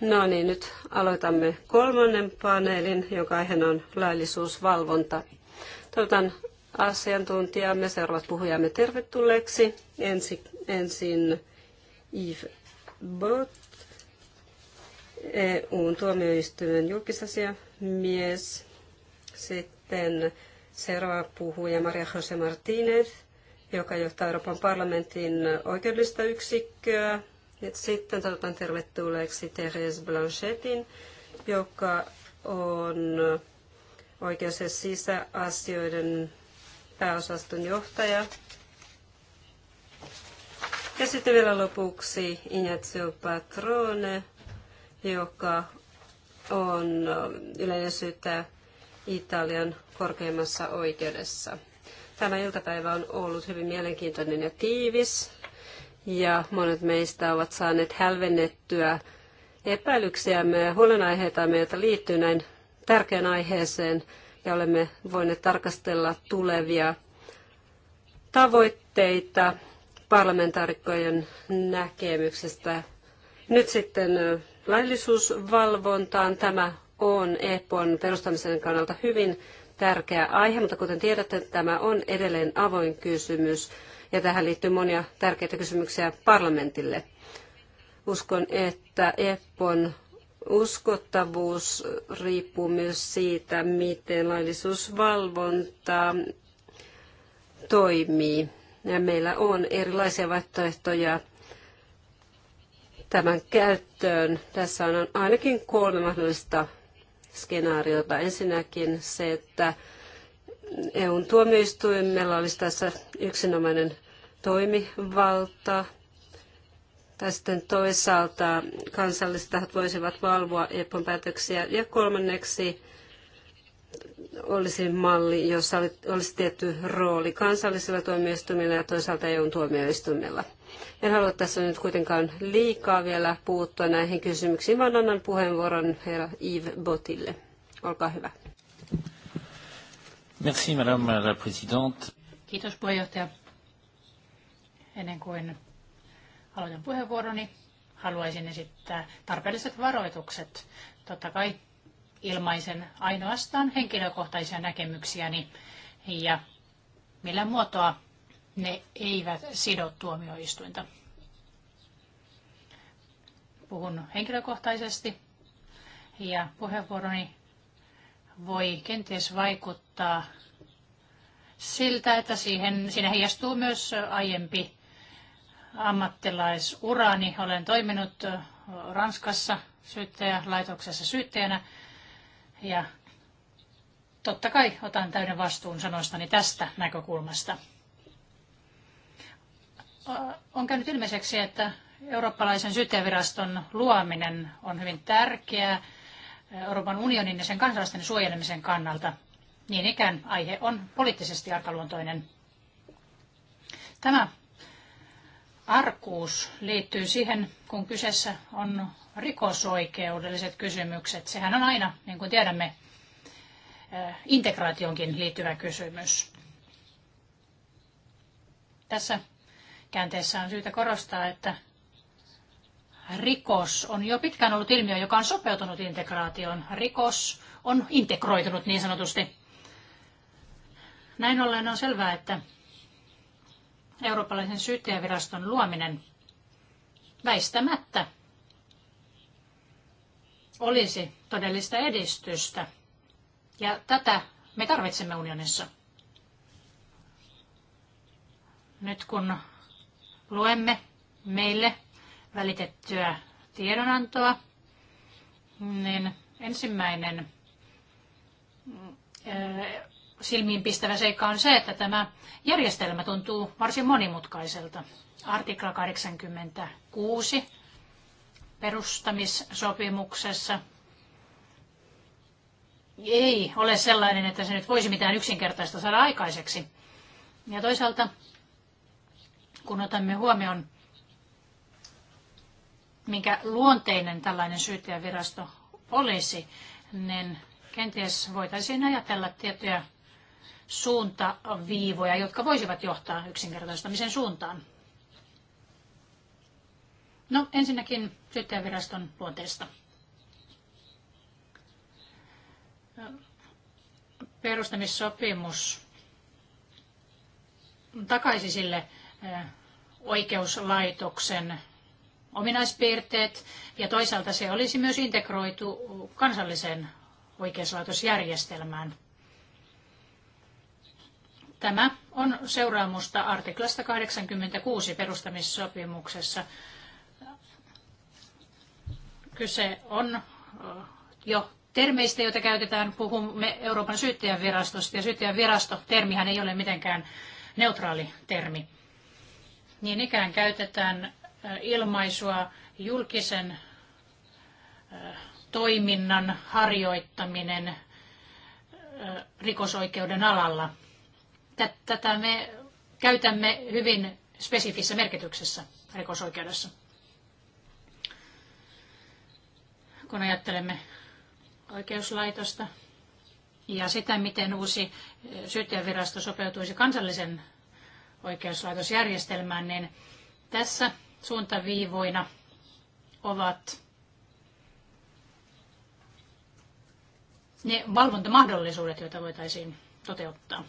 No niin, nyt aloitamme kolmannen paneelin, jonka aiheena on laillisuusvalvonta. Toivotan asiantuntijamme, seuraavat puhujamme tervetulleeksi. Ensi, ensin Yves Bot, EUn tuomioistuimen julkisasiamies. Sitten seuraava puhuja Maria Jose Martinez joka johtaa Euroopan parlamentin oikeudellista yksikköä. Et sitten toivotan tervetulleeksi Therese Blanchetin, joka on oikeus- ja sisäasioiden pääosaston johtaja. Ja sitten vielä lopuksi Ignazio Patrone, joka on yleinen Italian korkeimmassa oikeudessa. Tämä iltapäivä on ollut hyvin mielenkiintoinen ja tiivis ja monet meistä ovat saaneet hälvennettyä epäilyksiämme ja huolenaiheitamme, joita liittyy näin tärkeän aiheeseen ja olemme voineet tarkastella tulevia tavoitteita parlamentaarikkojen näkemyksestä. Nyt sitten laillisuusvalvontaan. Tämä on EPON perustamisen kannalta hyvin tärkeä aihe, mutta kuten tiedätte, tämä on edelleen avoin kysymys ja tähän liittyy monia tärkeitä kysymyksiä parlamentille. Uskon, että EPPON uskottavuus riippuu myös siitä, miten laillisuusvalvonta toimii. Ja meillä on erilaisia vaihtoehtoja tämän käyttöön. Tässä on ainakin kolme mahdollista skenaariota. Ensinnäkin se, että EUn tuomioistuimella olisi tässä yksinomainen toimivalta. Tai sitten toisaalta kansalliset tahot voisivat valvoa EPOn päätöksiä. Ja kolmanneksi olisi malli, jossa olisi tietty rooli kansallisilla tuomioistuimilla ja toisaalta EUn tuomioistuimilla. En halua tässä nyt kuitenkaan liikaa vielä puuttua näihin kysymyksiin, vaan annan puheenvuoron herra Yves Botille. Olkaa hyvä. Merci, madame la présidente. Kiitos puheenjohtaja. Ennen kuin aloitan puheenvuoroni, haluaisin esittää tarpeelliset varoitukset. Totta kai ilmaisen ainoastaan henkilökohtaisia näkemyksiäni ja millä muotoa ne eivät sido tuomioistuinta. Puhun henkilökohtaisesti ja puheenvuoroni voi kenties vaikuttaa siltä, että siihen, siinä heijastuu myös aiempi ammattilaisurani. Olen toiminut Ranskassa syyttäjälaitoksessa syyttäjänä ja totta kai otan täyden vastuun sanoistani tästä näkökulmasta on käynyt ilmeiseksi, että eurooppalaisen syyttäjäviraston luominen on hyvin tärkeää Euroopan unionin ja sen kansalaisten suojelemisen kannalta. Niin ikään aihe on poliittisesti arkaluontoinen. Tämä arkuus liittyy siihen, kun kyseessä on rikosoikeudelliset kysymykset. Sehän on aina, niin kuin tiedämme, integraationkin liittyvä kysymys. Tässä käänteessä on syytä korostaa, että rikos on jo pitkään ollut ilmiö, joka on sopeutunut integraatioon. Rikos on integroitunut niin sanotusti. Näin ollen on selvää, että eurooppalaisen syyttäjäviraston luominen väistämättä olisi todellista edistystä. Ja tätä me tarvitsemme unionissa. Nyt kun Luemme meille välitettyä tiedonantoa, niin ensimmäinen mm, äh, silmiinpistävä seikka on se, että tämä järjestelmä tuntuu varsin monimutkaiselta. Artikla 86 perustamissopimuksessa ei ole sellainen, että se nyt voisi mitään yksinkertaista saada aikaiseksi. Ja toisaalta kun otamme huomioon, minkä luonteinen tällainen syyttäjävirasto olisi, niin kenties voitaisiin ajatella tiettyjä suuntaviivoja, jotka voisivat johtaa yksinkertaistamisen suuntaan. No ensinnäkin syyttäjäviraston luonteesta. Perustamissopimus takaisi sille eh, oikeuslaitoksen ominaispiirteet ja toisaalta se olisi myös integroitu kansalliseen oikeuslaitosjärjestelmään. Tämä on seuraamusta artiklasta 86 perustamissopimuksessa. Kyse on jo termeistä, joita käytetään. Puhumme Euroopan syyttäjän virastosta ja syyttäjän virasto termihän ei ole mitenkään neutraali termi. Niin ikään käytetään ilmaisua julkisen toiminnan harjoittaminen rikosoikeuden alalla. Tätä me käytämme hyvin spesifissä merkityksessä rikosoikeudessa. Kun ajattelemme oikeuslaitosta ja sitä, miten uusi syyttäjävirasto sopeutuisi kansallisen oikeuslaitosjärjestelmään, niin tässä suuntaviivoina ovat ne valvontamahdollisuudet, joita voitaisiin toteuttaa.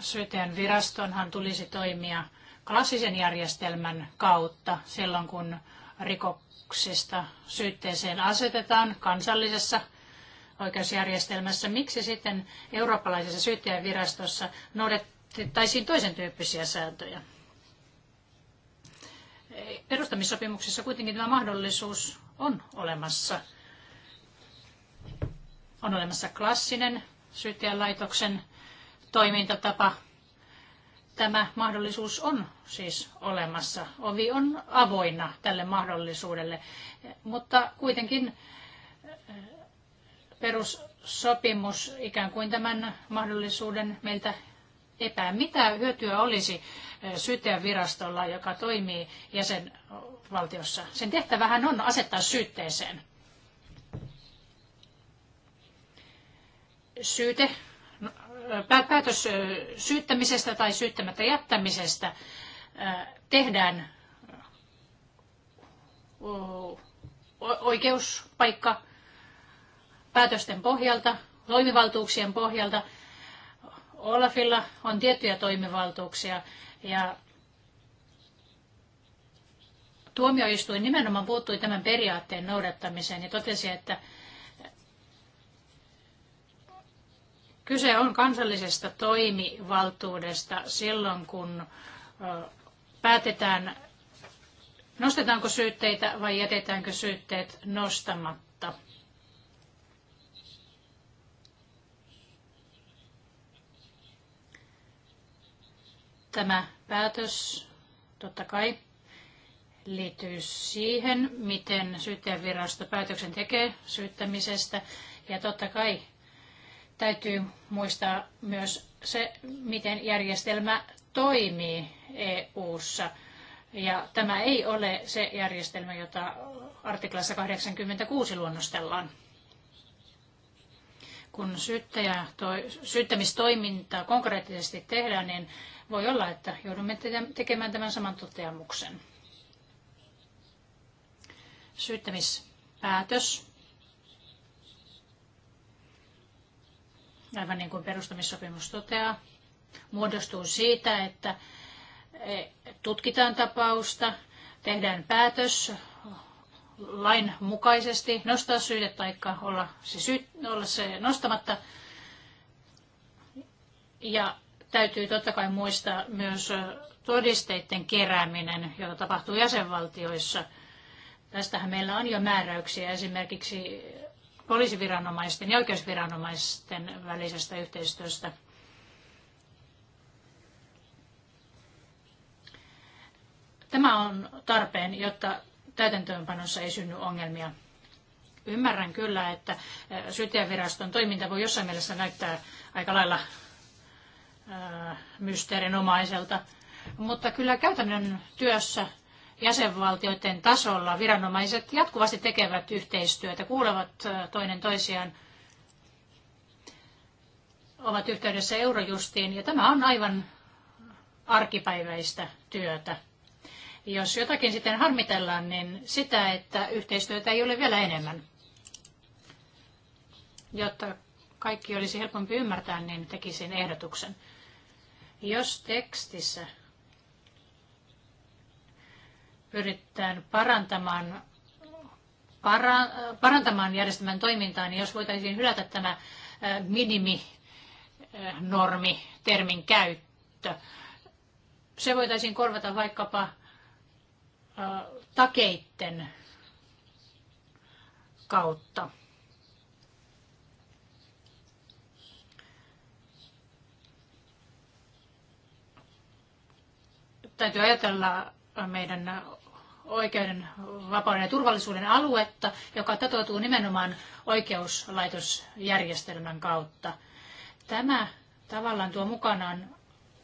Syyteen virastonhan tulisi toimia klassisen järjestelmän kautta silloin, kun rikoksista syytteeseen asetetaan kansallisessa oikeusjärjestelmässä. Miksi sitten eurooppalaisessa syyttäjävirastossa noudattaisiin toisen tyyppisiä sääntöjä? Perustamissopimuksessa kuitenkin tämä mahdollisuus on olemassa. On olemassa klassinen syyttäjälaitoksen toimintatapa – Tämä mahdollisuus on siis olemassa. Ovi on avoinna tälle mahdollisuudelle, mutta kuitenkin eh, perussopimus ikään kuin tämän mahdollisuuden meiltä epää. Mitä hyötyä olisi eh, virastolla, joka toimii jäsenvaltiossa? Sen tehtävähän on asettaa syytteeseen. Syyte päätös syyttämisestä tai syyttämättä jättämisestä tehdään oikeuspaikka päätösten pohjalta, toimivaltuuksien pohjalta. Olafilla on tiettyjä toimivaltuuksia ja tuomioistuin nimenomaan puuttui tämän periaatteen noudattamiseen ja totesi, että Kyse on kansallisesta toimivaltuudesta silloin, kun päätetään, nostetaanko syytteitä vai jätetäänkö syytteet nostamatta. Tämä päätös totta kai liittyy siihen, miten syyttäjänvirasto päätöksen tekee syyttämisestä. Ja totta kai Täytyy muistaa myös se, miten järjestelmä toimii EU:ssa. Ja tämä ei ole se järjestelmä, jota artiklassa 86 luonnostellaan. Kun syyttäjä, toi, syyttämistoimintaa konkreettisesti tehdään, niin voi olla, että joudumme tekemään tämän saman toteamuksen. Syyttämispäätös aivan niin kuin perustamissopimus toteaa, muodostuu siitä, että e, tutkitaan tapausta, tehdään päätös lain mukaisesti, nostaa syyte tai olla se, syy, olla se nostamatta. Ja täytyy totta kai muistaa myös todisteiden kerääminen, jota tapahtuu jäsenvaltioissa. Tästähän meillä on jo määräyksiä esimerkiksi poliisiviranomaisten ja oikeusviranomaisten välisestä yhteistyöstä. Tämä on tarpeen, jotta täytäntöönpanossa ei synny ongelmia. Ymmärrän kyllä, että syyttäjäviraston toiminta voi jossain mielessä näyttää aika lailla mysteerinomaiselta, mutta kyllä käytännön työssä jäsenvaltioiden tasolla viranomaiset jatkuvasti tekevät yhteistyötä, kuulevat toinen toisiaan, ovat yhteydessä Eurojustiin, ja tämä on aivan arkipäiväistä työtä. Jos jotakin sitten harmitellaan, niin sitä, että yhteistyötä ei ole vielä enemmän. Jotta kaikki olisi helpompi ymmärtää, niin tekisin ehdotuksen. Jos tekstissä pyritään parantamaan, para, parantamaan järjestelmän toimintaa, niin jos voitaisiin hylätä tämä miniminormi termin käyttö, se voitaisiin korvata vaikkapa takeitten kautta. Täytyy ajatella meidän oikeuden, vapauden ja turvallisuuden aluetta, joka tatoutuu nimenomaan oikeuslaitosjärjestelmän kautta. Tämä tavallaan tuo mukanaan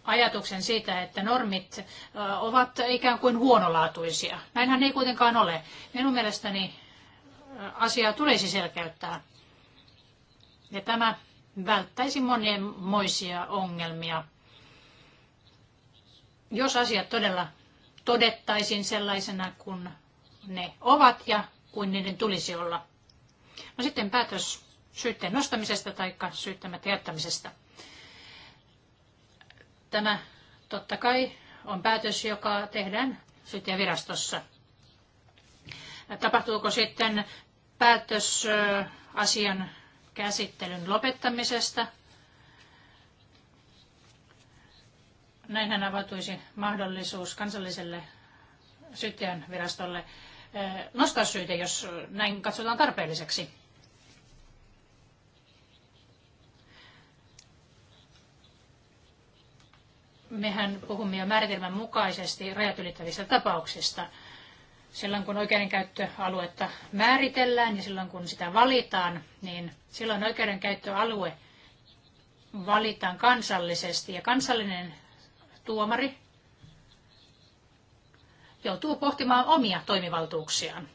ajatuksen siitä, että normit ovat ikään kuin huonolaatuisia. Näinhän ei kuitenkaan ole. Minun mielestäni asiaa tulisi selkeyttää. Ja tämä välttäisi monien moisia ongelmia. Jos asiat todella todettaisiin sellaisena kuin ne ovat ja kuin niiden tulisi olla. No sitten päätös syytteen nostamisesta tai syyttämättä jättämisestä. Tämä totta kai on päätös, joka tehdään syyttäjävirastossa. Tapahtuuko sitten päätös asian käsittelyn lopettamisesta Näinhän avautuisi mahdollisuus kansalliselle syyttäjän virastolle eh, nostaa syytä, jos näin katsotaan tarpeelliseksi. Mehän puhumme jo määritelmän mukaisesti rajat ylittävistä tapauksista. Silloin kun oikeudenkäyttöaluetta määritellään ja silloin kun sitä valitaan, niin silloin oikeudenkäyttöalue valitaan kansallisesti ja kansallinen tuomari joutuu pohtimaan omia toimivaltuuksiaan.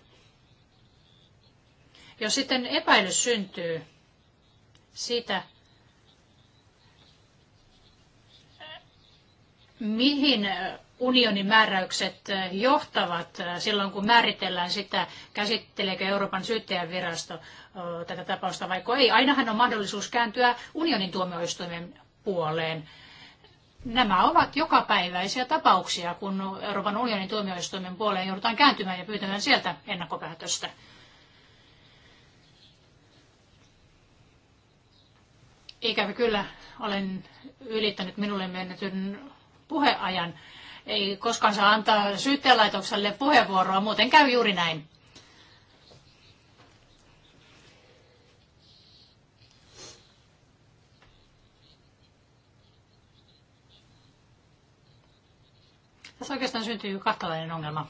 Jos sitten epäilys syntyy siitä, mihin unionin määräykset johtavat silloin, kun määritellään sitä, käsitteleekö Euroopan virasto tätä tapausta vai ei. Ainahan on mahdollisuus kääntyä unionin tuomioistuimen puoleen Nämä ovat jokapäiväisiä tapauksia, kun Euroopan unionin tuomioistuimen puoleen joudutaan kääntymään ja pyytämään sieltä ennakkopäätöstä. Ikävä kyllä olen ylittänyt minulle mennetyn puheajan. Ei koskaan saa antaa syyttäjälaitokselle puheenvuoroa, muuten käy juuri näin. Tässä oikeastaan syntyy kahtalainen ongelma.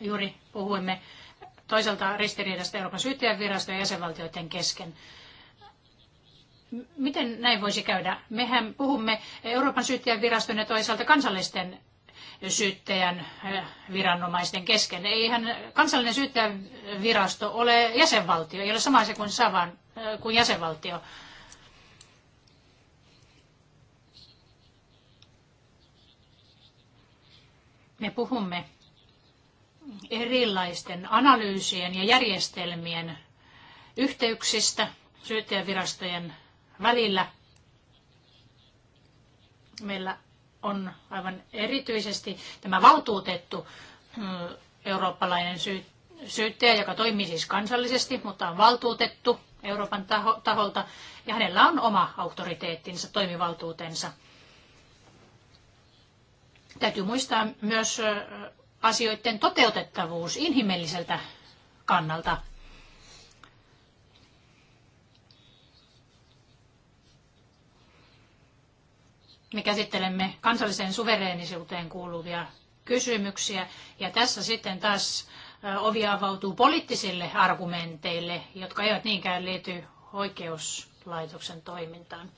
Juuri puhuimme toisaalta ristiriidasta Euroopan syyttäjänviraston ja jäsenvaltioiden kesken. Miten näin voisi käydä? Mehän puhumme Euroopan syyttäjänviraston ja toisaalta kansallisten syyttäjän äh, viranomaisten kesken. Eihän kansallinen syyttäjän ole jäsenvaltio, ei ole sama asia kuin, Savan, äh, kuin jäsenvaltio. Me puhumme erilaisten analyysien ja järjestelmien yhteyksistä syyttäjävirastojen välillä. Meillä on aivan erityisesti tämä valtuutettu mm, eurooppalainen syyttäjä, joka toimii siis kansallisesti, mutta on valtuutettu Euroopan taho, taholta ja hänellä on oma auktoriteettinsa, toimivaltuutensa. Täytyy muistaa myös asioiden toteutettavuus inhimilliseltä kannalta. Me käsittelemme kansalliseen suvereenisuuteen kuuluvia kysymyksiä ja tässä sitten taas ovi avautuu poliittisille argumenteille, jotka eivät niinkään liity oikeuslaitoksen toimintaan.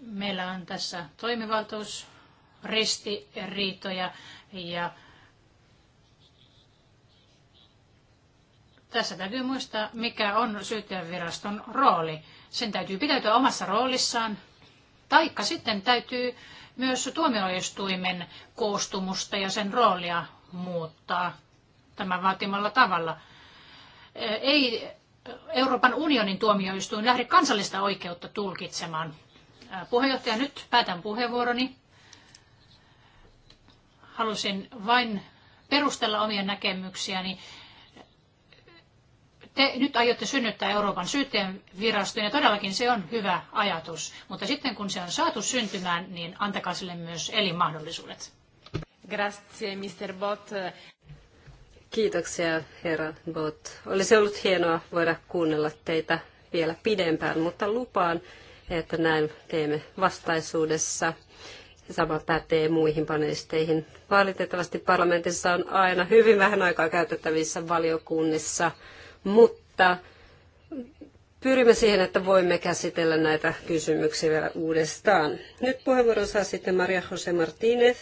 Meillä on tässä toimivaltuus ristiriitoja ja tässä täytyy muistaa, mikä on syyttäjänviraston rooli. Sen täytyy pitäytyä omassa roolissaan, taikka sitten täytyy myös tuomioistuimen koostumusta ja sen roolia muuttaa tämän vaatimalla tavalla. Ei Euroopan unionin tuomioistuin lähde kansallista oikeutta tulkitsemaan. Puheenjohtaja, nyt päätän puheenvuoroni halusin vain perustella omia näkemyksiäni. Te nyt aiotte synnyttää Euroopan syytteen viraston ja todellakin se on hyvä ajatus, mutta sitten kun se on saatu syntymään, niin antakaa sille myös elinmahdollisuudet. Grazie, Mr. Bot. Kiitoksia, herra Bot. Olisi ollut hienoa voida kuunnella teitä vielä pidempään, mutta lupaan, että näin teemme vastaisuudessa. Sama pätee muihin panelisteihin. Valitettavasti parlamentissa on aina hyvin vähän aikaa käytettävissä valiokunnissa, mutta pyrimme siihen, että voimme käsitellä näitä kysymyksiä vielä uudestaan. Nyt puheenvuoron saa sitten Maria Jose Martínez,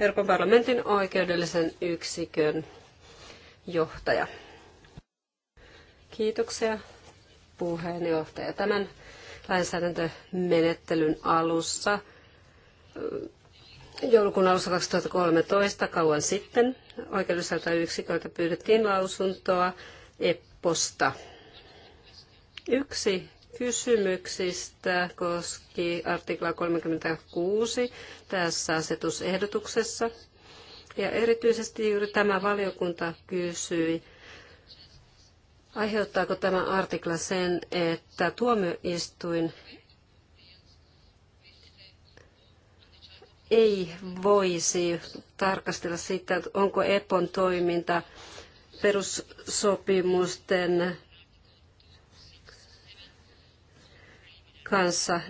Euroopan parlamentin oikeudellisen yksikön johtaja. Kiitoksia puheenjohtaja. Tämän lainsäädäntömenettelyn alussa joulukuun alussa 2013 kauan sitten oikeudelliselta yksiköltä pyydettiin lausuntoa EPPOsta. Yksi kysymyksistä koski artikla 36 tässä asetusehdotuksessa. Ja erityisesti juuri tämä valiokunta kysyi, aiheuttaako tämä artikla sen, että tuomioistuin ei voisi tarkastella sitä, onko EPON toiminta perussopimusten kanssa,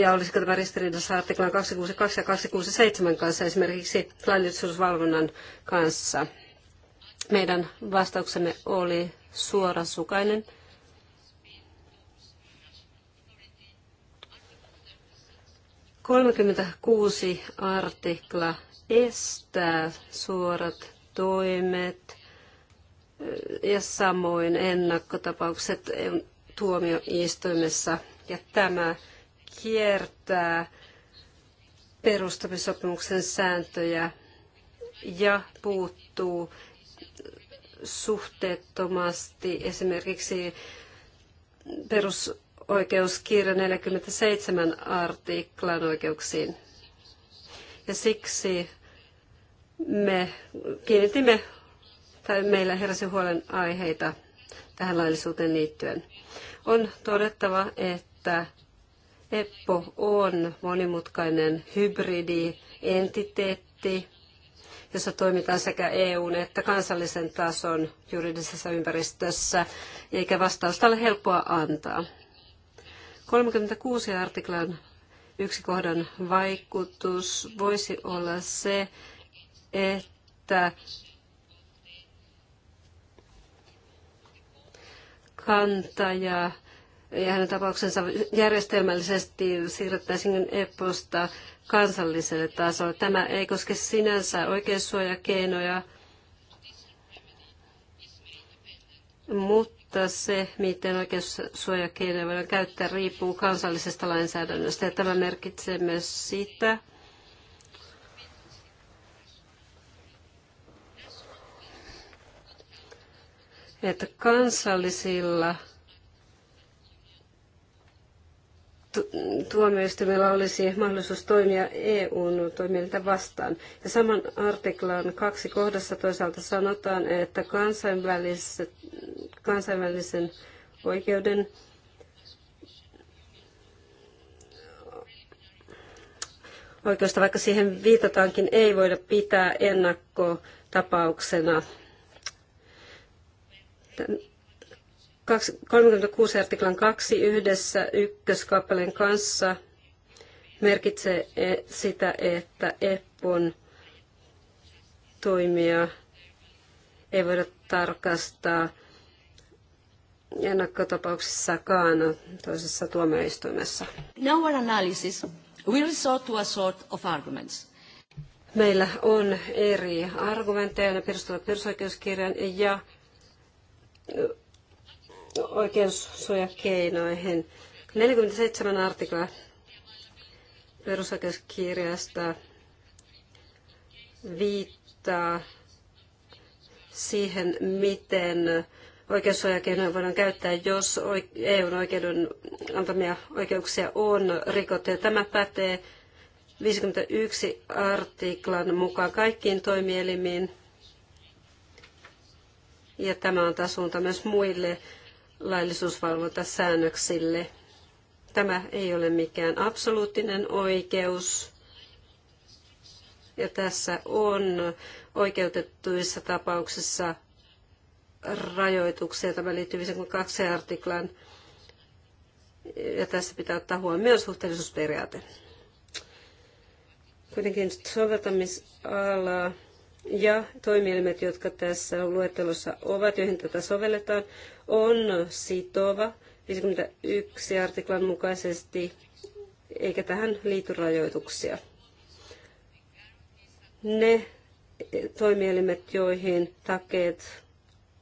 ja olisiko tämä ristiriidassa artiklan 262 ja 267 kanssa, esimerkiksi laillisuusvalvonnan kanssa. Meidän vastauksemme oli suorasukainen. 36 artikla estää suorat toimet ja samoin ennakkotapaukset tuomioistuimessa. Ja tämä kiertää perustamissopimuksen sääntöjä ja puuttuu suhteettomasti esimerkiksi perus oikeuskirja 47 artiklan oikeuksiin. Ja siksi me kiinnitimme, tai meillä heräsi huolen aiheita tähän laillisuuteen liittyen. On todettava, että EPPO on monimutkainen hybridientiteetti, jossa toimitaan sekä EUn että kansallisen tason juridisessa ympäristössä, eikä vastausta ole helppoa antaa. 36 artiklan yksi kohdan vaikutus voisi olla se, että kantaja ja hänen tapauksensa järjestelmällisesti siirrettäisiin EPOsta kansalliselle tasolle. Tämä ei koske sinänsä oikeussuojakeinoja, mutta mutta se, miten oikeussuojakeinoja voidaan käyttää, riippuu kansallisesta lainsäädännöstä. Ja tämä merkitsee myös sitä, että kansallisilla tuomioistuimella olisi mahdollisuus toimia EUn toimielintä vastaan. Ja saman artiklan kaksi kohdassa toisaalta sanotaan, että kansainvälisen oikeuden oikeusta, vaikka siihen viitataankin, ei voida pitää ennakkotapauksena. 36 artiklan 2 yhdessä ykköskappaleen kanssa merkitsee e, sitä, että EPPON toimia ei voida tarkastaa ennakkotapauksissakaan toisessa tuomioistuimessa. In no our analysis, resort to a sort of arguments. Meillä on eri argumentteja, ne perustuvat perusoikeuskirjan ja oikeussuojakeinoihin. 47 artikla perusoikeuskirjasta viittaa siihen, miten oikeussuojakeinoja voidaan käyttää, jos EUn oikeuden antamia oikeuksia on rikottu. tämä pätee 51 artiklan mukaan kaikkiin toimielimiin. Ja tämä antaa suunta myös muille laillisuusvalvontasäännöksille. Tämä ei ole mikään absoluuttinen oikeus. Ja tässä on oikeutettuissa tapauksissa rajoituksia. Tämä liittyy 52 artiklan ja tässä pitää ottaa huomioon suhteellisuusperiaate. Kuitenkin soveltamisala ja toimielimet, jotka tässä luettelossa ovat, joihin tätä sovelletaan, on sitova 51 artiklan mukaisesti, eikä tähän liity rajoituksia. Ne toimielimet, joihin takeet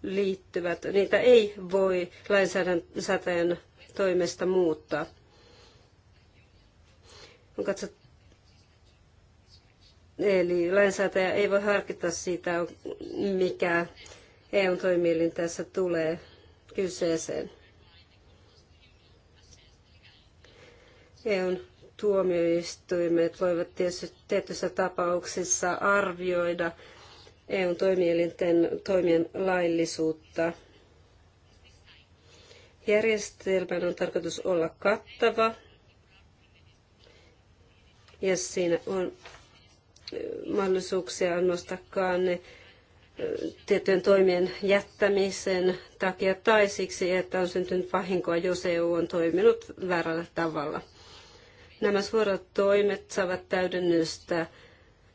liittyvät, niitä ei voi lainsäädännön toimesta muuttaa. On katsottu Eli lainsäätäjä ei voi harkita sitä, mikä EU-toimielin tässä tulee kyseeseen. EUn tuomioistuimet voivat tietysti tietyissä tapauksissa arvioida EUn toimielinten toimien laillisuutta. Järjestelmän on tarkoitus olla kattava ja siinä on mahdollisuuksia nostaa kanne tiettyjen toimien jättämisen takia tai siksi, että on syntynyt vahinkoa, jos EU on toiminut väärällä tavalla. Nämä suorat toimet saavat täydennystä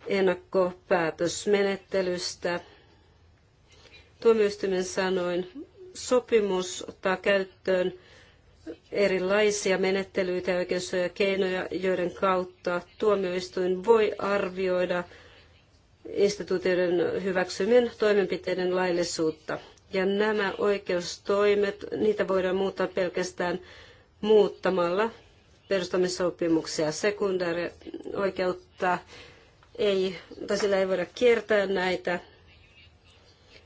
ennakkopäätösmenettelystä. Tuomioistuimen sanoin sopimus ottaa käyttöön erilaisia menettelyitä ja oikeussuojakeinoja, joiden kautta tuomioistuin voi arvioida instituutioiden hyväksymien toimenpiteiden laillisuutta. Ja nämä oikeustoimet, niitä voidaan muuttaa pelkästään muuttamalla perustamissopimuksia oikeutta Ei, tai sillä ei voida kiertää näitä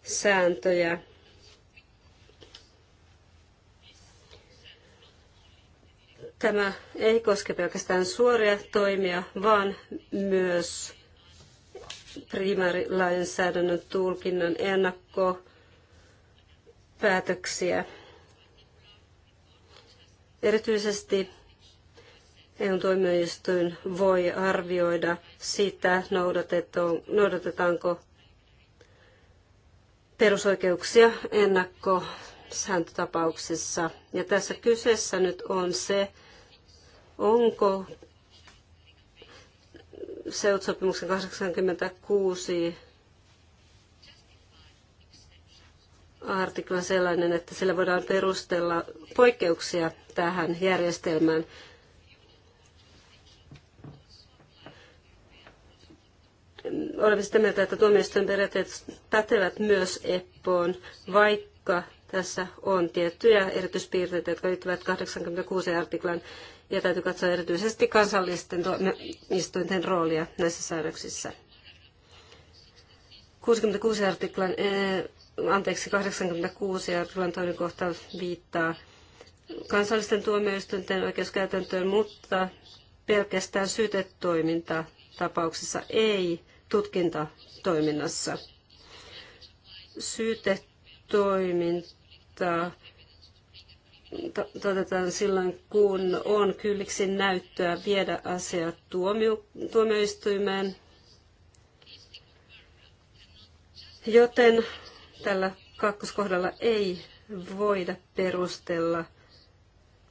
sääntöjä. tämä ei koske pelkästään suoria toimia, vaan myös primäärilainsäädännön tulkinnan ennakkopäätöksiä. Erityisesti EUn tuomioistuin voi arvioida sitä, noudatetaanko perusoikeuksia ennakkosääntötapauksissa. Ja tässä kyseessä nyt on se, Onko seutsopimuksen 86 artikla sellainen, että sillä voidaan perustella poikkeuksia tähän järjestelmään. Olemme sitä mieltä, että tuomioistuin periaatteet pätevät myös EPPOon, vaikka tässä on tiettyjä erityispiirteitä, jotka liittyvät 86 artiklan ja täytyy katsoa erityisesti kansallisten tuomioistuinten roolia näissä säädöksissä. 66 artiklan, e, anteeksi, 86 artiklan toinen kohta viittaa kansallisten tuomioistuinten oikeuskäytäntöön, mutta pelkästään syytetoiminta tapauksessa ei tutkintatoiminnassa. Syytetoiminta toteutetaan silloin, kun on kylliksi näyttöä viedä asia tuomio, tuomioistuimeen. Joten tällä kakkoskohdalla ei voida perustella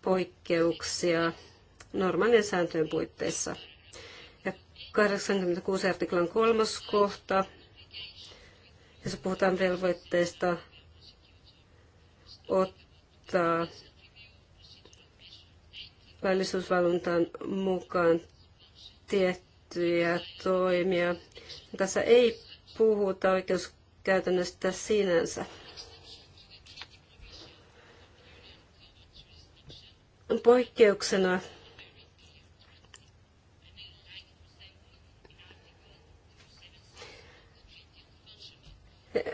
poikkeuksia normaalien sääntöjen puitteissa. Ja 86 artiklan kolmas kohta, jossa puhutaan velvoitteista ottaa ottaa laillisuusvalvontaan mukaan tiettyjä toimia. Tässä ei puhuta oikeuskäytännöstä sinänsä. Poikkeuksena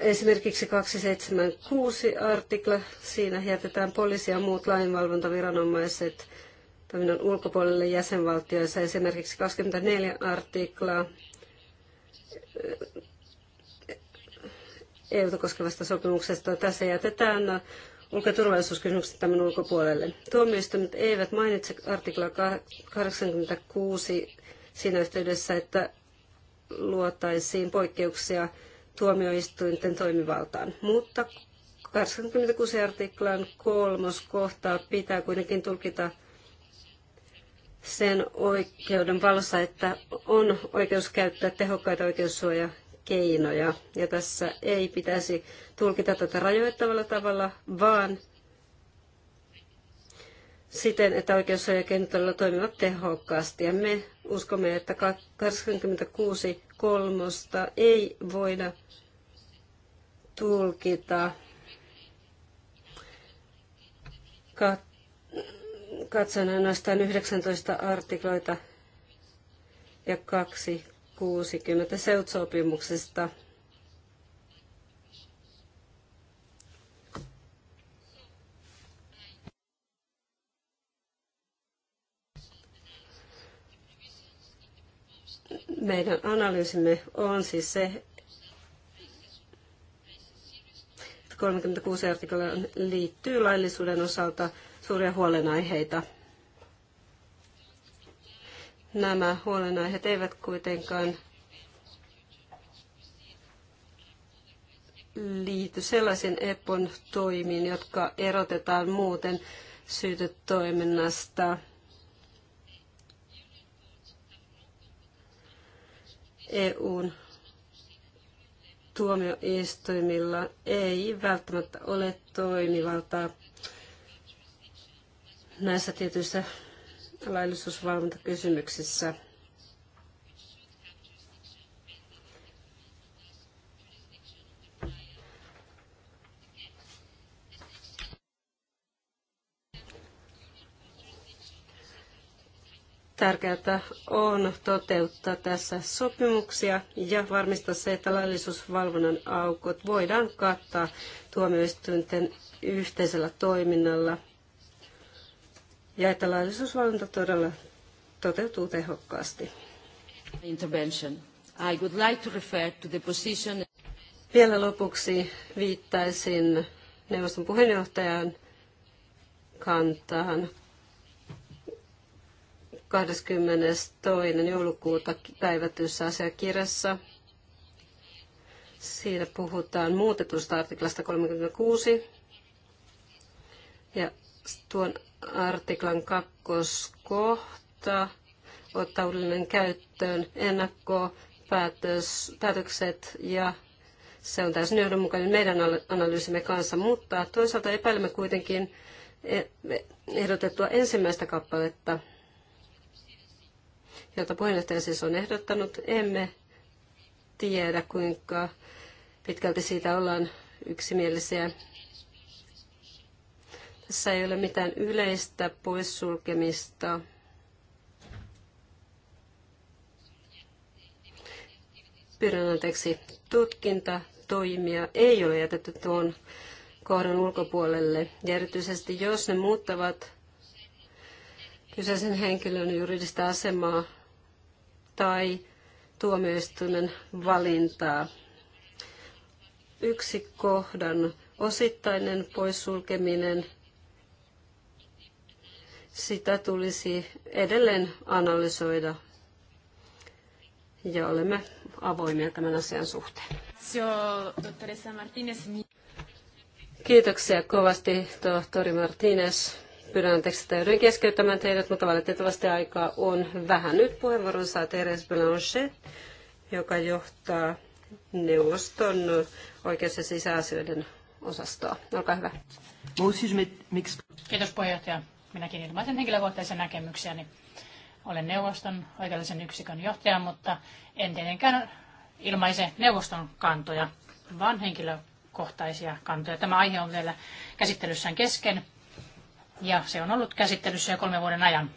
Esimerkiksi 276 artikla, siinä jätetään poliisi ja muut lainvalvontaviranomaiset toiminnan ulkopuolelle jäsenvaltioissa. Esimerkiksi 24 artiklaa eh, EUta koskevasta sopimuksesta. Tässä jätetään ulko- ja turvallisuuskysymykset tämän ulkopuolelle. Tuomioistuimet eivät mainitse artikla 86 siinä yhteydessä, että luotaisiin poikkeuksia tuomioistuinten toimivaltaan. Mutta 86 artiklan kolmos kohtaa pitää kuitenkin tulkita sen oikeuden valossa, että on oikeus käyttää tehokkaita oikeussuojakeinoja. Ja tässä ei pitäisi tulkita tätä rajoittavalla tavalla, vaan siten, että oikeussuojakenttä toimivat tehokkaasti. Ja me uskomme, että 86 kolmosta ei voida tulkita katson ainoastaan 19 artikloita ja 260 seutsopimuksesta. Meidän analyysimme on siis se, 36 artiklaan liittyy laillisuuden osalta suuria huolenaiheita. Nämä huolenaiheet eivät kuitenkaan liity sellaisiin EPON toimiin, jotka erotetaan muuten syytetoiminnasta EUn tuomioistuimilla ei välttämättä ole toimivaltaa näissä tietyissä laillisuusvalvontakysymyksissä. Tärkeää on toteuttaa tässä sopimuksia ja varmistaa se, että laillisuusvalvonnan aukot voidaan kattaa tuomioistuinten yhteisellä toiminnalla ja että laillisuusvalvonta todella toteutuu tehokkaasti. Intervention. I would like to refer to the position... Vielä lopuksi viittaisin neuvoston puheenjohtajan kantaan 22. joulukuuta päivätyssä asiakirjassa. Siinä puhutaan muutetusta artiklasta 36 ja tuon artiklan kakkoskohta ottaa uudelleen käyttöön ennakko päätös, päätökset ja se on täysin johdonmukainen meidän analyysimme kanssa, mutta toisaalta epäilemme kuitenkin e-, ehdotettua ensimmäistä kappaletta, jota puheenjohtaja siis on ehdottanut, emme tiedä, kuinka pitkälti siitä ollaan yksimielisiä. Tässä ei ole mitään yleistä poissulkemista. Pyydän anteeksi, tutkinta toimia ei ole jätetty tuon kohdan ulkopuolelle. Ja erityisesti jos ne muuttavat kyseisen henkilön juridista asemaa tai tuomioistuimen valintaa. Yksi kohdan osittainen poissulkeminen, sitä tulisi edelleen analysoida ja olemme avoimia tämän asian suhteen. Kiitoksia kovasti, tohtori Martinez. Pyydän anteeksi, että joudun keskeyttämään teidät, mutta valitettavasti aikaa on vähän. Nyt puheenvuoron saa Teres Blanchet, joka johtaa neuvoston oikeus- ja sisäasioiden osastoa. Olkaa hyvä. Siis Kiitos puheenjohtaja. Minäkin ilmaisen henkilökohtaisen näkemyksiäni. Olen neuvoston oikeudellisen yksikön johtaja, mutta en tietenkään ilmaise neuvoston kantoja, vaan henkilökohtaisia kantoja. Tämä aihe on vielä käsittelyssään kesken ja se on ollut käsittelyssä jo kolmen vuoden ajan.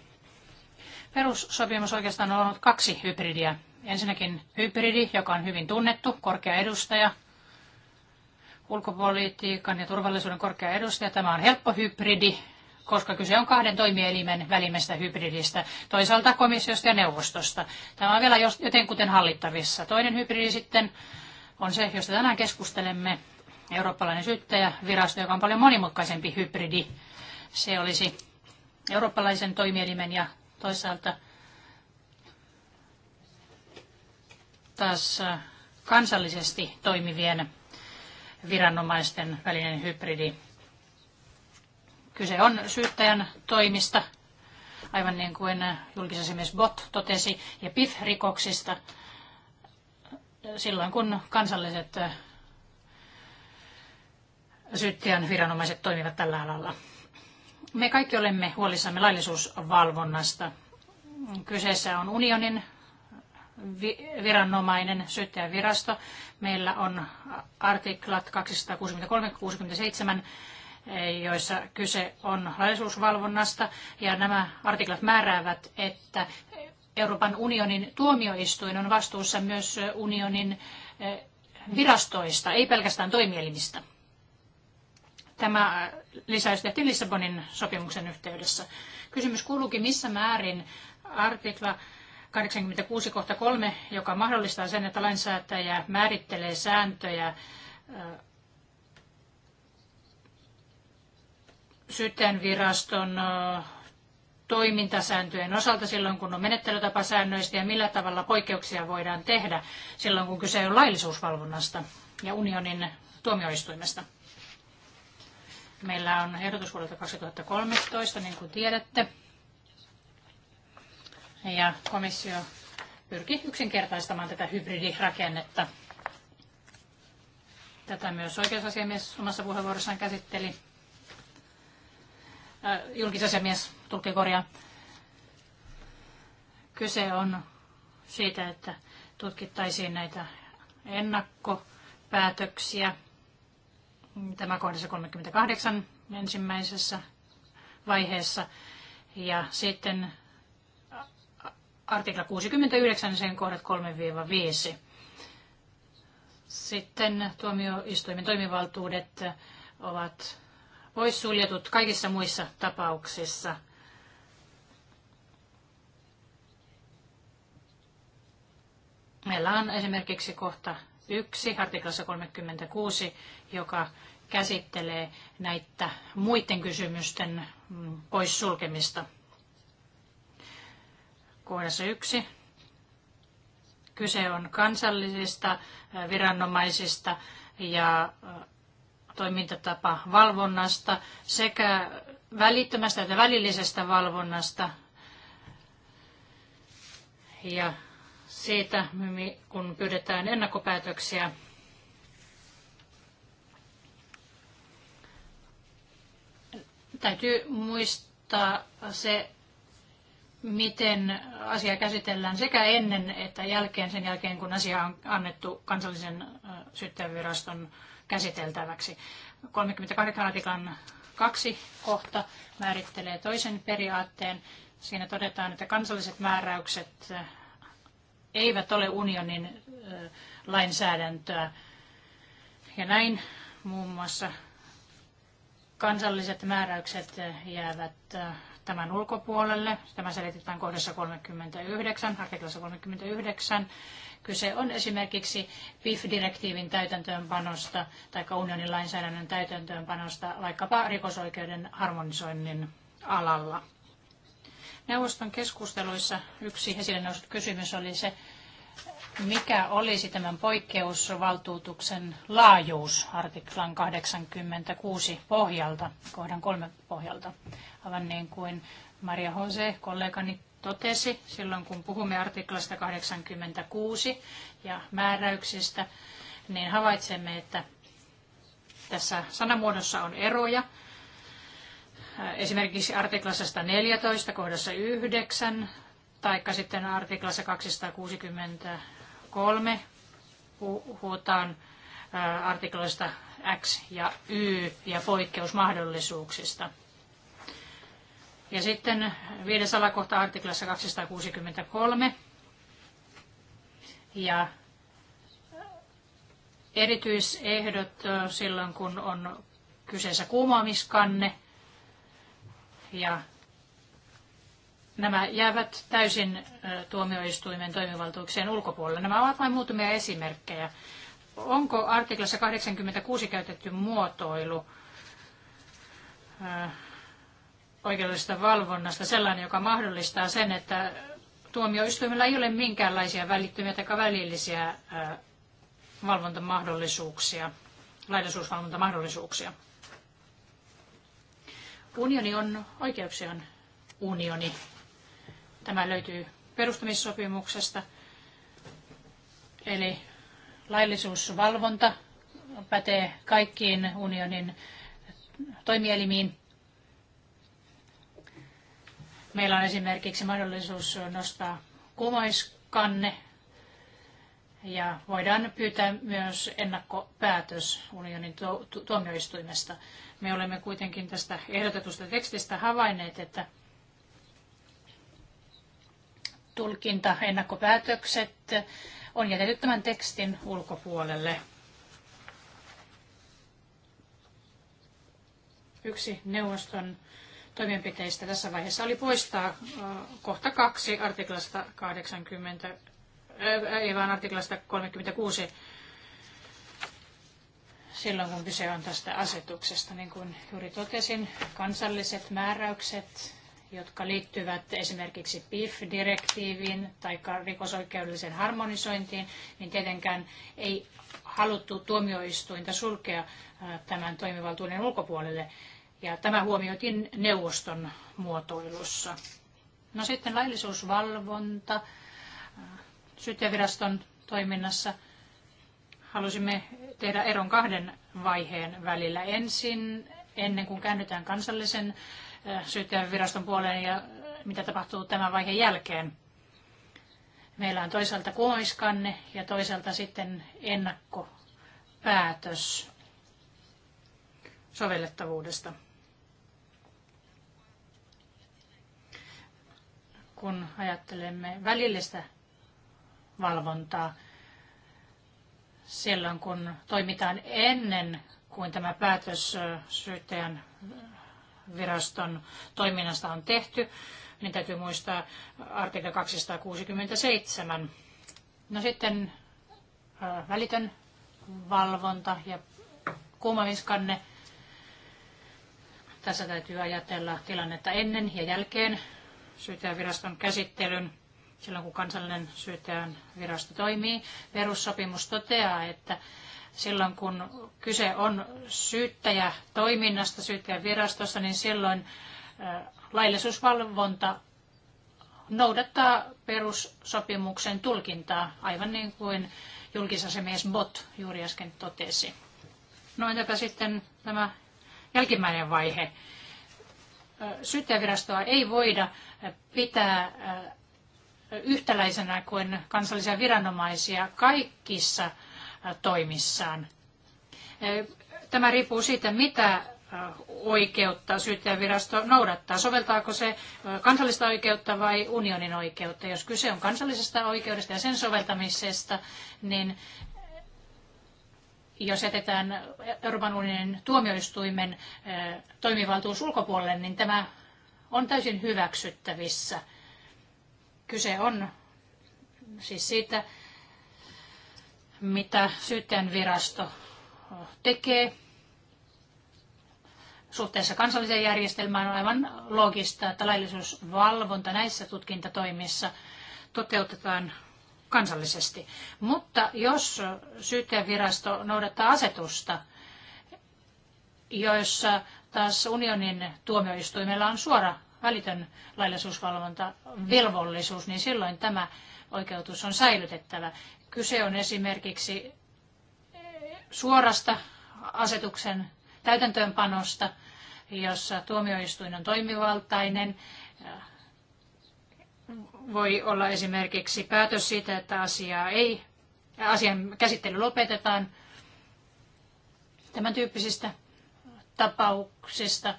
Perussopimus oikeastaan on ollut kaksi hybridiä. Ensinnäkin hybridi, joka on hyvin tunnettu, korkea edustaja, ulkopolitiikan ja turvallisuuden korkea edustaja. Tämä on helppo hybridi, koska kyse on kahden toimielimen välimestä hybridistä, toisaalta komissiosta ja neuvostosta. Tämä on vielä jotenkuten hallittavissa. Toinen hybridi sitten on se, josta tänään keskustelemme, eurooppalainen syyttäjävirasto, joka on paljon monimutkaisempi hybridi se olisi eurooppalaisen toimielimen ja toisaalta taas kansallisesti toimivien viranomaisten välinen hybridi. Kyse on syyttäjän toimista, aivan niin kuin julkisasimies Bot totesi, ja PIF-rikoksista silloin, kun kansalliset syyttäjän viranomaiset toimivat tällä alalla. Me kaikki olemme huolissamme laillisuusvalvonnasta. Kyseessä on unionin viranomainen, syyttäjävirasto. Meillä on artiklat 263-67 joissa kyse on laillisuusvalvonnasta, ja nämä artiklat määräävät, että Euroopan unionin tuomioistuin on vastuussa myös unionin eh, virastoista, ei pelkästään toimielimistä. Tämä lisäys tehtiin Lissabonin sopimuksen yhteydessä. Kysymys kuuluukin, missä määrin artikla 86.3, joka mahdollistaa sen, että lainsäätäjä määrittelee sääntöjä syyttäjänviraston toimintasääntöjen osalta silloin, kun on menettelytapasäännöistä ja millä tavalla poikkeuksia voidaan tehdä silloin, kun kyse on laillisuusvalvonnasta ja unionin tuomioistuimesta. Meillä on ehdotus vuodelta 2013, niin kuin tiedätte. Ja komissio pyrki yksinkertaistamaan tätä hybridirakennetta. Tätä myös oikeusasiamies omassa puheenvuorossaan käsitteli. Äh, julkisasiamies tulkki korjaa. Kyse on siitä, että tutkittaisiin näitä ennakkopäätöksiä Tämä kohdassa 38 ensimmäisessä vaiheessa. Ja sitten artikla 69, sen kohdat 3-5. Sitten tuomioistuimen toimivaltuudet ovat poissuljetut kaikissa muissa tapauksissa. Meillä on esimerkiksi kohta 1 artiklassa 36, joka käsittelee näitä muiden kysymysten mm, poissulkemista. Kohdassa 1 kyse on kansallisista viranomaisista ja toimintatapa valvonnasta sekä välittömästä että välillisestä valvonnasta ja siitä, kun pyydetään ennakkopäätöksiä. Täytyy muistaa se, miten asia käsitellään sekä ennen että jälkeen, sen jälkeen kun asia on annettu kansallisen syyttäjäviraston käsiteltäväksi. 38 artiklan kaksi kohta määrittelee toisen periaatteen. Siinä todetaan, että kansalliset määräykset eivät ole unionin lainsäädäntöä. Ja näin muun muassa kansalliset määräykset jäävät tämän ulkopuolelle. Tämä selitetään kohdassa 39, artiklassa 39. Kyse on esimerkiksi PIF-direktiivin täytäntöönpanosta tai unionin lainsäädännön täytäntöönpanosta vaikkapa rikosoikeuden harmonisoinnin alalla. Neuvoston keskusteluissa yksi esille noussut kysymys oli se, mikä olisi tämän poikkeusvaltuutuksen laajuus artiklan 86 pohjalta, kohdan kolme pohjalta. Aivan niin kuin Maria Jose, kollegani, totesi silloin, kun puhumme artiklasta 86 ja määräyksistä, niin havaitsemme, että tässä sanamuodossa on eroja esimerkiksi artiklassa 114 kohdassa 9 tai sitten artiklassa 263 puhutaan artikloista X ja Y ja poikkeusmahdollisuuksista. Ja sitten viides alakohta artiklassa 263 ja erityisehdot silloin, kun on kyseessä kumoamiskanne ja nämä jäävät täysin tuomioistuimen toimivaltuuksien ulkopuolelle. Nämä ovat vain muutamia esimerkkejä. Onko artiklassa 86 käytetty muotoilu oikeudellisesta valvonnasta sellainen, joka mahdollistaa sen, että tuomioistuimella ei ole minkäänlaisia välittömiä tai välillisiä valvontamahdollisuuksia, laillisuusvalvontamahdollisuuksia? Unioni on oikeuksien unioni. Tämä löytyy perustamissopimuksesta. Eli laillisuusvalvonta pätee kaikkiin unionin toimielimiin. Meillä on esimerkiksi mahdollisuus nostaa kumoiskanne ja voidaan pyytää myös ennakkopäätös unionin tuomioistuimesta. Me olemme kuitenkin tästä ehdotetusta tekstistä havainneet, että tulkinta, ennakkopäätökset on jätetty tämän tekstin ulkopuolelle. Yksi neuvoston toimenpiteistä tässä vaiheessa oli poistaa kohta kaksi artiklasta 80 ei artiklasta 36 silloin, kun kyse on tästä asetuksesta. Niin kuin juuri totesin, kansalliset määräykset, jotka liittyvät esimerkiksi PIF-direktiiviin tai rikosoikeudelliseen harmonisointiin, niin tietenkään ei haluttu tuomioistuinta sulkea tämän toimivaltuuden ulkopuolelle. Ja tämä huomioitiin neuvoston muotoilussa. No sitten laillisuusvalvonta syyttäjäviraston toiminnassa halusimme tehdä eron kahden vaiheen välillä. Ensin, ennen kuin käännytään kansallisen äh, syyttäjäviraston puoleen ja mitä tapahtuu tämän vaiheen jälkeen. Meillä on toisaalta kuomiskanne ja toisaalta sitten ennakkopäätös sovellettavuudesta. Kun ajattelemme välillistä valvontaa silloin, kun toimitaan ennen kuin tämä päätös syyttäjän viraston toiminnasta on tehty, niin täytyy muistaa artikla 267. No sitten välitön valvonta ja kuumaviskanne. Tässä täytyy ajatella tilannetta ennen ja jälkeen viraston käsittelyn silloin kun kansallinen syyttäjän virasto toimii. Perussopimus toteaa, että silloin kun kyse on syyttäjä toiminnasta syyttäjän virastossa, niin silloin laillisuusvalvonta noudattaa perussopimuksen tulkintaa, aivan niin kuin julkisasemies Bot juuri äsken totesi. No entäpä sitten tämä jälkimmäinen vaihe? Syyttäjävirastoa ei voida pitää yhtäläisenä kuin kansallisia viranomaisia kaikissa toimissaan. E, tämä riippuu siitä, mitä oikeutta syyttäjävirasto noudattaa. Soveltaako se kansallista oikeutta vai unionin oikeutta? Jos kyse on kansallisesta oikeudesta ja sen soveltamisesta, niin jos jätetään Euroopan unionin tuomioistuimen toimivaltuus ulkopuolelle, niin tämä on täysin hyväksyttävissä – Kyse on siis siitä, mitä syytteen virasto tekee suhteessa kansalliseen järjestelmään on aivan logista, että laillisuusvalvonta näissä tutkintatoimissa toteutetaan kansallisesti. Mutta jos virasto noudattaa asetusta, joissa taas unionin tuomioistuimella on suora välitön laillisuusvalvontavelvollisuus, niin silloin tämä oikeutus on säilytettävä. Kyse on esimerkiksi suorasta asetuksen täytäntöönpanosta, jossa tuomioistuin on toimivaltainen. Voi olla esimerkiksi päätös siitä, että asiaa ei, asian käsittely lopetetaan. Tämän tyyppisistä tapauksista.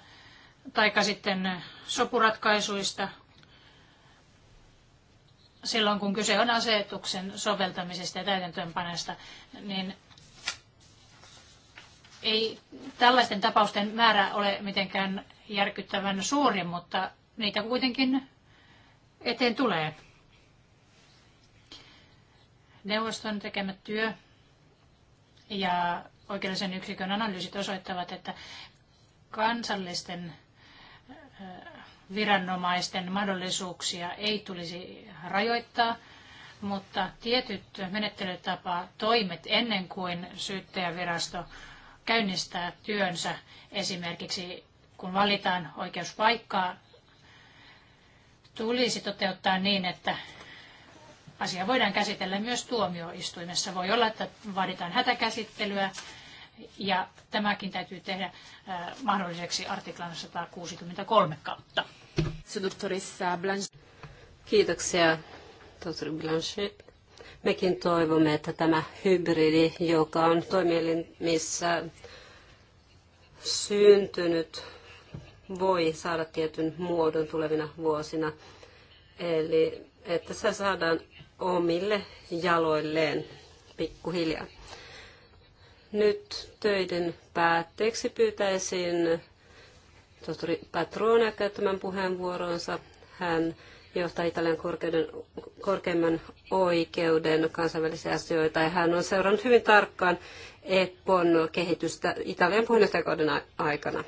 tai sitten sopuratkaisuista silloin, kun kyse on asetuksen soveltamisesta ja täytäntöönpanosta, niin ei tällaisten tapausten määrä ole mitenkään järkyttävän suuri, mutta niitä kuitenkin eteen tulee. Neuvoston tekemä työ ja oikeudellisen yksikön analyysit osoittavat, että kansallisten viranomaisten mahdollisuuksia ei tulisi rajoittaa, mutta tietyt menettelytapa toimet ennen kuin syyttäjävirasto käynnistää työnsä, esimerkiksi kun valitaan oikeuspaikkaa, tulisi toteuttaa niin, että asia voidaan käsitellä myös tuomioistuimessa. Voi olla, että vaaditaan hätäkäsittelyä ja tämäkin täytyy tehdä mahdolliseksi artiklan 163 kautta. Kiitoksia, tohtori Blanche. Mekin toivomme, että tämä hybridi, joka on toimielimissä syntynyt, voi saada tietyn muodon tulevina vuosina. Eli että se saadaan omille jaloilleen pikkuhiljaa. Nyt töiden päätteeksi pyytäisin tohtori Patrona käyttämään puheenvuoronsa. Hän johtaa Italian korkeuden, korkeimman oikeuden kansainvälisiä asioita ja hän on seurannut hyvin tarkkaan EPPON kehitystä Italian puheenjohtajakauden aikana.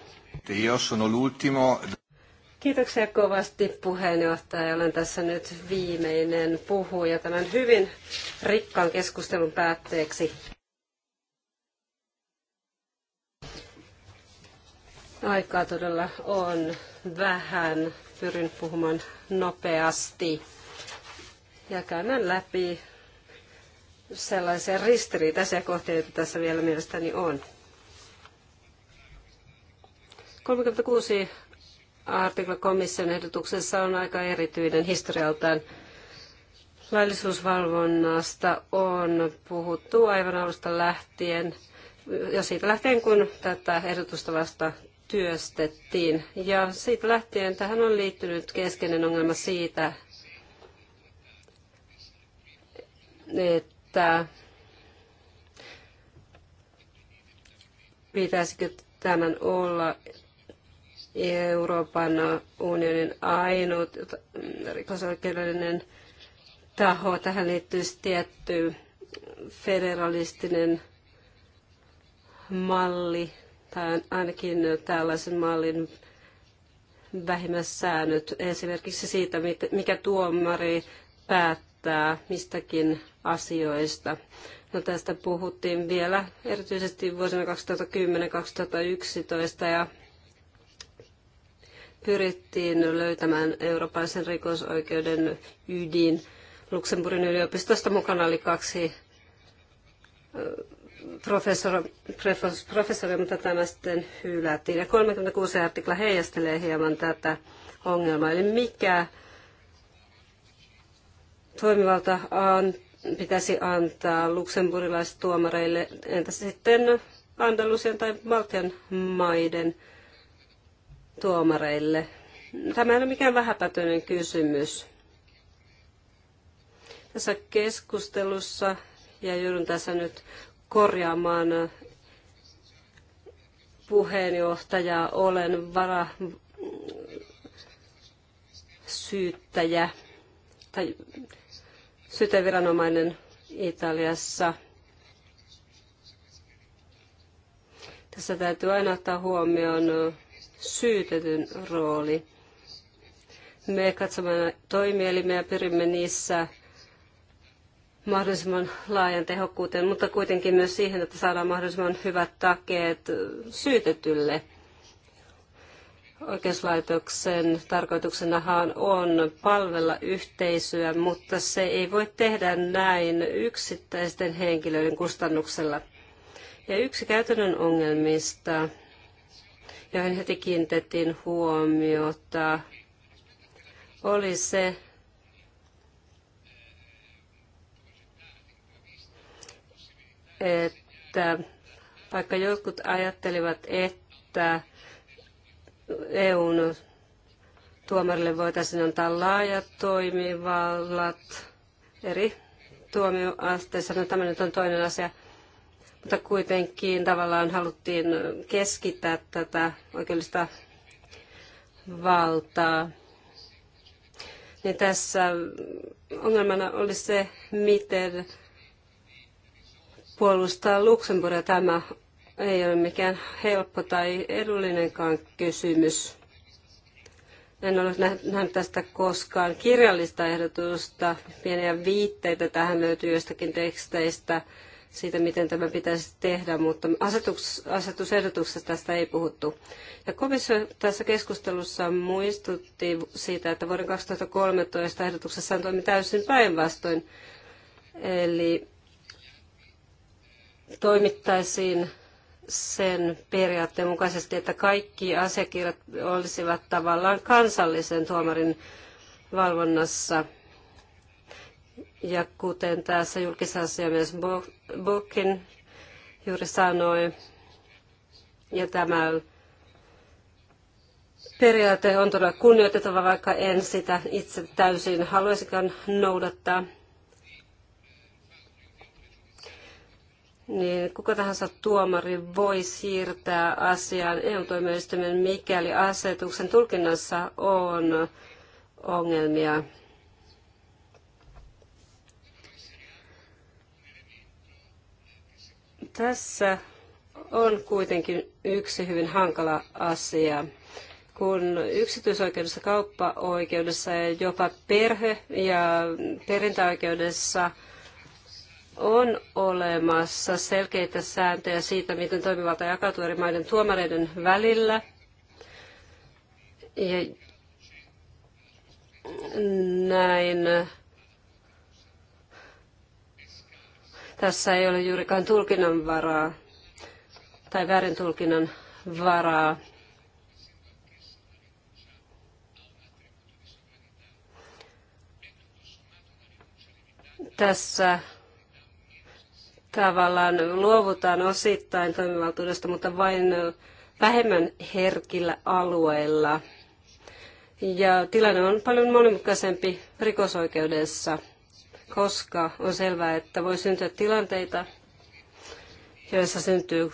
Kiitoksia kovasti puheenjohtaja. Olen tässä nyt viimeinen puhuja tämän hyvin rikkaan keskustelun päätteeksi. Aikaa todella on vähän. Pyrin puhumaan nopeasti ja käymään läpi sellaisia ristiriitaisia kohtia, joita tässä vielä mielestäni on. 36 artikla komission ehdotuksessa on aika erityinen historialtaan. Laillisuusvalvonnasta on puhuttu aivan alusta lähtien, ja siitä lähtien kun tätä ehdotusta vasta työstettiin. Ja siitä lähtien tähän on liittynyt keskeinen ongelma siitä, että pitäisikö tämän olla Euroopan unionin ainut rikosoikeudellinen taho. Tähän liittyisi tietty federalistinen malli tai ainakin tällaisen mallin vähimmäissäännöt esimerkiksi siitä, mikä tuomari päättää mistäkin asioista. No tästä puhuttiin vielä erityisesti vuosina 2010-2011 ja pyrittiin löytämään Euroopan rikosoikeuden ydin. Luxemburgin yliopistosta mukana oli kaksi professori, professori, mutta tämä sitten hylättiin. Ja 36 artikla heijastelee hieman tätä ongelmaa. Eli mikä toimivalta an, pitäisi antaa tuomareille, entä sitten Andalusian tai Baltian maiden tuomareille? Tämä ei ole mikään vähäpätöinen kysymys. Tässä keskustelussa, ja joudun tässä nyt korjaamaan puheenjohtaja Olen vara syyttäjä tai syyteviranomainen Italiassa. Tässä täytyy aina ottaa huomioon syytetyn rooli. Me katsomme toimielimiä ja pyrimme niissä mahdollisimman laajan tehokkuuteen, mutta kuitenkin myös siihen, että saadaan mahdollisimman hyvät takeet syytetylle. Oikeuslaitoksen tarkoituksenahan on palvella yhteisöä, mutta se ei voi tehdä näin yksittäisten henkilöiden kustannuksella. Ja yksi käytännön ongelmista, joihin heti kiinnitettiin huomiota, oli se, että vaikka jotkut ajattelivat, että EUn tuomarille voitaisiin antaa laajat toimivallat eri tuomioasteissa, no tämä nyt on toinen asia, mutta kuitenkin tavallaan haluttiin keskittää tätä oikeudellista valtaa. Niin tässä ongelmana oli se, miten puolustaa Luxemburgia. Tämä ei ole mikään helppo tai edullinenkaan kysymys. En ole nähnyt tästä koskaan kirjallista ehdotusta. Pieniä viitteitä tähän löytyy jostakin teksteistä siitä, miten tämä pitäisi tehdä, mutta asetus, asetusehdotuksesta tästä ei puhuttu. Ja komissio tässä keskustelussa muistutti siitä, että vuoden 2013 ehdotuksessa on toimi täysin päinvastoin. Eli toimittaisiin sen periaatteen mukaisesti, että kaikki asiakirjat olisivat tavallaan kansallisen tuomarin valvonnassa. Ja kuten tässä julkisasiamies Bokin juuri sanoi, ja tämä periaate on todella kunnioitettava, vaikka en sitä itse täysin haluaisikaan noudattaa. niin kuka tahansa tuomari voi siirtää asian EU-tuomioistuimen, mikäli asetuksen tulkinnassa on ongelmia. Tässä on kuitenkin yksi hyvin hankala asia. Kun yksityisoikeudessa, kauppaoikeudessa ja jopa perhe- ja perintäoikeudessa – on olemassa selkeitä sääntöjä siitä, miten toimivalta jakautuu eri maiden tuomareiden välillä. Ja näin tässä ei ole juurikaan tulkinnan varaa tai väärin tulkinnan varaa. Tässä tavallaan luovutaan osittain toimivaltuudesta, mutta vain vähemmän herkillä alueilla. Ja tilanne on paljon monimutkaisempi rikosoikeudessa, koska on selvää, että voi syntyä tilanteita, joissa syntyy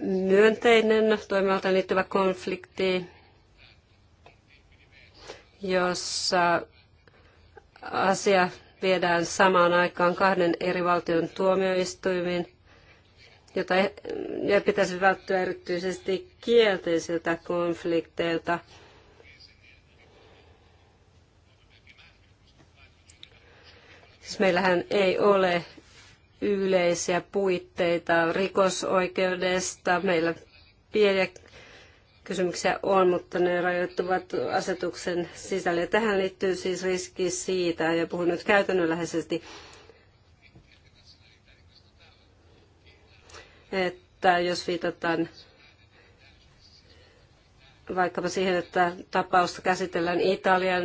myönteinen toimivaltaan liittyvä konflikti, jossa asia viedään samaan aikaan kahden eri valtion tuomioistuimin, jota e- ja pitäisi välttyä erityisesti kielteisiltä konflikteilta. Siis meillähän ei ole yleisiä puitteita rikosoikeudesta. Meillä pieniä kysymyksiä on, mutta ne rajoittuvat asetuksen sisälle. Ja tähän liittyy siis riski siitä, ja puhun nyt käytännönläheisesti, että jos viitataan vaikkapa siihen, että tapausta käsitellään Italian,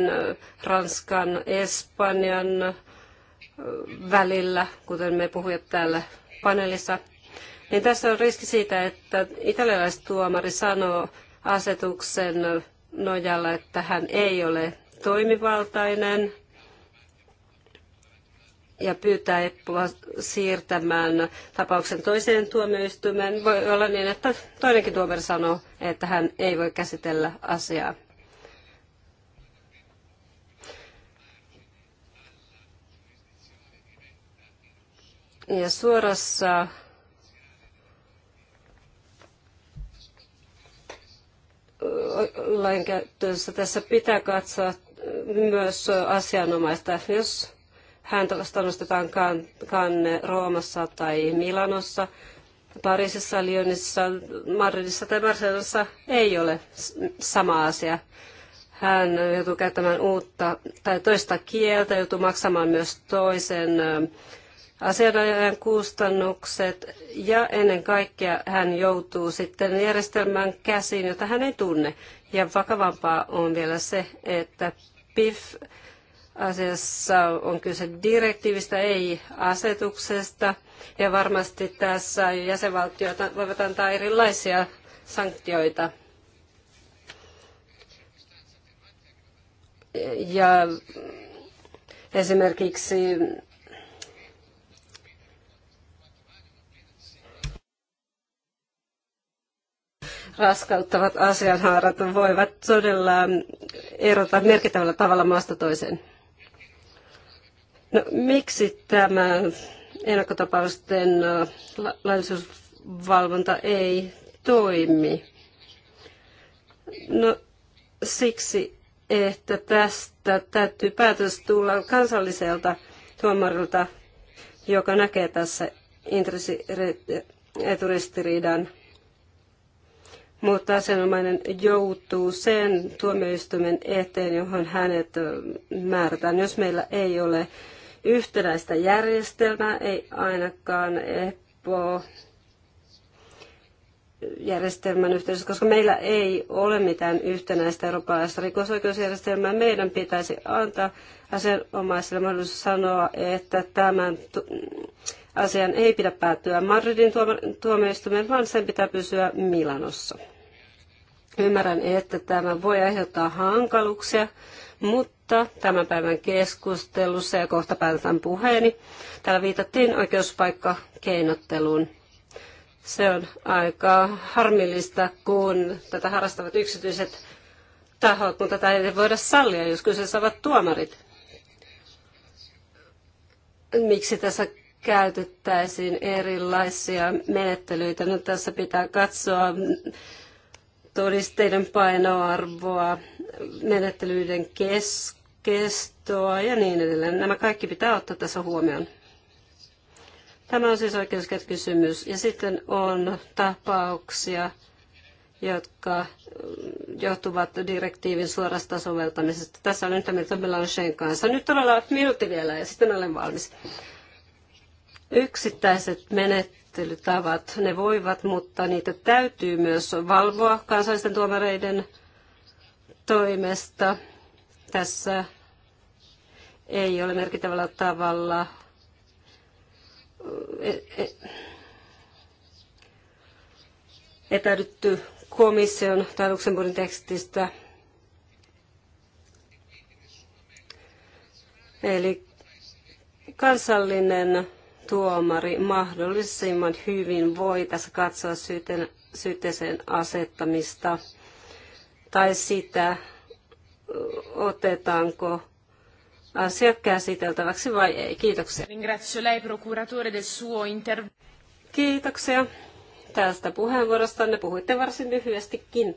Ranskan, Espanjan välillä, kuten me puhujat täällä paneelissa, niin tässä on riski siitä, että italialaistuomari sanoo, asetuksen nojalla, että hän ei ole toimivaltainen ja pyytää Eppua siirtämään tapauksen toiseen tuomioistuimeen. Voi olla niin, että toinenkin tuomari sanoo, että hän ei voi käsitellä asiaa. Ja suorassa lainkäyttöönsä. Tässä pitää katsoa myös asianomaista. Jos häntä nostetaan kanne Roomassa tai Milanossa, Pariisissa, Lyonissa, Madridissa tai Barcelonassa ei ole sama asia. Hän joutuu käyttämään uutta tai toista kieltä, joutuu maksamaan myös toisen asianajajan kustannukset ja ennen kaikkea hän joutuu sitten järjestelmään käsiin, jota hän ei tunne. Ja vakavampaa on vielä se, että PIF asiassa on kyse direktiivistä, ei asetuksesta. Ja varmasti tässä jäsenvaltiot voivat antaa erilaisia sanktioita. Ja esimerkiksi raskauttavat asianhaarat voivat todella erota merkittävällä tavalla maasta toiseen. No, miksi tämä ennakkotapausten laillisuusvalvonta ei toimi? No, siksi, että tästä täytyy päätös tulla kansalliselta tuomarilta, joka näkee tässä intressierturistiriidan mutta asianomainen joutuu sen tuomioistuimen eteen, johon hänet määrätään. Jos meillä ei ole yhtenäistä järjestelmää, ei ainakaan epo järjestelmän yhteydessä, koska meillä ei ole mitään yhtenäistä eurooppalaista rikosoikeusjärjestelmää. Meidän pitäisi antaa asianomaisille mahdollisuus sanoa, että tämän asian ei pidä päättyä Madridin tuomioistuimeen, vaan sen pitää pysyä Milanossa. Ymmärrän, että tämä voi aiheuttaa hankaluuksia, mutta tämän päivän keskustelussa ja kohta päätetään puheeni. Täällä viitattiin oikeuspaikka keinotteluun. Se on aika harmillista, kun tätä harrastavat yksityiset tahot, mutta tätä ei voida sallia, jos kyseessä ovat tuomarit. Miksi tässä käytettäisiin erilaisia menettelyitä? No, tässä pitää katsoa todisteiden painoarvoa, menettelyiden kes- kestoa ja niin edelleen. Nämä kaikki pitää ottaa tässä huomioon. Tämä on siis kysymys Ja sitten on tapauksia, jotka mm, johtuvat direktiivin suorasta soveltamisesta. Tässä on yhtä mieltä Melanchen kanssa. Nyt todella minuutti vielä ja sitten olen valmis. Yksittäiset menettelyt käsittelytavat, ne voivat, mutta niitä täytyy myös valvoa kansallisten tuomareiden toimesta. Tässä ei ole merkittävällä tavalla etäydytty e, komission tai Luxemburgin tekstistä. Eli kansallinen tuomari mahdollisimman hyvin voi tässä katsoa syyteen, syytteeseen asettamista tai sitä, otetaanko asia käsiteltäväksi vai ei. Kiitoksia. lei del suo inter... Kiitoksia tästä puheenvuorosta. Ne puhuitte varsin lyhyestikin.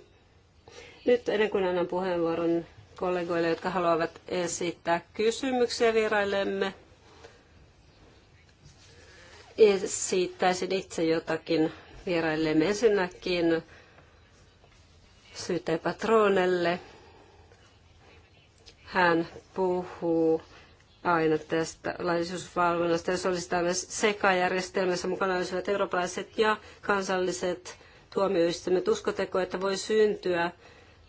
Nyt ennen kuin annan puheenvuoron kollegoille, jotka haluavat esittää kysymyksiä vieraillemme, esittäisin itse jotakin vieraillemme ensinnäkin syyteen patronelle. Hän puhuu aina tästä laillisuusvalvonnasta, jos olisi tällaisessa sekajärjestelmässä mukana olisivat eurooppalaiset ja kansalliset tuomioistuimet. Uskoteko, että voi syntyä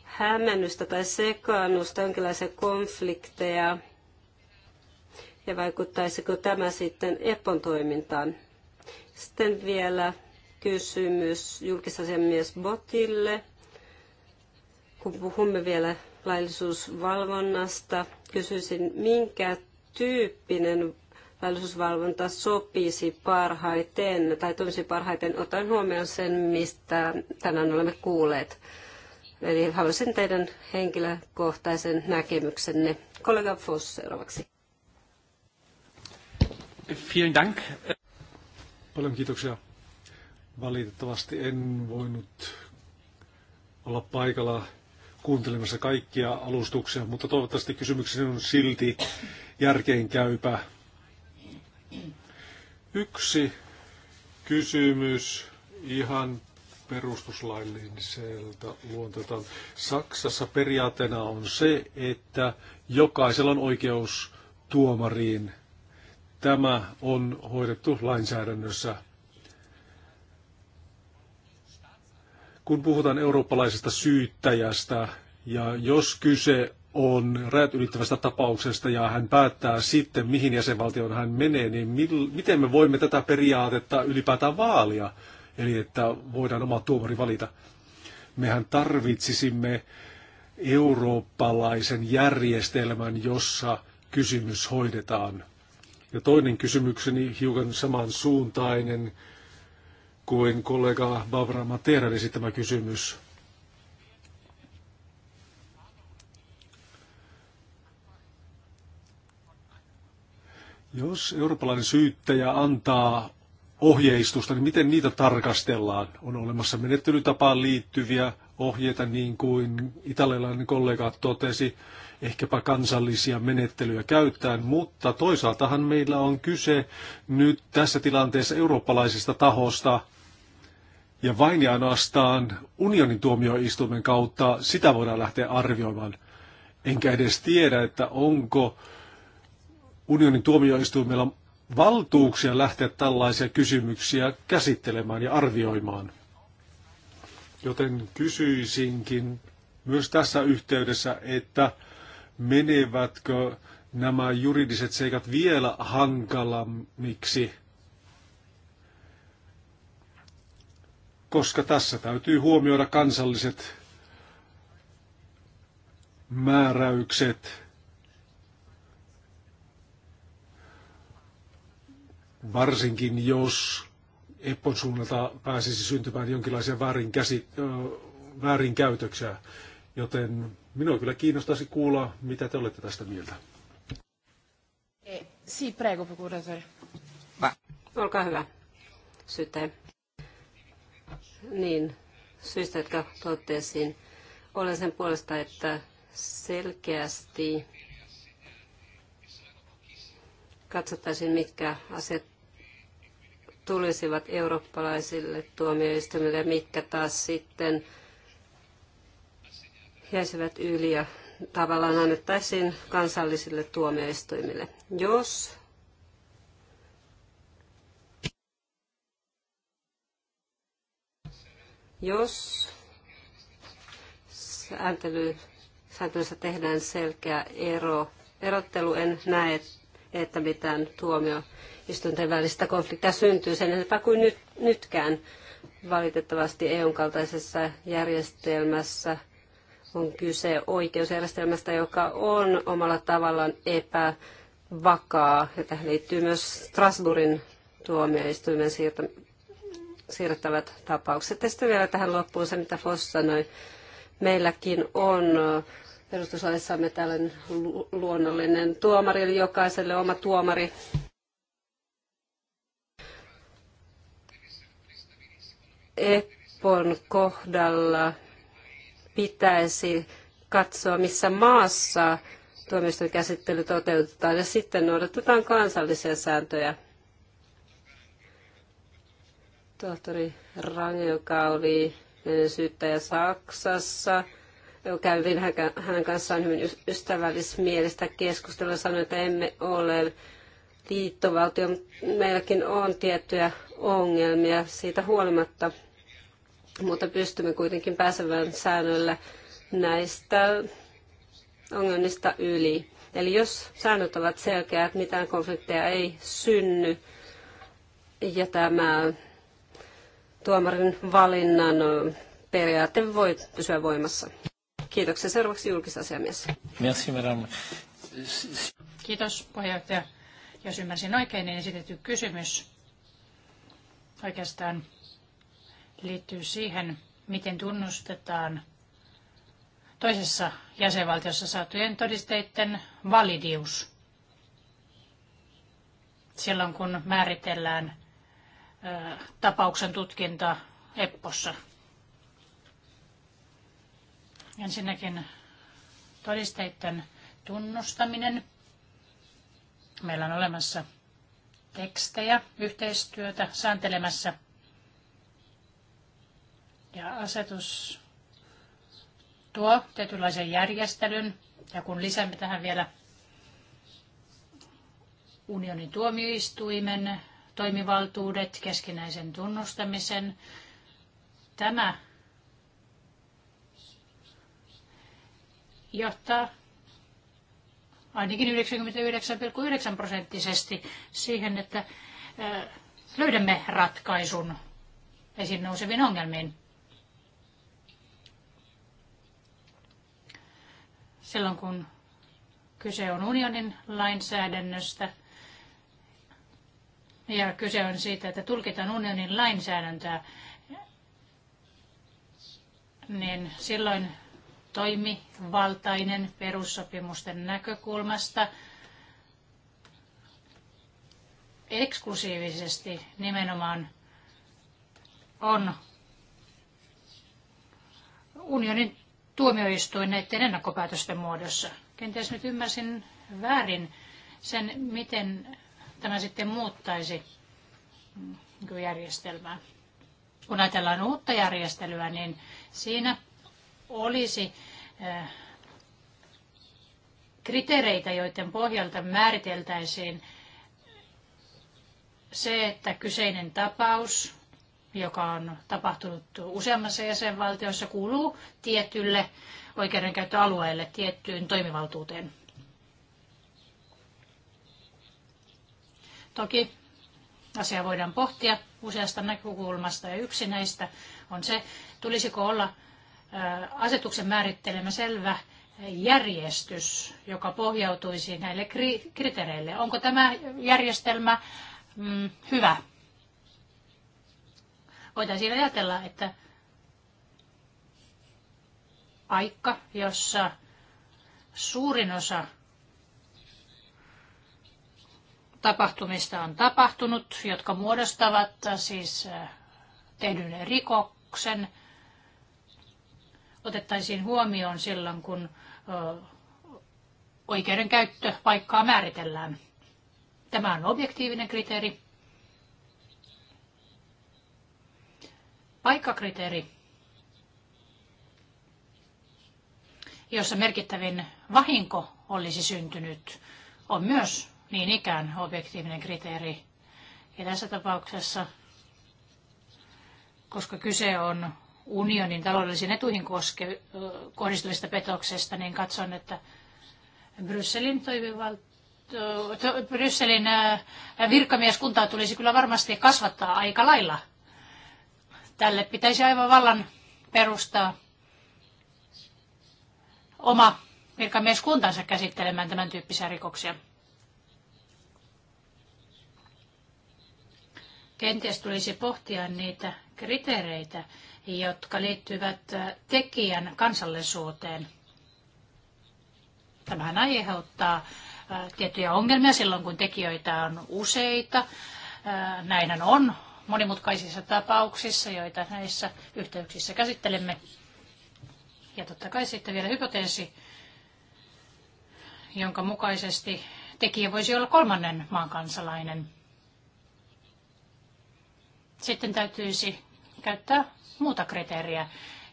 hämmennystä tai sekaannusta, jonkinlaisia konflikteja ja vaikuttaisiko tämä sitten EPPON toimintaan. Sitten vielä kysymys julkisasiamies Botille. Kun puhumme vielä laillisuusvalvonnasta, kysyisin, minkä tyyppinen laillisuusvalvonta sopisi parhaiten tai toimisi parhaiten, otan huomioon sen, mistä tänään olemme kuulleet. Eli haluaisin teidän henkilökohtaisen näkemyksenne. Kollega Foss seuraavaksi. Vielen Dank. Paljon kiitoksia. Valitettavasti en voinut olla paikalla kuuntelemassa kaikkia alustuksia, mutta toivottavasti kysymykseni on silti järkeenkäypä. Yksi kysymys ihan perustuslailliselta luonteeltaan. Saksassa periaatteena on se, että jokaisella on oikeus tuomariin tämä on hoidettu lainsäädännössä. Kun puhutaan eurooppalaisesta syyttäjästä, ja jos kyse on rajat ylittävästä tapauksesta ja hän päättää sitten, mihin jäsenvaltioon hän menee, niin mil, miten me voimme tätä periaatetta ylipäätään vaalia, eli että voidaan oma tuomari valita. Mehän tarvitsisimme eurooppalaisen järjestelmän, jossa kysymys hoidetaan ja toinen kysymykseni hiukan samansuuntainen kuin kollega Bavra Materan esittämä kysymys. Jos eurooppalainen syyttäjä antaa ohjeistusta, niin miten niitä tarkastellaan? On olemassa menettelytapaan liittyviä ohjeita, niin kuin italialainen kollega totesi ehkäpä kansallisia menettelyjä käyttäen, mutta toisaaltahan meillä on kyse nyt tässä tilanteessa eurooppalaisesta tahosta, ja vain ja ainoastaan unionin tuomioistuimen kautta sitä voidaan lähteä arvioimaan. Enkä edes tiedä, että onko unionin tuomioistuimella valtuuksia lähteä tällaisia kysymyksiä käsittelemään ja arvioimaan. Joten kysyisinkin myös tässä yhteydessä, että menevätkö nämä juridiset seikat vielä hankalammiksi, koska tässä täytyy huomioida kansalliset määräykset, varsinkin jos Eppon suunnalta pääsisi syntymään jonkinlaisia väärinkäsi, väärinkäytöksiä, joten Minua kyllä kiinnostaisi kuulla, mitä te olette tästä mieltä. Eh, si, prego, procuratore. Olkaa hyvä, syyttäjä. Niin, syystä, jotka totesin, olen sen puolesta, että selkeästi katsottaisiin, mitkä asiat tulisivat eurooppalaisille tuomioistuimille ja mitkä taas sitten jäisivät yli ja tavallaan annettaisiin kansallisille tuomioistuimille. Jos jos sääntely, sääntelyssä tehdään selkeä ero, erottelu, en näe, että mitään tuomioistuinten välistä konfliktia syntyy sen enempää kuin nyt, nytkään. Valitettavasti EUn kaltaisessa järjestelmässä on kyse oikeusjärjestelmästä, joka on omalla tavallaan epävakaa. Ja tähän liittyy myös Strasbourgin tuomioistuimen siirrettävät tapaukset. Ja sitten vielä tähän loppuun se, mitä Foss sanoi. Meilläkin on perustuslaissamme tällainen luonnollinen tuomari, eli jokaiselle oma tuomari. Epon kohdalla pitäisi katsoa, missä maassa tuomioistuin käsittely toteutetaan ja sitten noudatetaan kansallisia sääntöjä. Tohtori Range, joka oli syyttäjä Saksassa, kävin hänen kanssaan hyvin ystävällismielistä keskustelua sanoi, että emme ole liittovaltio. Meilläkin on tiettyjä ongelmia siitä huolimatta mutta pystymme kuitenkin pääsemään säännöllä näistä ongelmista yli. Eli jos säännöt ovat selkeät, mitään konflikteja ei synny ja tämä tuomarin valinnan periaate voi pysyä voimassa. Kiitoksia. Seuraavaksi julkisasiamies. Merci, madame. Kiitos puheenjohtaja. Jos ymmärsin oikein, niin esitetty kysymys oikeastaan liittyy siihen, miten tunnustetaan toisessa jäsenvaltiossa saatujen todisteiden validius silloin, kun määritellään tapauksen tutkinta EPPOssa. Ensinnäkin todisteiden tunnustaminen. Meillä on olemassa tekstejä yhteistyötä sääntelemässä – ja asetus tuo tietynlaisen järjestelyn. Ja kun lisäämme tähän vielä unionin tuomioistuimen toimivaltuudet, keskinäisen tunnustamisen, tämä johtaa ainakin 99,9 prosenttisesti siihen, että löydämme ratkaisun esiin nouseviin ongelmiin. silloin kun kyse on unionin lainsäädännöstä ja kyse on siitä, että tulkitaan unionin lainsäädäntöä, niin silloin toimivaltainen perussopimusten näkökulmasta eksklusiivisesti nimenomaan on unionin tuomioistuin näiden ennakkopäätösten muodossa. Kenties nyt ymmärsin väärin sen, miten tämä sitten muuttaisi mm, niin järjestelmää. Kun ajatellaan uutta järjestelyä, niin siinä olisi eh, kriteereitä, joiden pohjalta määriteltäisiin se, että kyseinen tapaus joka on tapahtunut useammassa jäsenvaltiossa, kuuluu tietylle oikeudenkäyttöalueelle, tiettyyn toimivaltuuteen. Toki asia voidaan pohtia useasta näkökulmasta ja yksi näistä on se, tulisiko olla asetuksen määrittelemä selvä järjestys, joka pohjautuisi näille kriteereille. Onko tämä järjestelmä mm, hyvä? Voitaisiin ajatella, että aika, jossa suurin osa tapahtumista on tapahtunut, jotka muodostavat siis äh, tehdyn rikoksen, otettaisiin huomioon silloin, kun äh, oikeudenkäyttöpaikkaa määritellään. Tämä on objektiivinen kriteeri. Aikakriteeri, jossa merkittävin vahinko olisi syntynyt, on myös niin ikään objektiivinen kriteeri. Ja tässä tapauksessa, koska kyse on unionin taloudellisiin etuihin koske, kohdistuvista petoksesta, niin katson, että Brysselin toimivalta Brysselin äh, virkamieskuntaa tulisi kyllä varmasti kasvattaa aika lailla. Tälle pitäisi aivan vallan perustaa oma virkamieskuntansa käsittelemään tämän tyyppisiä rikoksia. Kenties tulisi pohtia niitä kriteereitä, jotka liittyvät tekijän kansallisuuteen. Tämähän aiheuttaa äh, tiettyjä ongelmia silloin, kun tekijöitä on useita. Äh, näinhän on monimutkaisissa tapauksissa, joita näissä yhteyksissä käsittelemme. Ja totta kai sitten vielä hypoteesi, jonka mukaisesti tekijä voisi olla kolmannen maan kansalainen. Sitten täytyisi käyttää muuta kriteeriä.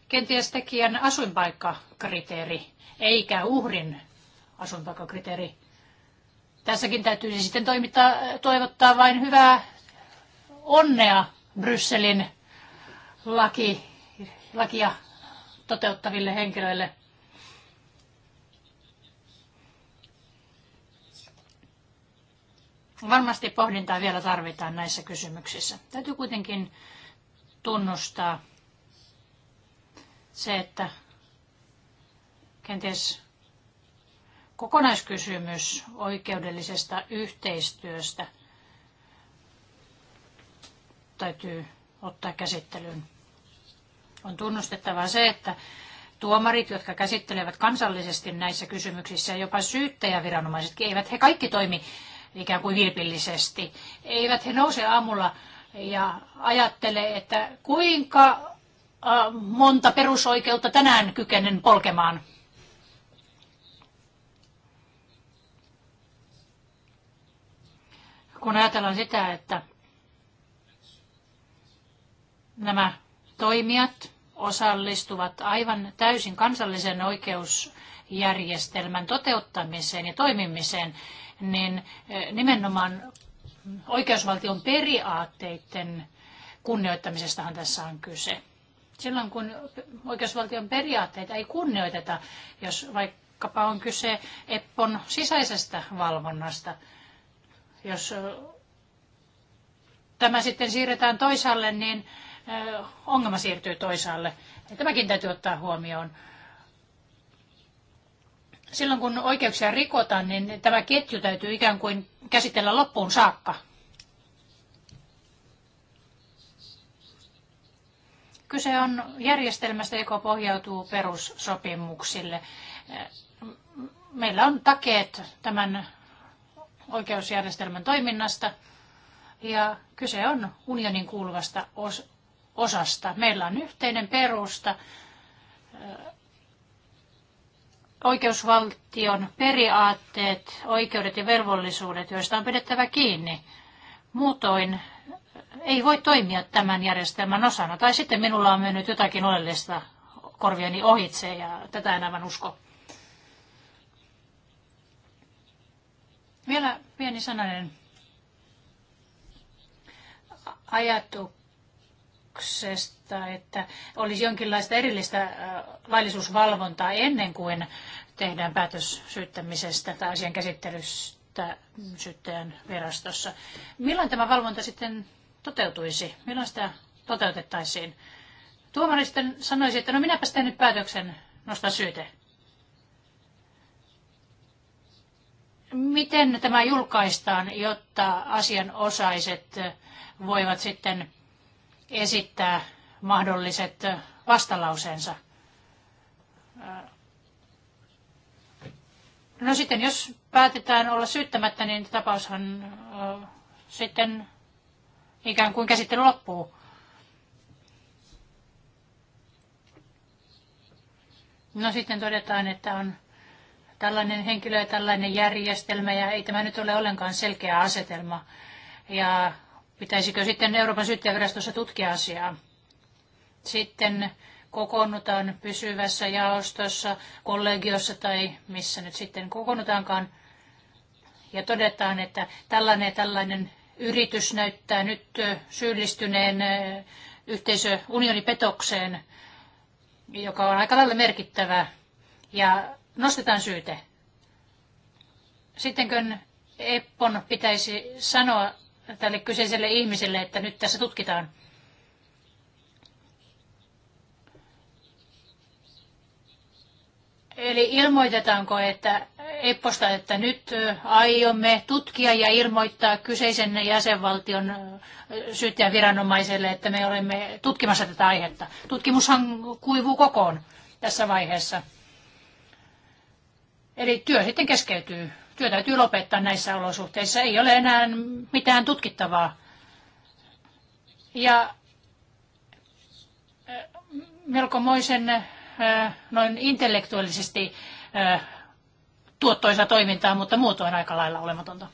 Kenties tekijän asuinpaikkakriteeri, eikä uhrin asuinpaikkakriteeri. Tässäkin täytyisi sitten toimittaa, toivottaa vain hyvää onnea Brysselin laki, lakia toteuttaville henkilöille. Varmasti pohdintaa vielä tarvitaan näissä kysymyksissä. Täytyy kuitenkin tunnustaa se, että kenties kokonaiskysymys oikeudellisesta yhteistyöstä – täytyy ottaa käsittelyyn. On tunnustettava se, että tuomarit, jotka käsittelevät kansallisesti näissä kysymyksissä ja jopa syyttäjäviranomaisetkin, eivät he kaikki toimi ikään kuin vilpillisesti. Eivät he nouse aamulla ja ajattele, että kuinka monta perusoikeutta tänään kykenen polkemaan. Kun ajatellaan sitä, että Nämä toimijat osallistuvat aivan täysin kansallisen oikeusjärjestelmän toteuttamiseen ja toimimiseen, niin eh, nimenomaan oikeusvaltion periaatteiden kunnioittamisestahan tässä on kyse. Silloin kun oikeusvaltion periaatteita ei kunnioiteta, jos vaikkapa on kyse EPPON sisäisestä valvonnasta, jos eh, tämä sitten siirretään toisaalle, niin ongelma siirtyy toisaalle. Tämäkin täytyy ottaa huomioon. Silloin kun oikeuksia rikotaan, niin tämä ketju täytyy ikään kuin käsitellä loppuun saakka. Kyse on järjestelmästä, joka pohjautuu perussopimuksille. Meillä on takeet tämän oikeusjärjestelmän toiminnasta ja kyse on unionin kuuluvasta osasta. Meillä on yhteinen perusta oikeusvaltion periaatteet, oikeudet ja velvollisuudet, joista on pidettävä kiinni. Muutoin ei voi toimia tämän järjestelmän osana. Tai sitten minulla on mennyt jotakin oleellista korviani ohitse ja tätä en aivan usko. Vielä pieni sananen ajatuksesta ajatuksesta, että olisi jonkinlaista erillistä laillisuusvalvontaa ennen kuin tehdään päätös syyttämisestä tai asian käsittelystä syyttäjän virastossa. Milloin tämä valvonta sitten toteutuisi? Milloin sitä toteutettaisiin? Tuomari sitten sanoisi, että no minäpä teen nyt päätöksen nostaa syyte. Miten tämä julkaistaan, jotta asianosaiset voivat sitten esittää mahdolliset vastalauseensa. No sitten, jos päätetään olla syyttämättä, niin tapaushan sitten ikään kuin käsittely loppuu. No sitten todetaan, että on tällainen henkilö ja tällainen järjestelmä ja ei tämä nyt ole ollenkaan selkeä asetelma. Ja Pitäisikö sitten Euroopan syyttäjävirastossa tutkia asiaa? Sitten kokoonnutaan pysyvässä jaostossa, kollegiossa tai missä nyt sitten kokoonnutaankaan ja todetaan, että tällainen tällainen yritys näyttää nyt syyllistyneen yhteisöunionipetokseen, joka on aika lailla merkittävä, ja nostetaan syyte. Sittenkö Eppon pitäisi sanoa tälle kyseiselle ihmiselle, että nyt tässä tutkitaan? Eli ilmoitetaanko, että EPPOsta, että nyt aiomme tutkia ja ilmoittaa kyseisen jäsenvaltion viranomaiselle, että me olemme tutkimassa tätä aihetta. Tutkimushan kuivuu kokoon tässä vaiheessa. Eli työ sitten keskeytyy työ täytyy lopettaa näissä olosuhteissa. Ei ole enää mitään tutkittavaa. Ja eh, melkomoisen eh, noin intellektuaalisesti eh, tuottoisa toimintaa, mutta muutoin aika lailla olematonta.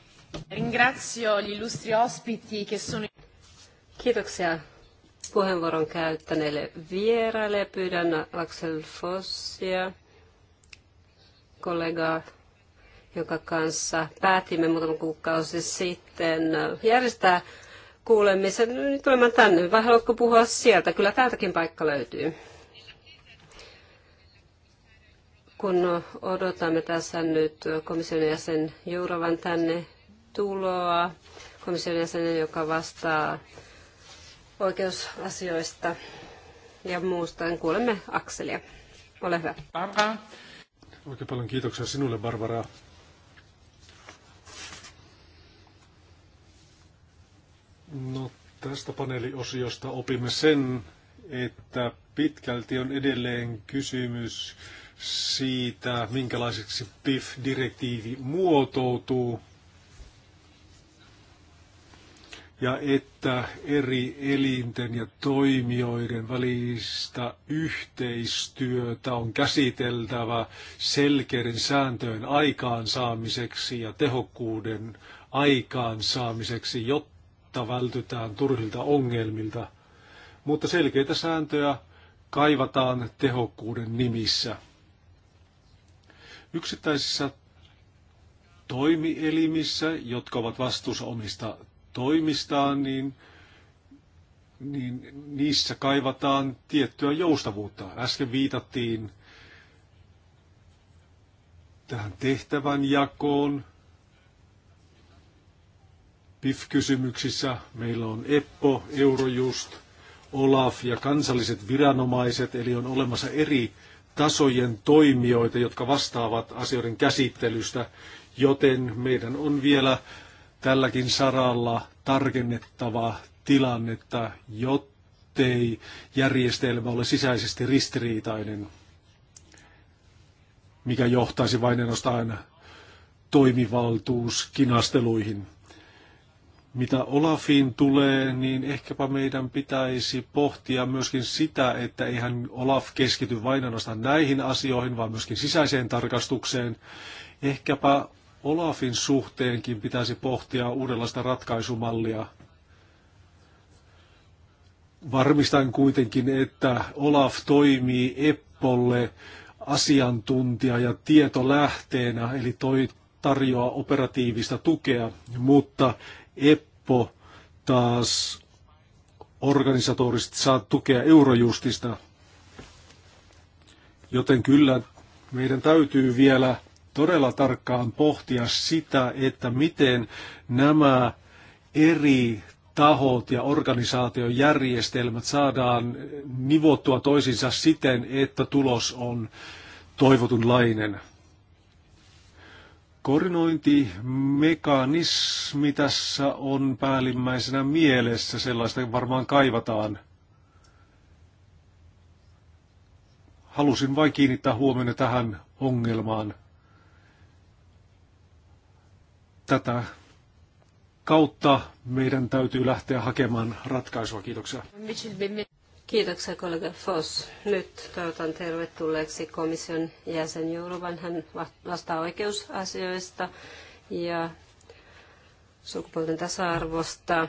Kiitoksia puheenvuoron käyttäneille vieraille. Pyydän Axel Fossia, kollegaa jonka kanssa päätimme muutama kuukausi sitten järjestää kuulemisen. Nyt tulemaan tänne, vai haluatko puhua sieltä? Kyllä täältäkin paikka löytyy. Kun odotamme tässä nyt komission jäsen Jourovan tänne tuloa, komission jäsenen, joka vastaa oikeusasioista ja muusta, niin kuulemme Akselia. Ole hyvä. Barbara. Oikein paljon kiitoksia sinulle, Barbara. No, tästä paneeliosiosta opimme sen, että pitkälti on edelleen kysymys siitä, minkälaiseksi PIF-direktiivi muotoutuu ja että eri elinten ja toimijoiden välistä yhteistyötä on käsiteltävä selkeiden sääntöjen aikaansaamiseksi ja tehokkuuden aikaansaamiseksi, jotta jotta vältytään turhilta ongelmilta. Mutta selkeitä sääntöjä kaivataan tehokkuuden nimissä. Yksittäisissä toimielimissä, jotka ovat vastuussa omista toimistaan, niin, niin niissä kaivataan tiettyä joustavuutta. Äsken viitattiin tähän tehtävänjakoon, PIF-kysymyksissä meillä on EPPO, Eurojust, OLAF ja kansalliset viranomaiset, eli on olemassa eri tasojen toimijoita, jotka vastaavat asioiden käsittelystä, joten meidän on vielä tälläkin saralla tarkennettava tilannetta, jottei järjestelmä ole sisäisesti ristiriitainen, mikä johtaisi vain ainoastaan toimivaltuuskinasteluihin. Mitä Olafiin tulee, niin ehkäpä meidän pitäisi pohtia myöskin sitä, että eihän Olaf keskity vain ainoastaan näihin asioihin, vaan myöskin sisäiseen tarkastukseen. Ehkäpä Olafin suhteenkin pitäisi pohtia uudenlaista ratkaisumallia. Varmistan kuitenkin, että Olaf toimii Eppolle asiantuntija ja tietolähteenä, eli toi tarjoaa operatiivista tukea, mutta EPPO taas organisatorisesti saa tukea Eurojustista, joten kyllä meidän täytyy vielä todella tarkkaan pohtia sitä, että miten nämä eri tahot ja organisaatiojärjestelmät saadaan nivottua toisiinsa siten, että tulos on toivotunlainen. Koordinointimekanismi tässä on päällimmäisenä mielessä, sellaista varmaan kaivataan. Halusin vain kiinnittää huomiota tähän ongelmaan. Tätä kautta meidän täytyy lähteä hakemaan ratkaisua. Kiitoksia. Kiitoksia kollega Foss. Nyt toivotan tervetulleeksi komission jäsen Jourovan. Hän vastaa oikeusasioista ja sukupuolten tasa-arvosta.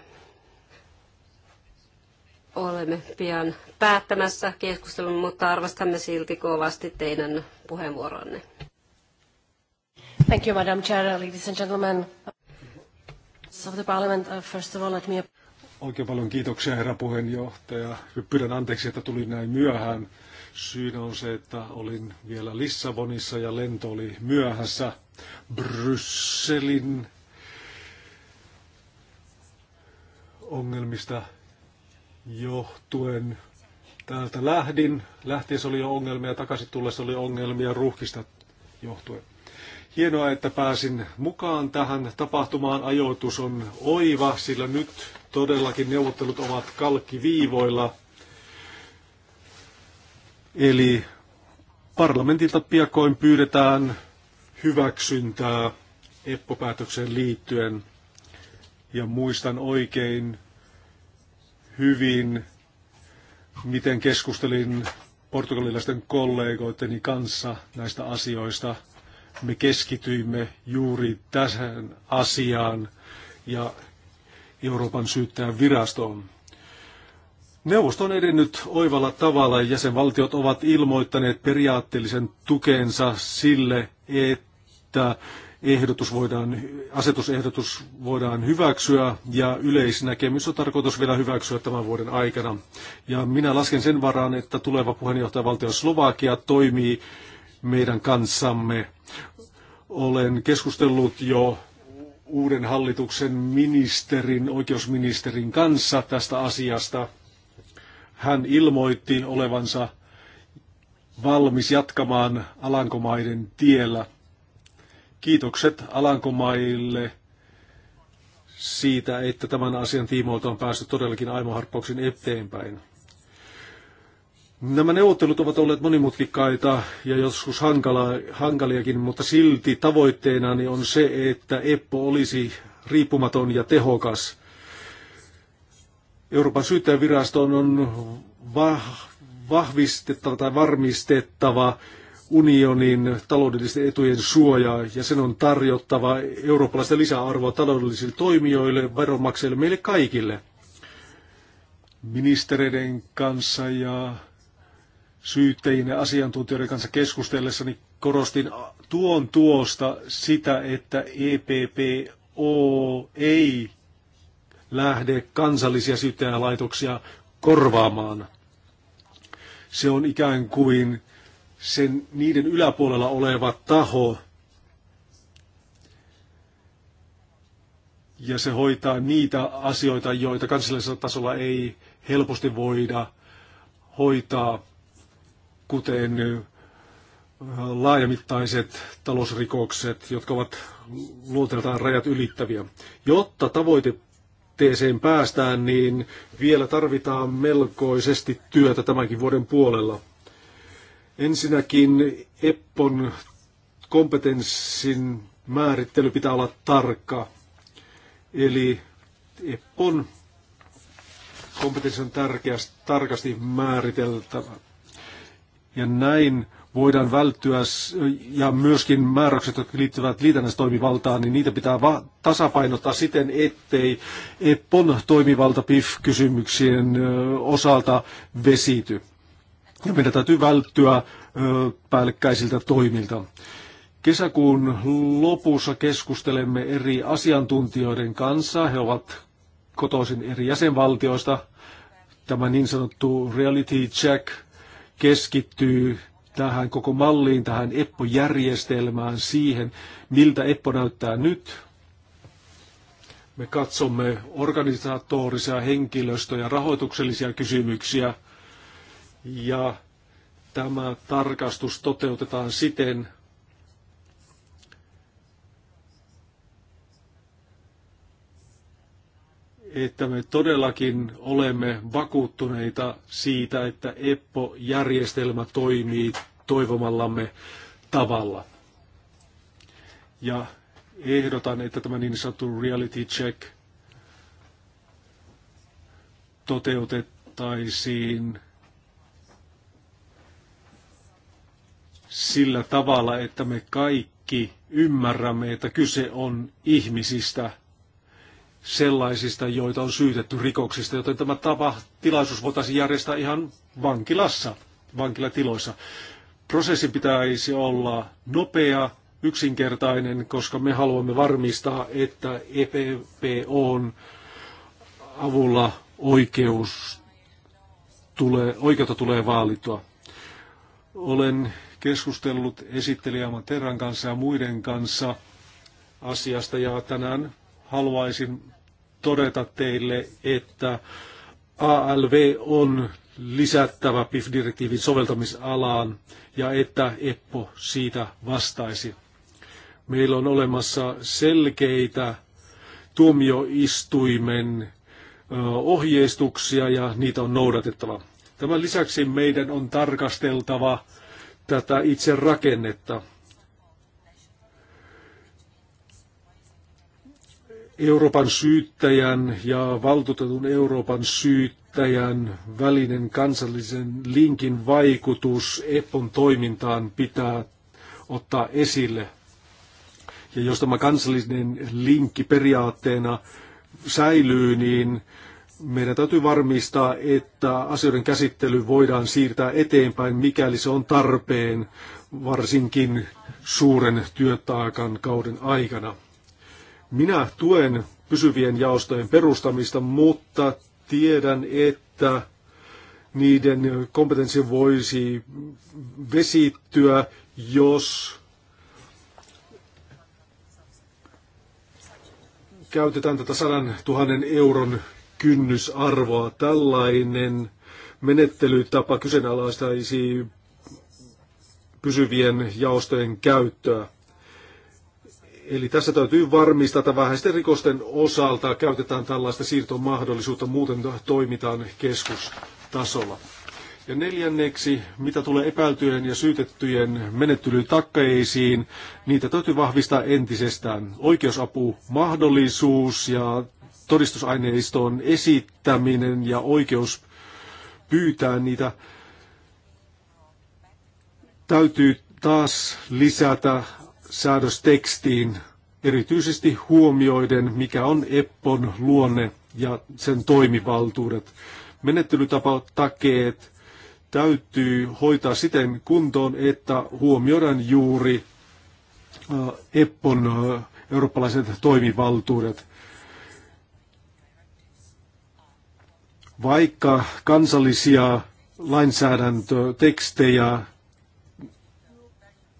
Olemme pian päättämässä keskustelun, mutta arvostamme silti kovasti teidän puheenvuoronne. Thank you, Madam Chair, ladies and gentlemen. of the Parliament, uh, first of all, let me... Oikein paljon kiitoksia, herra puheenjohtaja. Pyydän anteeksi, että tulin näin myöhään. Syynä on se, että olin vielä Lissabonissa ja lento oli myöhässä. Brysselin ongelmista johtuen täältä lähdin. Lähtiessä oli jo ongelmia, takaisin tullessa oli ongelmia ruuhkista johtuen. Hienoa, että pääsin mukaan tähän tapahtumaan. Ajoitus on oiva, sillä nyt todellakin neuvottelut ovat kalkkiviivoilla. Eli parlamentilta piakoin pyydetään hyväksyntää eppopäätökseen liittyen. Ja muistan oikein hyvin, miten keskustelin portugalilaisten kollegoitteni kanssa näistä asioista – me keskityimme juuri tähän asiaan ja Euroopan syyttäjän virastoon. Neuvosto on edennyt oivalla tavalla ja jäsenvaltiot ovat ilmoittaneet periaatteellisen tukensa sille, että ehdotus voidaan, asetusehdotus voidaan hyväksyä ja yleisnäkemys on tarkoitus vielä hyväksyä tämän vuoden aikana. Ja minä lasken sen varaan, että tuleva puheenjohtajavaltio Slovakia toimii meidän kanssamme. Olen keskustellut jo uuden hallituksen ministerin, oikeusministerin kanssa tästä asiasta. Hän ilmoitti olevansa valmis jatkamaan Alankomaiden tiellä. Kiitokset Alankomaille siitä, että tämän asian tiimoilta on päästy todellakin aimoharppauksen eteenpäin. Nämä neuvottelut ovat olleet monimutkikkaita ja joskus hankala, hankaliakin, mutta silti tavoitteena niin on se, että EPPO olisi riippumaton ja tehokas. Euroopan syyttäjäviraston on vahvistettava tai varmistettava unionin taloudellisten etujen suojaa ja sen on tarjottava eurooppalaista lisäarvoa taloudellisille toimijoille, veronmaksajille, meille kaikille ministereiden kanssa ja syyttäjien ja asiantuntijoiden kanssa keskustellessani korostin tuon tuosta sitä, että EPPO ei lähde kansallisia syyttäjälaitoksia korvaamaan. Se on ikään kuin sen niiden yläpuolella oleva taho, ja se hoitaa niitä asioita, joita kansallisella tasolla ei helposti voida hoitaa kuten laajamittaiset talousrikokset, jotka ovat luonteeltaan rajat ylittäviä. Jotta tavoitteeseen päästään, niin vielä tarvitaan melkoisesti työtä tämänkin vuoden puolella. Ensinnäkin EPPON kompetenssin määrittely pitää olla tarkka. Eli EPPON kompetenssi on tärkeästi, tarkasti määriteltävä ja näin voidaan välttyä, ja myöskin määräykset, jotka liittyvät liitännäistoimivaltaan, niin niitä pitää va- tasapainottaa siten, ettei EPPON toimivalta PIF-kysymyksien osalta vesity. Ja meidän täytyy välttyä päällekkäisiltä toimilta. Kesäkuun lopussa keskustelemme eri asiantuntijoiden kanssa. He ovat kotoisin eri jäsenvaltioista. Tämä niin sanottu reality check – keskittyy tähän koko malliin, tähän EPPO-järjestelmään, siihen, miltä EPPO näyttää nyt. Me katsomme organisaattorisia henkilöstö- ja rahoituksellisia kysymyksiä, ja tämä tarkastus toteutetaan siten, että me todellakin olemme vakuuttuneita siitä, että EPPO-järjestelmä toimii toivomallamme tavalla. Ja ehdotan, että tämä niin sanottu reality check toteutettaisiin sillä tavalla, että me kaikki ymmärrämme, että kyse on ihmisistä – sellaisista, joita on syytetty rikoksista, joten tämä tapa, tilaisuus voitaisiin järjestää ihan vankilassa, vankilatiloissa. Prosessi pitäisi olla nopea, yksinkertainen, koska me haluamme varmistaa, että EPPOn avulla oikeus tulee, oikeutta tulee vaalittua. Olen keskustellut esittelijä Terran kanssa ja muiden kanssa asiasta ja tänään haluaisin todeta teille, että ALV on lisättävä PIF-direktiivin soveltamisalaan ja että EPPO siitä vastaisi. Meillä on olemassa selkeitä tuomioistuimen ohjeistuksia ja niitä on noudatettava. Tämän lisäksi meidän on tarkasteltava tätä itse rakennetta. Euroopan syyttäjän ja valtuutetun Euroopan syyttäjän välinen kansallisen linkin vaikutus EPPON toimintaan pitää ottaa esille. Ja jos tämä kansallinen linkki periaatteena säilyy, niin meidän täytyy varmistaa, että asioiden käsittely voidaan siirtää eteenpäin, mikäli se on tarpeen, varsinkin suuren työtaakan kauden aikana. Minä tuen pysyvien jaostojen perustamista, mutta tiedän, että niiden kompetenssi voisi vesittyä, jos käytetään tätä 100 000 euron kynnysarvoa. Tällainen menettelytapa kyseenalaistaisi pysyvien jaostojen käyttöä. Eli tässä täytyy varmistaa, että vähäisten rikosten osalta käytetään tällaista siirtomahdollisuutta, muuten toimitaan keskustasolla. Ja neljänneksi, mitä tulee epäiltyjen ja syytettyjen menettelytakkeisiin, niitä täytyy vahvistaa entisestään. Oikeusapu, mahdollisuus ja todistusaineiston esittäminen ja oikeus pyytää niitä täytyy taas lisätä säädöstekstiin erityisesti huomioiden, mikä on EPPON luonne ja sen toimivaltuudet. Menettelytapatakeet täytyy hoitaa siten kuntoon, että huomioidaan juuri EPPON eurooppalaiset toimivaltuudet. Vaikka kansallisia lainsäädäntötekstejä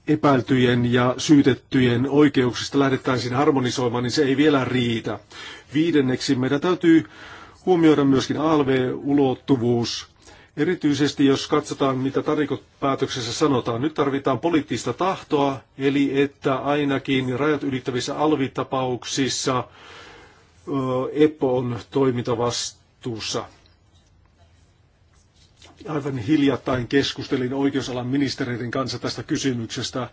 epäiltyjen ja syytettyjen oikeuksista lähdettäisiin harmonisoimaan, niin se ei vielä riitä. Viidenneksi meidän täytyy huomioida myöskin ALV-ulottuvuus. Erityisesti jos katsotaan, mitä tarikopäätöksessä sanotaan, nyt tarvitaan poliittista tahtoa, eli että ainakin rajat ylittävissä alvitapauksissa EPO on toimintavastuussa aivan hiljattain keskustelin oikeusalan ministereiden kanssa tästä kysymyksestä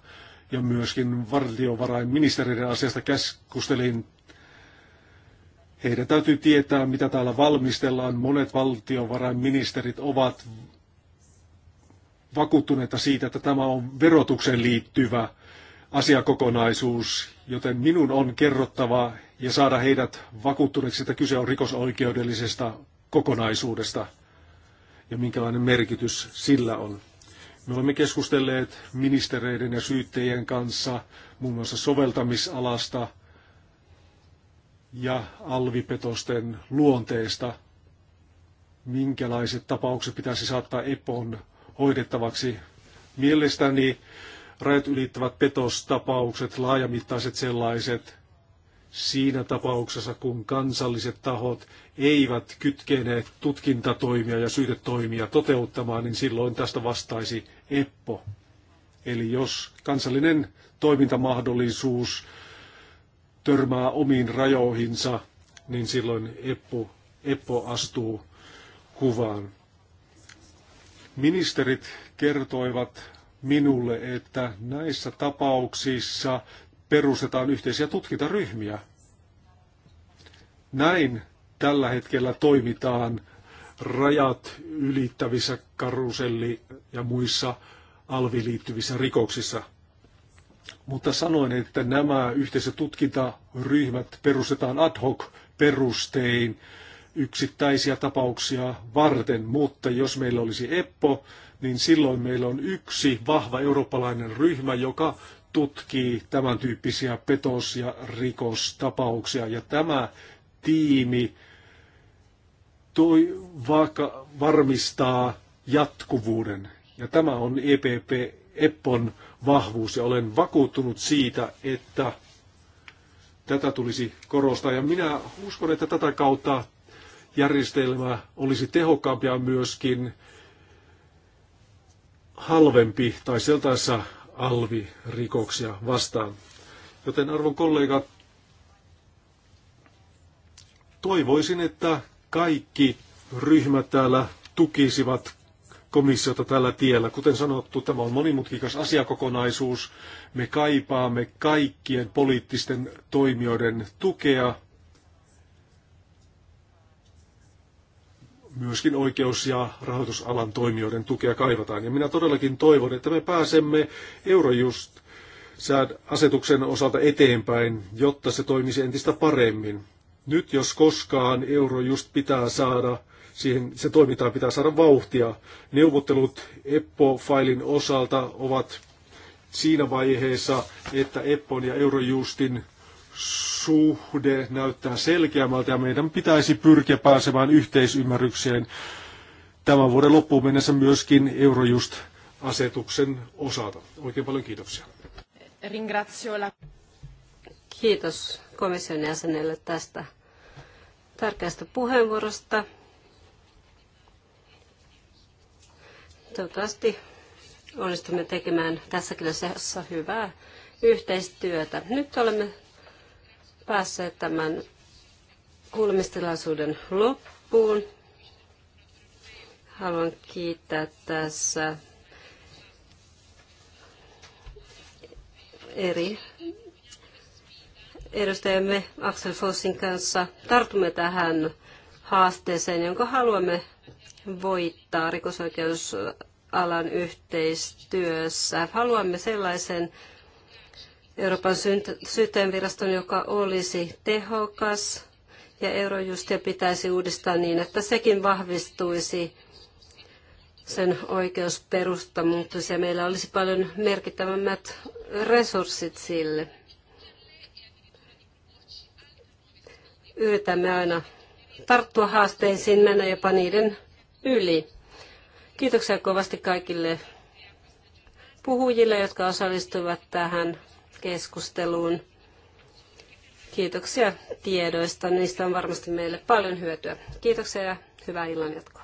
ja myöskin valtiovarainministereiden asiasta keskustelin. Heidän täytyy tietää, mitä täällä valmistellaan. Monet valtiovarainministerit ovat vakuuttuneita siitä, että tämä on verotukseen liittyvä asiakokonaisuus, joten minun on kerrottava ja saada heidät vakuuttuneeksi, että kyse on rikosoikeudellisesta kokonaisuudesta – ja minkälainen merkitys sillä on. Me olemme keskustelleet ministereiden ja syyttäjien kanssa muun muassa soveltamisalasta ja alvipetosten luonteesta, minkälaiset tapaukset pitäisi saattaa EPON hoidettavaksi. Mielestäni rajat ylittävät petostapaukset, laajamittaiset sellaiset, siinä tapauksessa, kun kansalliset tahot eivät kytkeneet tutkintatoimia ja syytetoimia toteuttamaan, niin silloin tästä vastaisi EPPO. Eli jos kansallinen toimintamahdollisuus törmää omiin rajoihinsa, niin silloin EPPO, EPPO astuu kuvaan. Ministerit kertoivat minulle, että näissä tapauksissa perustetaan yhteisiä tutkintaryhmiä. Näin tällä hetkellä toimitaan rajat ylittävissä karuselli- ja muissa alviin liittyvissä rikoksissa. Mutta sanoin, että nämä yhteiset tutkintaryhmät perustetaan ad hoc perustein yksittäisiä tapauksia varten, mutta jos meillä olisi EPPO, niin silloin meillä on yksi vahva eurooppalainen ryhmä, joka tutkii tämän tyyppisiä petos- ja rikostapauksia. Ja tämä tiimi toi, vaikka varmistaa jatkuvuuden. Ja tämä on EPP Eppon vahvuus ja olen vakuuttunut siitä, että tätä tulisi korostaa. Ja minä uskon, että tätä kautta järjestelmä olisi tehokkaampi ja myöskin halvempi tai seltaessa alvirikoksia vastaan. Joten arvon kollega, toivoisin, että kaikki ryhmät täällä tukisivat komissiota tällä tiellä. Kuten sanottu, tämä on monimutkikas asiakokonaisuus. Me kaipaamme kaikkien poliittisten toimijoiden tukea myöskin oikeus- ja rahoitusalan toimijoiden tukea kaivataan. Ja minä todellakin toivon, että me pääsemme Eurojust asetuksen osalta eteenpäin, jotta se toimisi entistä paremmin. Nyt jos koskaan Eurojust pitää saada, siihen se toimintaan pitää saada vauhtia. Neuvottelut EPPO-failin osalta ovat siinä vaiheessa, että EPPON ja Eurojustin suhde näyttää selkeämmältä ja meidän pitäisi pyrkiä pääsemään yhteisymmärrykseen tämän vuoden loppuun mennessä myöskin Eurojust-asetuksen osalta. Oikein paljon kiitoksia. Kiitos komission jäsenelle tästä tärkeästä puheenvuorosta. Toivottavasti onnistumme tekemään tässäkin asiassa hyvää yhteistyötä. Nyt olemme päässeet tämän kuulemistilaisuuden loppuun. Haluan kiittää tässä eri edustajamme Axel Fossin kanssa tartumme tähän haasteeseen, jonka haluamme voittaa rikosoikeusalan yhteistyössä. Haluamme sellaisen Euroopan syyttäjänviraston, joka olisi tehokas ja Eurojustia pitäisi uudistaa niin, että sekin vahvistuisi sen oikeusperusta muuttuisi ja meillä olisi paljon merkittävämmät resurssit sille. Yritämme aina tarttua haasteisiin, mennä jopa niiden yli. Kiitoksia kovasti kaikille puhujille, jotka osallistuivat tähän keskusteluun. Kiitoksia tiedoista. Niistä on varmasti meille paljon hyötyä. Kiitoksia ja hyvää illanjatkoa.